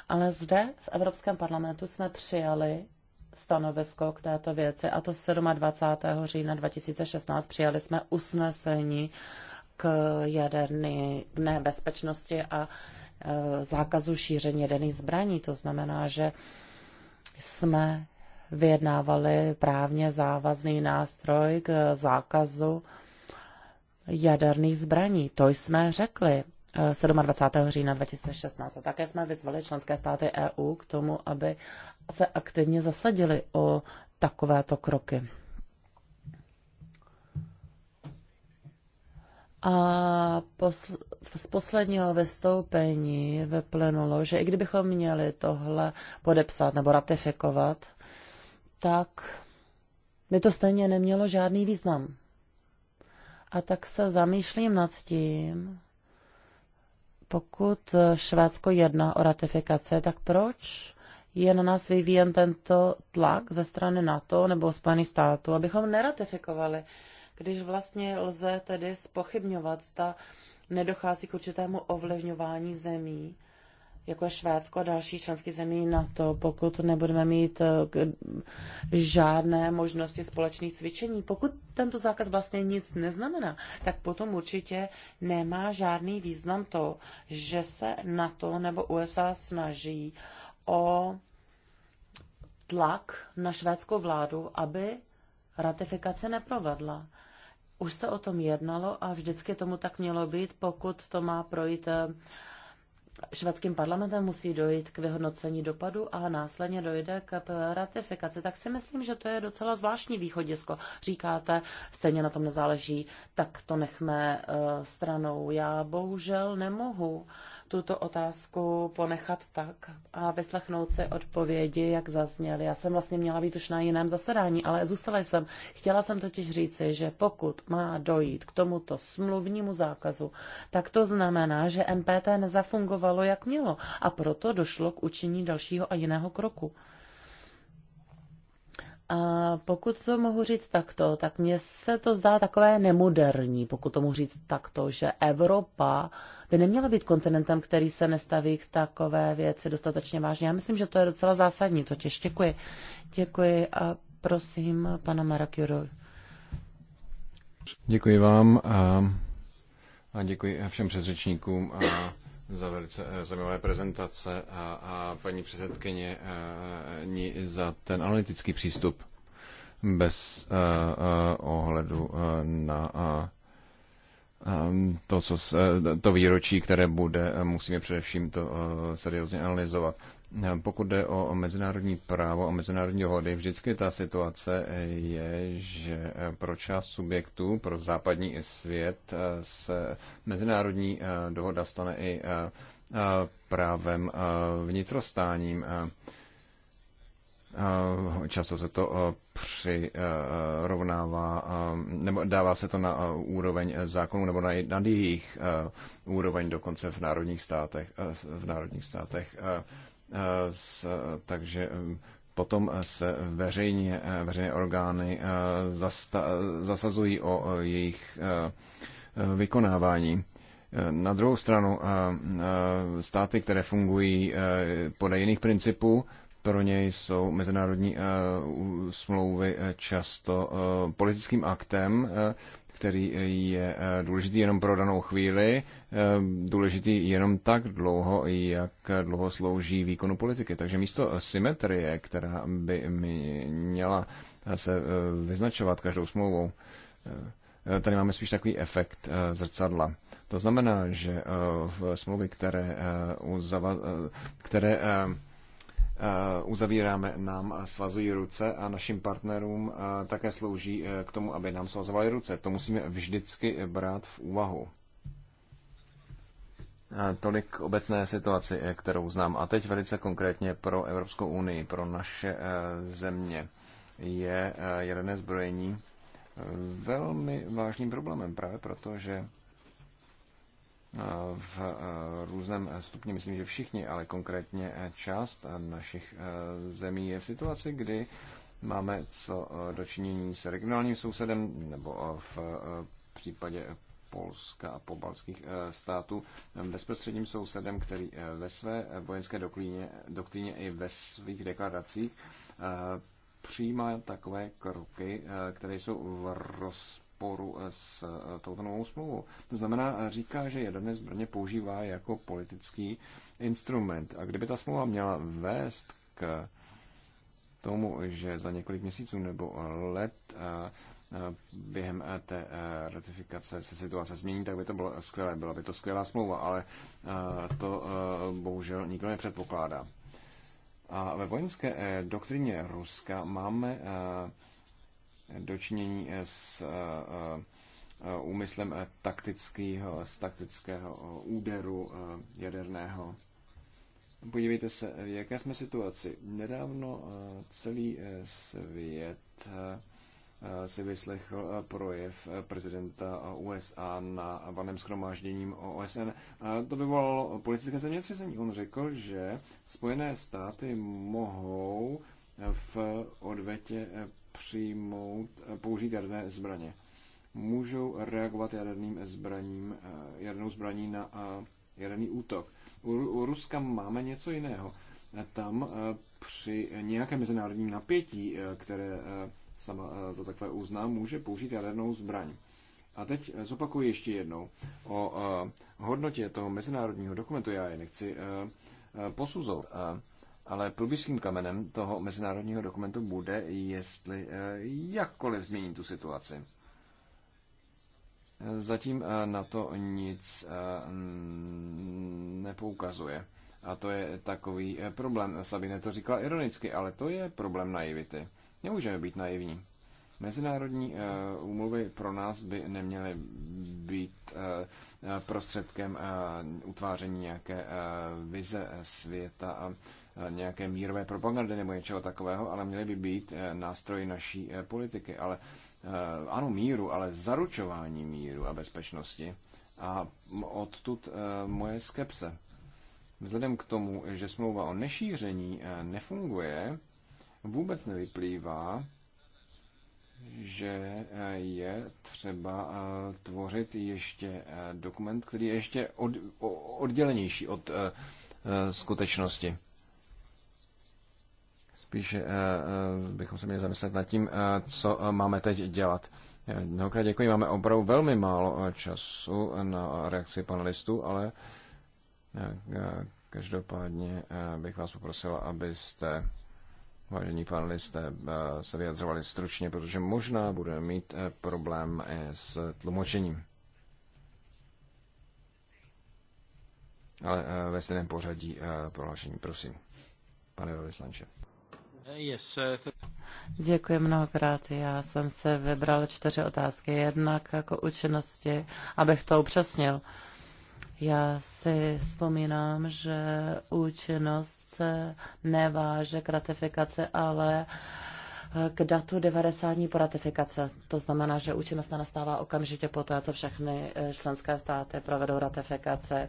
Ale zde v Evropském parlamentu jsme přijali stanovisko k této věci a to 27. října 2016 přijali jsme usnesení k jaderné bezpečnosti a e, zákazu šíření jaderných zbraní. To znamená, že jsme vyjednávali právně závazný nástroj k zákazu jaderných zbraní. To jsme řekli e, 27. října 2016. A také jsme vyzvali členské státy EU k tomu, aby se aktivně zasadili o takovéto kroky. A posl- z posledního vystoupení vyplynulo, že i kdybychom měli tohle podepsat nebo ratifikovat, tak by to stejně nemělo žádný význam. A tak se zamýšlím nad tím, pokud Švédsko jedná o ratifikaci, tak proč je na nás vyvíjen tento tlak ze strany NATO nebo Spojených států, abychom neratifikovali? když vlastně lze tedy spochybňovat, zda nedochází k určitému ovlivňování zemí, jako je Švédsko a další členské zemí na to, pokud nebudeme mít eh, žádné možnosti společných cvičení. Pokud tento zákaz vlastně nic neznamená, tak potom určitě nemá žádný význam to, že se na to nebo USA snaží o tlak na švédskou vládu, aby ratifikace neprovedla. Už se o tom jednalo a vždycky tomu tak mělo být, pokud to má projít eh, švédským parlamentem musí dojít k vyhodnocení dopadu a následně dojde k ratifikaci. Tak si myslím, že to je docela zvláštní východisko. Říkáte, stejně na tom nezáleží, tak to nechme eh, stranou. Já bohužel nemohu tuto otázku ponechat tak a vyslechnout si odpovědi, jak zazněly. Já jsem vlastně měla být už na jiném zasedání, ale zůstala jsem. Chtěla jsem totiž říci, že pokud má dojít k tomuto smluvnímu zákazu, tak to znamená, že NPT nezafungovalo, jak mělo a proto došlo k učení dalšího a jiného kroku. A pokud to mohu říct takto, tak mně se to zdá takové nemoderní, pokud to mohu říct takto, že Evropa by neměla být kontinentem, který se nestaví k takové věci dostatečně vážně. Já myslím, že to je docela zásadní, totiž děkuji. Děkuji a prosím pana Marakiro. Děkuji vám a, a děkuji všem předřečníkům. A za velice eh, zajímavé prezentace a, a paní předsedkyně eh, eh, ní za ten analytický přístup bez a, a, ohledu na ehm, to, co se, to výročí, které bude, musíme především to seriózně analyzovat. Pokud jde o mezinárodní právo a mezinárodní dohody, vždycky ta situace je, že pro část subjektů, pro západní svět, eh, se mezinárodní eh, dohoda stane i eh, právem vnitrostáním. Často se to přirovnává, nebo dává se to na úroveň zákonů nebo na, na jejich úroveň dokonce v národních státech. V národních státech takže um, potom se veřejně, veřejné orgány uh, zasta, zasazují o uh, jejich uh, vykonávání. Na druhou stranu, státy, které fungují podle jiných principů, pro něj jsou mezinárodní smlouvy často politickým aktem, který eh, je eh, důležitý jenom pro danou chvíli, eh, důležitý jenom tak dlouho, jak dlouho slouží výkonu politiky. Takže místo symetrie, která by měla se vyznačovat každou smlouvou, tady máme spíš takový efekt zrcadla. To znamená, že v smlouvy, které, které uzavíráme, nám a svazují ruce a našim partnerům také slouží e, k tomu, aby nám svazovali ruce. To musíme vždycky brát v úvahu. Tolik obecné situaci, e, kterou znám. A teď velice konkrétně pro Evropskou unii, pro naše e, země, je jaderné zbrojení velmi vážným problémem právě proto, že v eh, různém stupni, myslím, že všichni, ale konkrétně eh, část eh, našich zemí je v situaci, kdy máme co dočinění s regionálním sousedem nebo v případě Polska a pobalských států bezprostředním sousedem, který ve své vojenské doklíně, doktríně i ve svých deklaracích přijímá takové kroky, které jsou v rozpočtu rozporu s eh, touto novou smlouvou. To znamená, říká, že jaderné zbraně používá jako politický instrument. A kdyby ta smlouva měla vést k tomu, že za několik měsíců nebo let eh, eh, během té ratifikace se situace změní, tak by to bylo skvělé. Byla by to skvělá smlouva, ale to bohužel nikdo nepředpokládá. A ve vojenské doktríně Ruska máme dočinění eh, s eh, eh, úmyslem taktického, z taktického úderu jaderného. Podívejte se, v jaké jsme situaci. Nedávno celý svět si vyslechl projev prezidenta USA na vaném schromážděním OSN. A to vyvolalo politické zemětřesení. On řekl, že Spojené státy mohou v odvetě přijmout, eh, použít jaderné zbraně. Můžou reagovat jaderným zbraním, eh, jadernou zbraní na eh, jaderný útok. U Ruska máme něco jiného. Tam při nějakém mezinárodním napětí, které sama za takové uzná, může použít jadernou zbraň. A teď zopakuji ještě jednou o hodnotě toho mezinárodního dokumentu. Já je nechci posuzovat ale průběžským kamenem toho mezinárodního dokumentu bude, jestli eh, jakkoliv změní tu situaci. Zatím eh, na to nic eh, nepoukazuje. A to je takový problém. Sabine to říkala ironicky, ale to je problém naivity. Nemůžeme být naivní. Mezinárodní úmluvy pro nás by neměly být prostředkem utváření nějaké vize světa a Eh, nějaké mírové propagandy nebo něčeho takového, ale měly by být eh, nástroji naší eh, politiky. Ale ano, míru, ale zaručování míru a bezpečnosti. A odtud moje skepse. Vzhledem k tomu, že smlouva o nešíření nefunguje, vůbec nevyplývá, že je třeba tvořit ještě dokument, který je ještě oddělenější od skutečnosti spíš eh, eh, bychom se měli zamyslet nad tím, eh, co máme teď dělat. Mnohokrát děkuji. Máme opravdu velmi málo času na reakci panelistů, ale každopádně bych vás poprosila, abyste, vážení panelisté, se vyjadřovali stručně, protože možná budeme mít problém s tlumočením. Ale ve stejném pořadí prohlášení, prosím, pane vyslanče. Uh, Děkuji mnohokrát. Já jsem se vybral čtyři otázky. Jednak jako účinnosti, abych to upřesnil. Já si vzpomínám, že účinnost se neváže k ratifikaci, ale eh, k datu 90 dní po ratifikace. To znamená, že účinnost nastává okamžitě poté, co všechny eh, členské státy provedou ratifikace.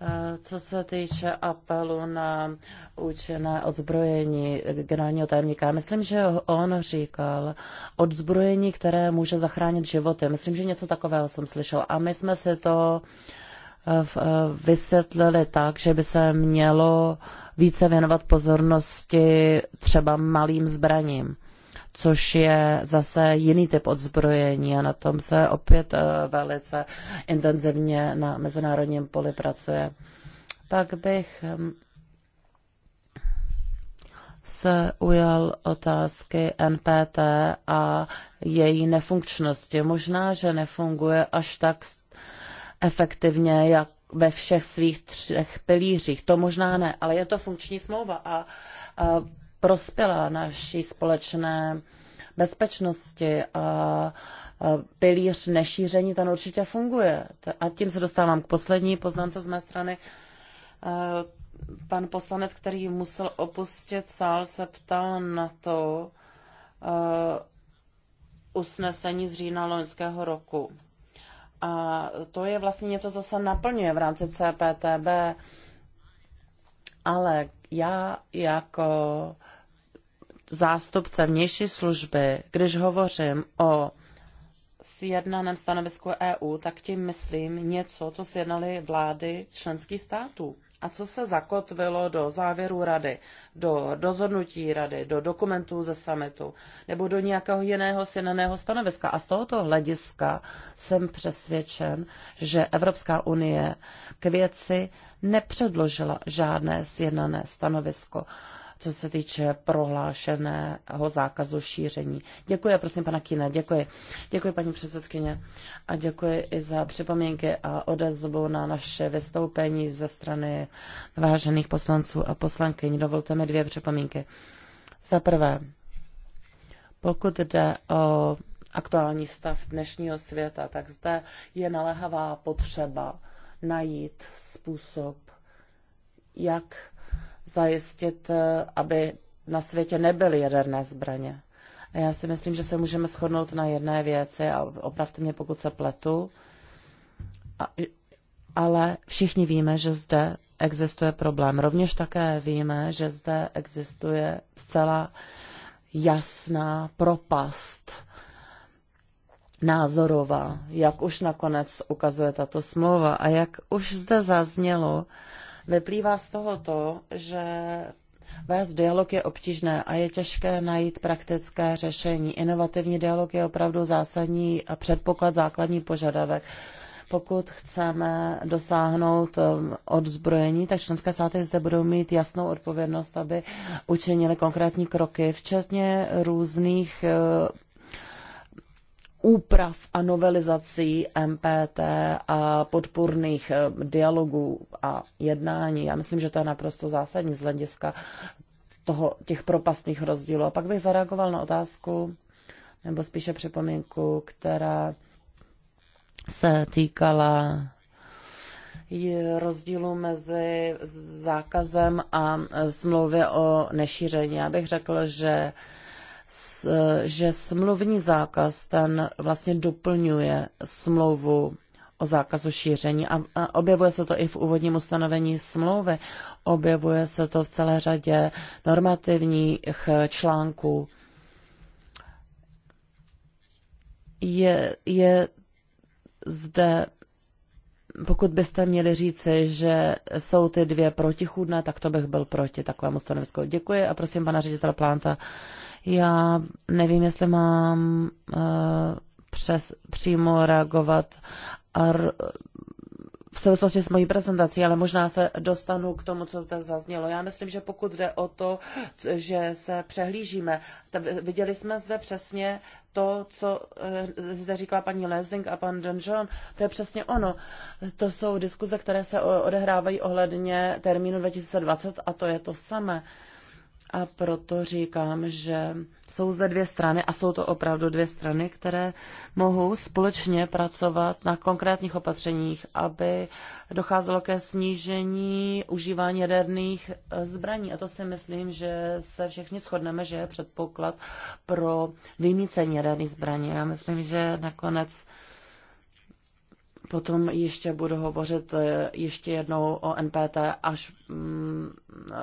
Eh, co se týče apelu na účinné odzbrojení generálního tajemníka, myslím, že on říkal odzbrojení, které může zachránit životy. Myslím, že něco takového jsem slyšel. A my jsme si to eh, eh, vysvětlili tak, že by se mělo více věnovat pozornosti třeba malým zbraním což je zase jiný typ odzbrojení a na tom se opět eh, velice intenzivně na mezinárodním poli pracuje. Pak bych hm, se ujal otázky NPT a její nefunkčnosti. Možná, že nefunguje až tak efektivně, jak ve všech svých třech pilířích. To možná ne, ale je to funkční smlouva a, a prospěla naší společné bezpečnosti a pilíř nešíření, ten určitě funguje. A tím se dostávám k poslední poznámce z mé strany. Pan poslanec, který musel opustit sál, se ptal na to usnesení z října loňského roku. A to je vlastně něco, co se naplňuje v rámci CPTB, ale já jako zástupce vnější služby, když hovořím o sjednaném stanovisku EU, tak tím myslím něco, co sjednaly vlády členských států a co se zakotvilo do závěru rady, do rozhodnutí rady, do dokumentů ze summitu nebo do nějakého jiného sjednaného stanoviska. A z tohoto hlediska jsem přesvědčen, že Evropská unie k věci nepředložila žádné sjednané stanovisko co se týče prohlášeného zákazu šíření. Děkuji a prosím pana Kina, děkuji. Děkuji paní předsedkyně a děkuji i za připomínky a odezvu na naše vystoupení ze strany vážených poslanců a poslankyň. Dovolte mi dvě připomínky. Za prvé, pokud jde o aktuální stav dnešního světa, tak zde je naléhavá potřeba najít způsob, jak zajistit, eh, aby na světě nebyly jaderné zbraně. A já si myslím, že se můžeme shodnout na jedné věci a opravdu mě, pokud se pletu. A, ale všichni víme, že zde existuje problém. Rovněž také víme, že zde existuje zcela jasná propast názorová, jak už nakonec ukazuje tato smlouva a jak už zde zaznělo, Vyplývá z toho to, že Vést dialog je obtížné a je těžké najít praktické řešení. Inovativní dialog je opravdu zásadní a předpoklad, základní požadavek. Pokud chceme dosáhnout um, odzbrojení, tak členské státy zde budou mít jasnou odpovědnost, aby učinili konkrétní kroky, včetně různých úprav a novelizací MPT a podpůrných eh, dialogů a jednání. Já myslím, že to je naprosto zásadní z hlediska toho, těch propastných rozdílů. A pak bych zareagoval na otázku, nebo spíše připomínku, která se týkala rozdílu mezi zákazem a eh, smlouvě o nešíření. Já bych řekl, že že smluvní zákaz ten vlastně doplňuje smlouvu o zákazu šíření a, objevuje se to i v úvodním ustanovení smlouvy, objevuje se to v celé řadě normativních článků. Je, je zde, pokud byste měli říci, že jsou ty dvě protichůdné, tak to bych byl proti takovému stanovisku. Děkuji a prosím pana ředitele Plánta já nevím, jestli mám eh, přes přímo reagovat v souvislosti s mojí prezentací, ale možná se dostanu k tomu, co zde zaznělo. Já myslím, že pokud jde o to, že se přehlížíme, viděli jsme zde přesně to, co eh, zde říkala paní Lezing a pan Donjon, to je přesně ono. To jsou diskuze, které se odehrávají ohledně termínu 2020 a to je to samé. A proto říkám, že jsou zde dvě strany a jsou to opravdu dvě strany, které mohou společně pracovat na konkrétních opatřeních, aby docházelo ke snížení užívání jaderných eh, zbraní. A to si myslím, že se všichni shodneme, že je předpoklad pro vymícení jaderných zbraní. Já myslím, že nakonec Potom ještě budu hovořit eh, ještě jednou o NPT, až mm, eh,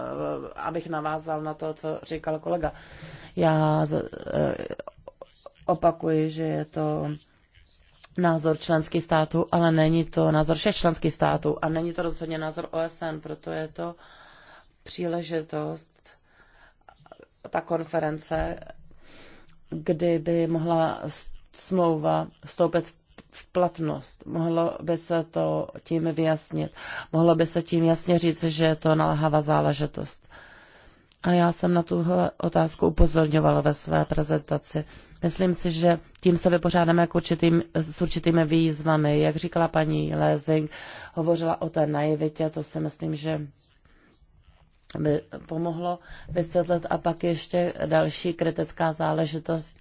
abych navázal na to, co říkal kolega. Já eh, opakuji, že je to názor členských států, ale není to názor všech členských států a není to rozhodně názor OSN, proto je to příležitost, ta konference, kdyby mohla smlouva vstoupit v v platnost. Mohlo by se to tím vyjasnit. Mohlo by se tím jasně říct, že je to nalhavá záležitost. A já jsem na tuhle otázku upozorňovala ve své prezentaci. Myslím si, že tím se vypořádáme k určitým, s určitými výzvami. Jak říkala paní Lézing, hovořila o té naivitě, to si myslím, že by pomohlo vysvětlit. A pak ještě další kritická záležitost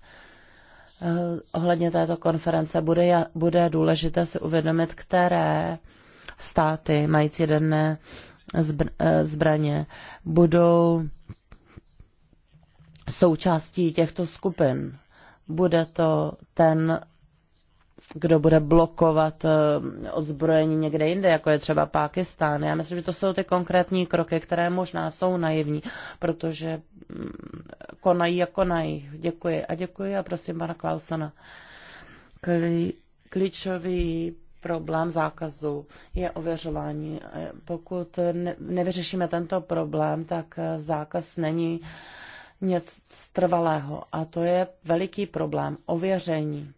Eh, ohledně této konference bude, bude důležité si uvědomit, které státy mající jedné eh, zbraně budou součástí těchto skupin. Bude to ten kdo bude blokovat eh, odzbrojení někde jinde, jako je třeba Pákistán. Já myslím, že to jsou ty konkrétní kroky, které možná jsou naivní, protože mm, konají a konají. Děkuji a děkuji a prosím pana Klausana. Kli, klíčový problém zákazu je ověřování. Pokud ne, nevyřešíme tento problém, tak eh, zákaz není nic trvalého a to je veliký problém ověření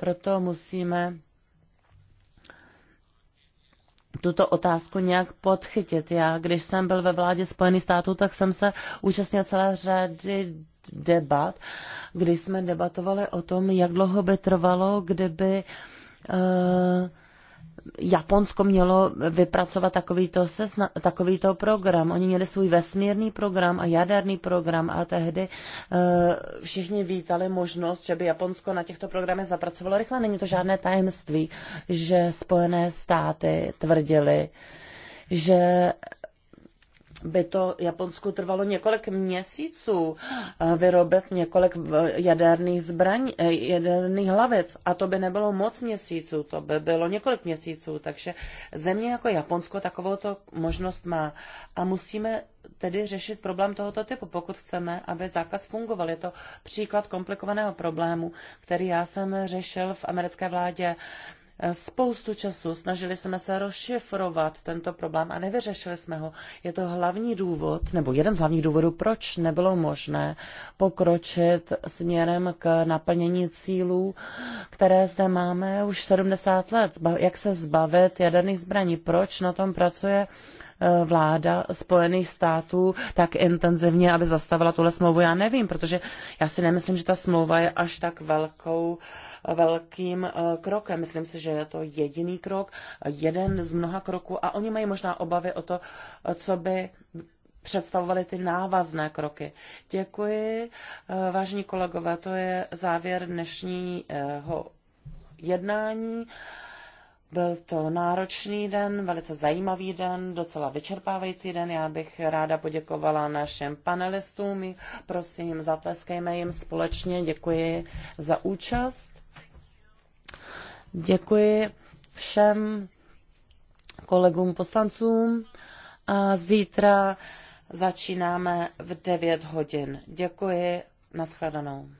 proto musíme tuto otázku nějak podchytit. Já, když jsem byl ve vládě Spojených států, tak jsem se účastnil celé řady debat, kdy jsme debatovali o tom, jak dlouho by trvalo, kdyby uh, Japonsko mělo vypracovat takovýto, sesna, takovýto program. Oni měli svůj vesmírný program a jaderný program a tehdy uh, všichni vítali možnost, že by Japonsko na těchto programech zapracovalo rychle. Není to žádné tajemství, že Spojené státy tvrdili, že by to Japonsku trvalo několik měsíců eh, vyrobit několik jaderných zbraní, eh, jaderných hlavec a to by nebylo moc měsíců, to by bylo několik měsíců, takže země jako Japonsko takovou to možnost má a musíme tedy řešit problém tohoto typu, pokud chceme, aby zákaz fungoval. Je to příklad komplikovaného problému, který já jsem řešil v americké vládě spoustu času, snažili jsme se rozšifrovat tento problém a nevyřešili jsme ho. Je to hlavní důvod, nebo jeden z hlavních důvodů, proč nebylo možné pokročit směrem k naplnění cílů, které zde máme už 70 let. Jak se zbavit jaderných zbraní? Proč na tom pracuje Eh, vláda Spojených států tak intenzivně, aby zastavila tuhle smlouvu. Já nevím, protože já si nemyslím, že ta smlouva je až tak velkou, eh, velkým eh, krokem. Myslím si, že je to jediný krok, jeden z mnoha kroků a oni mají možná obavy o to, co by představovaly ty návazné kroky. Děkuji, vážení kolegové, to je závěr dnešního jednání. Byl to náročný den, velice zajímavý den, docela vyčerpávající den. Já bych ráda poděkovala našim panelistům. Prosím, zatleskejme jim společně. Děkuji za účast. Děkuji všem kolegům poslancům. A zítra začínáme v 9 hodin. Děkuji, nashledanou.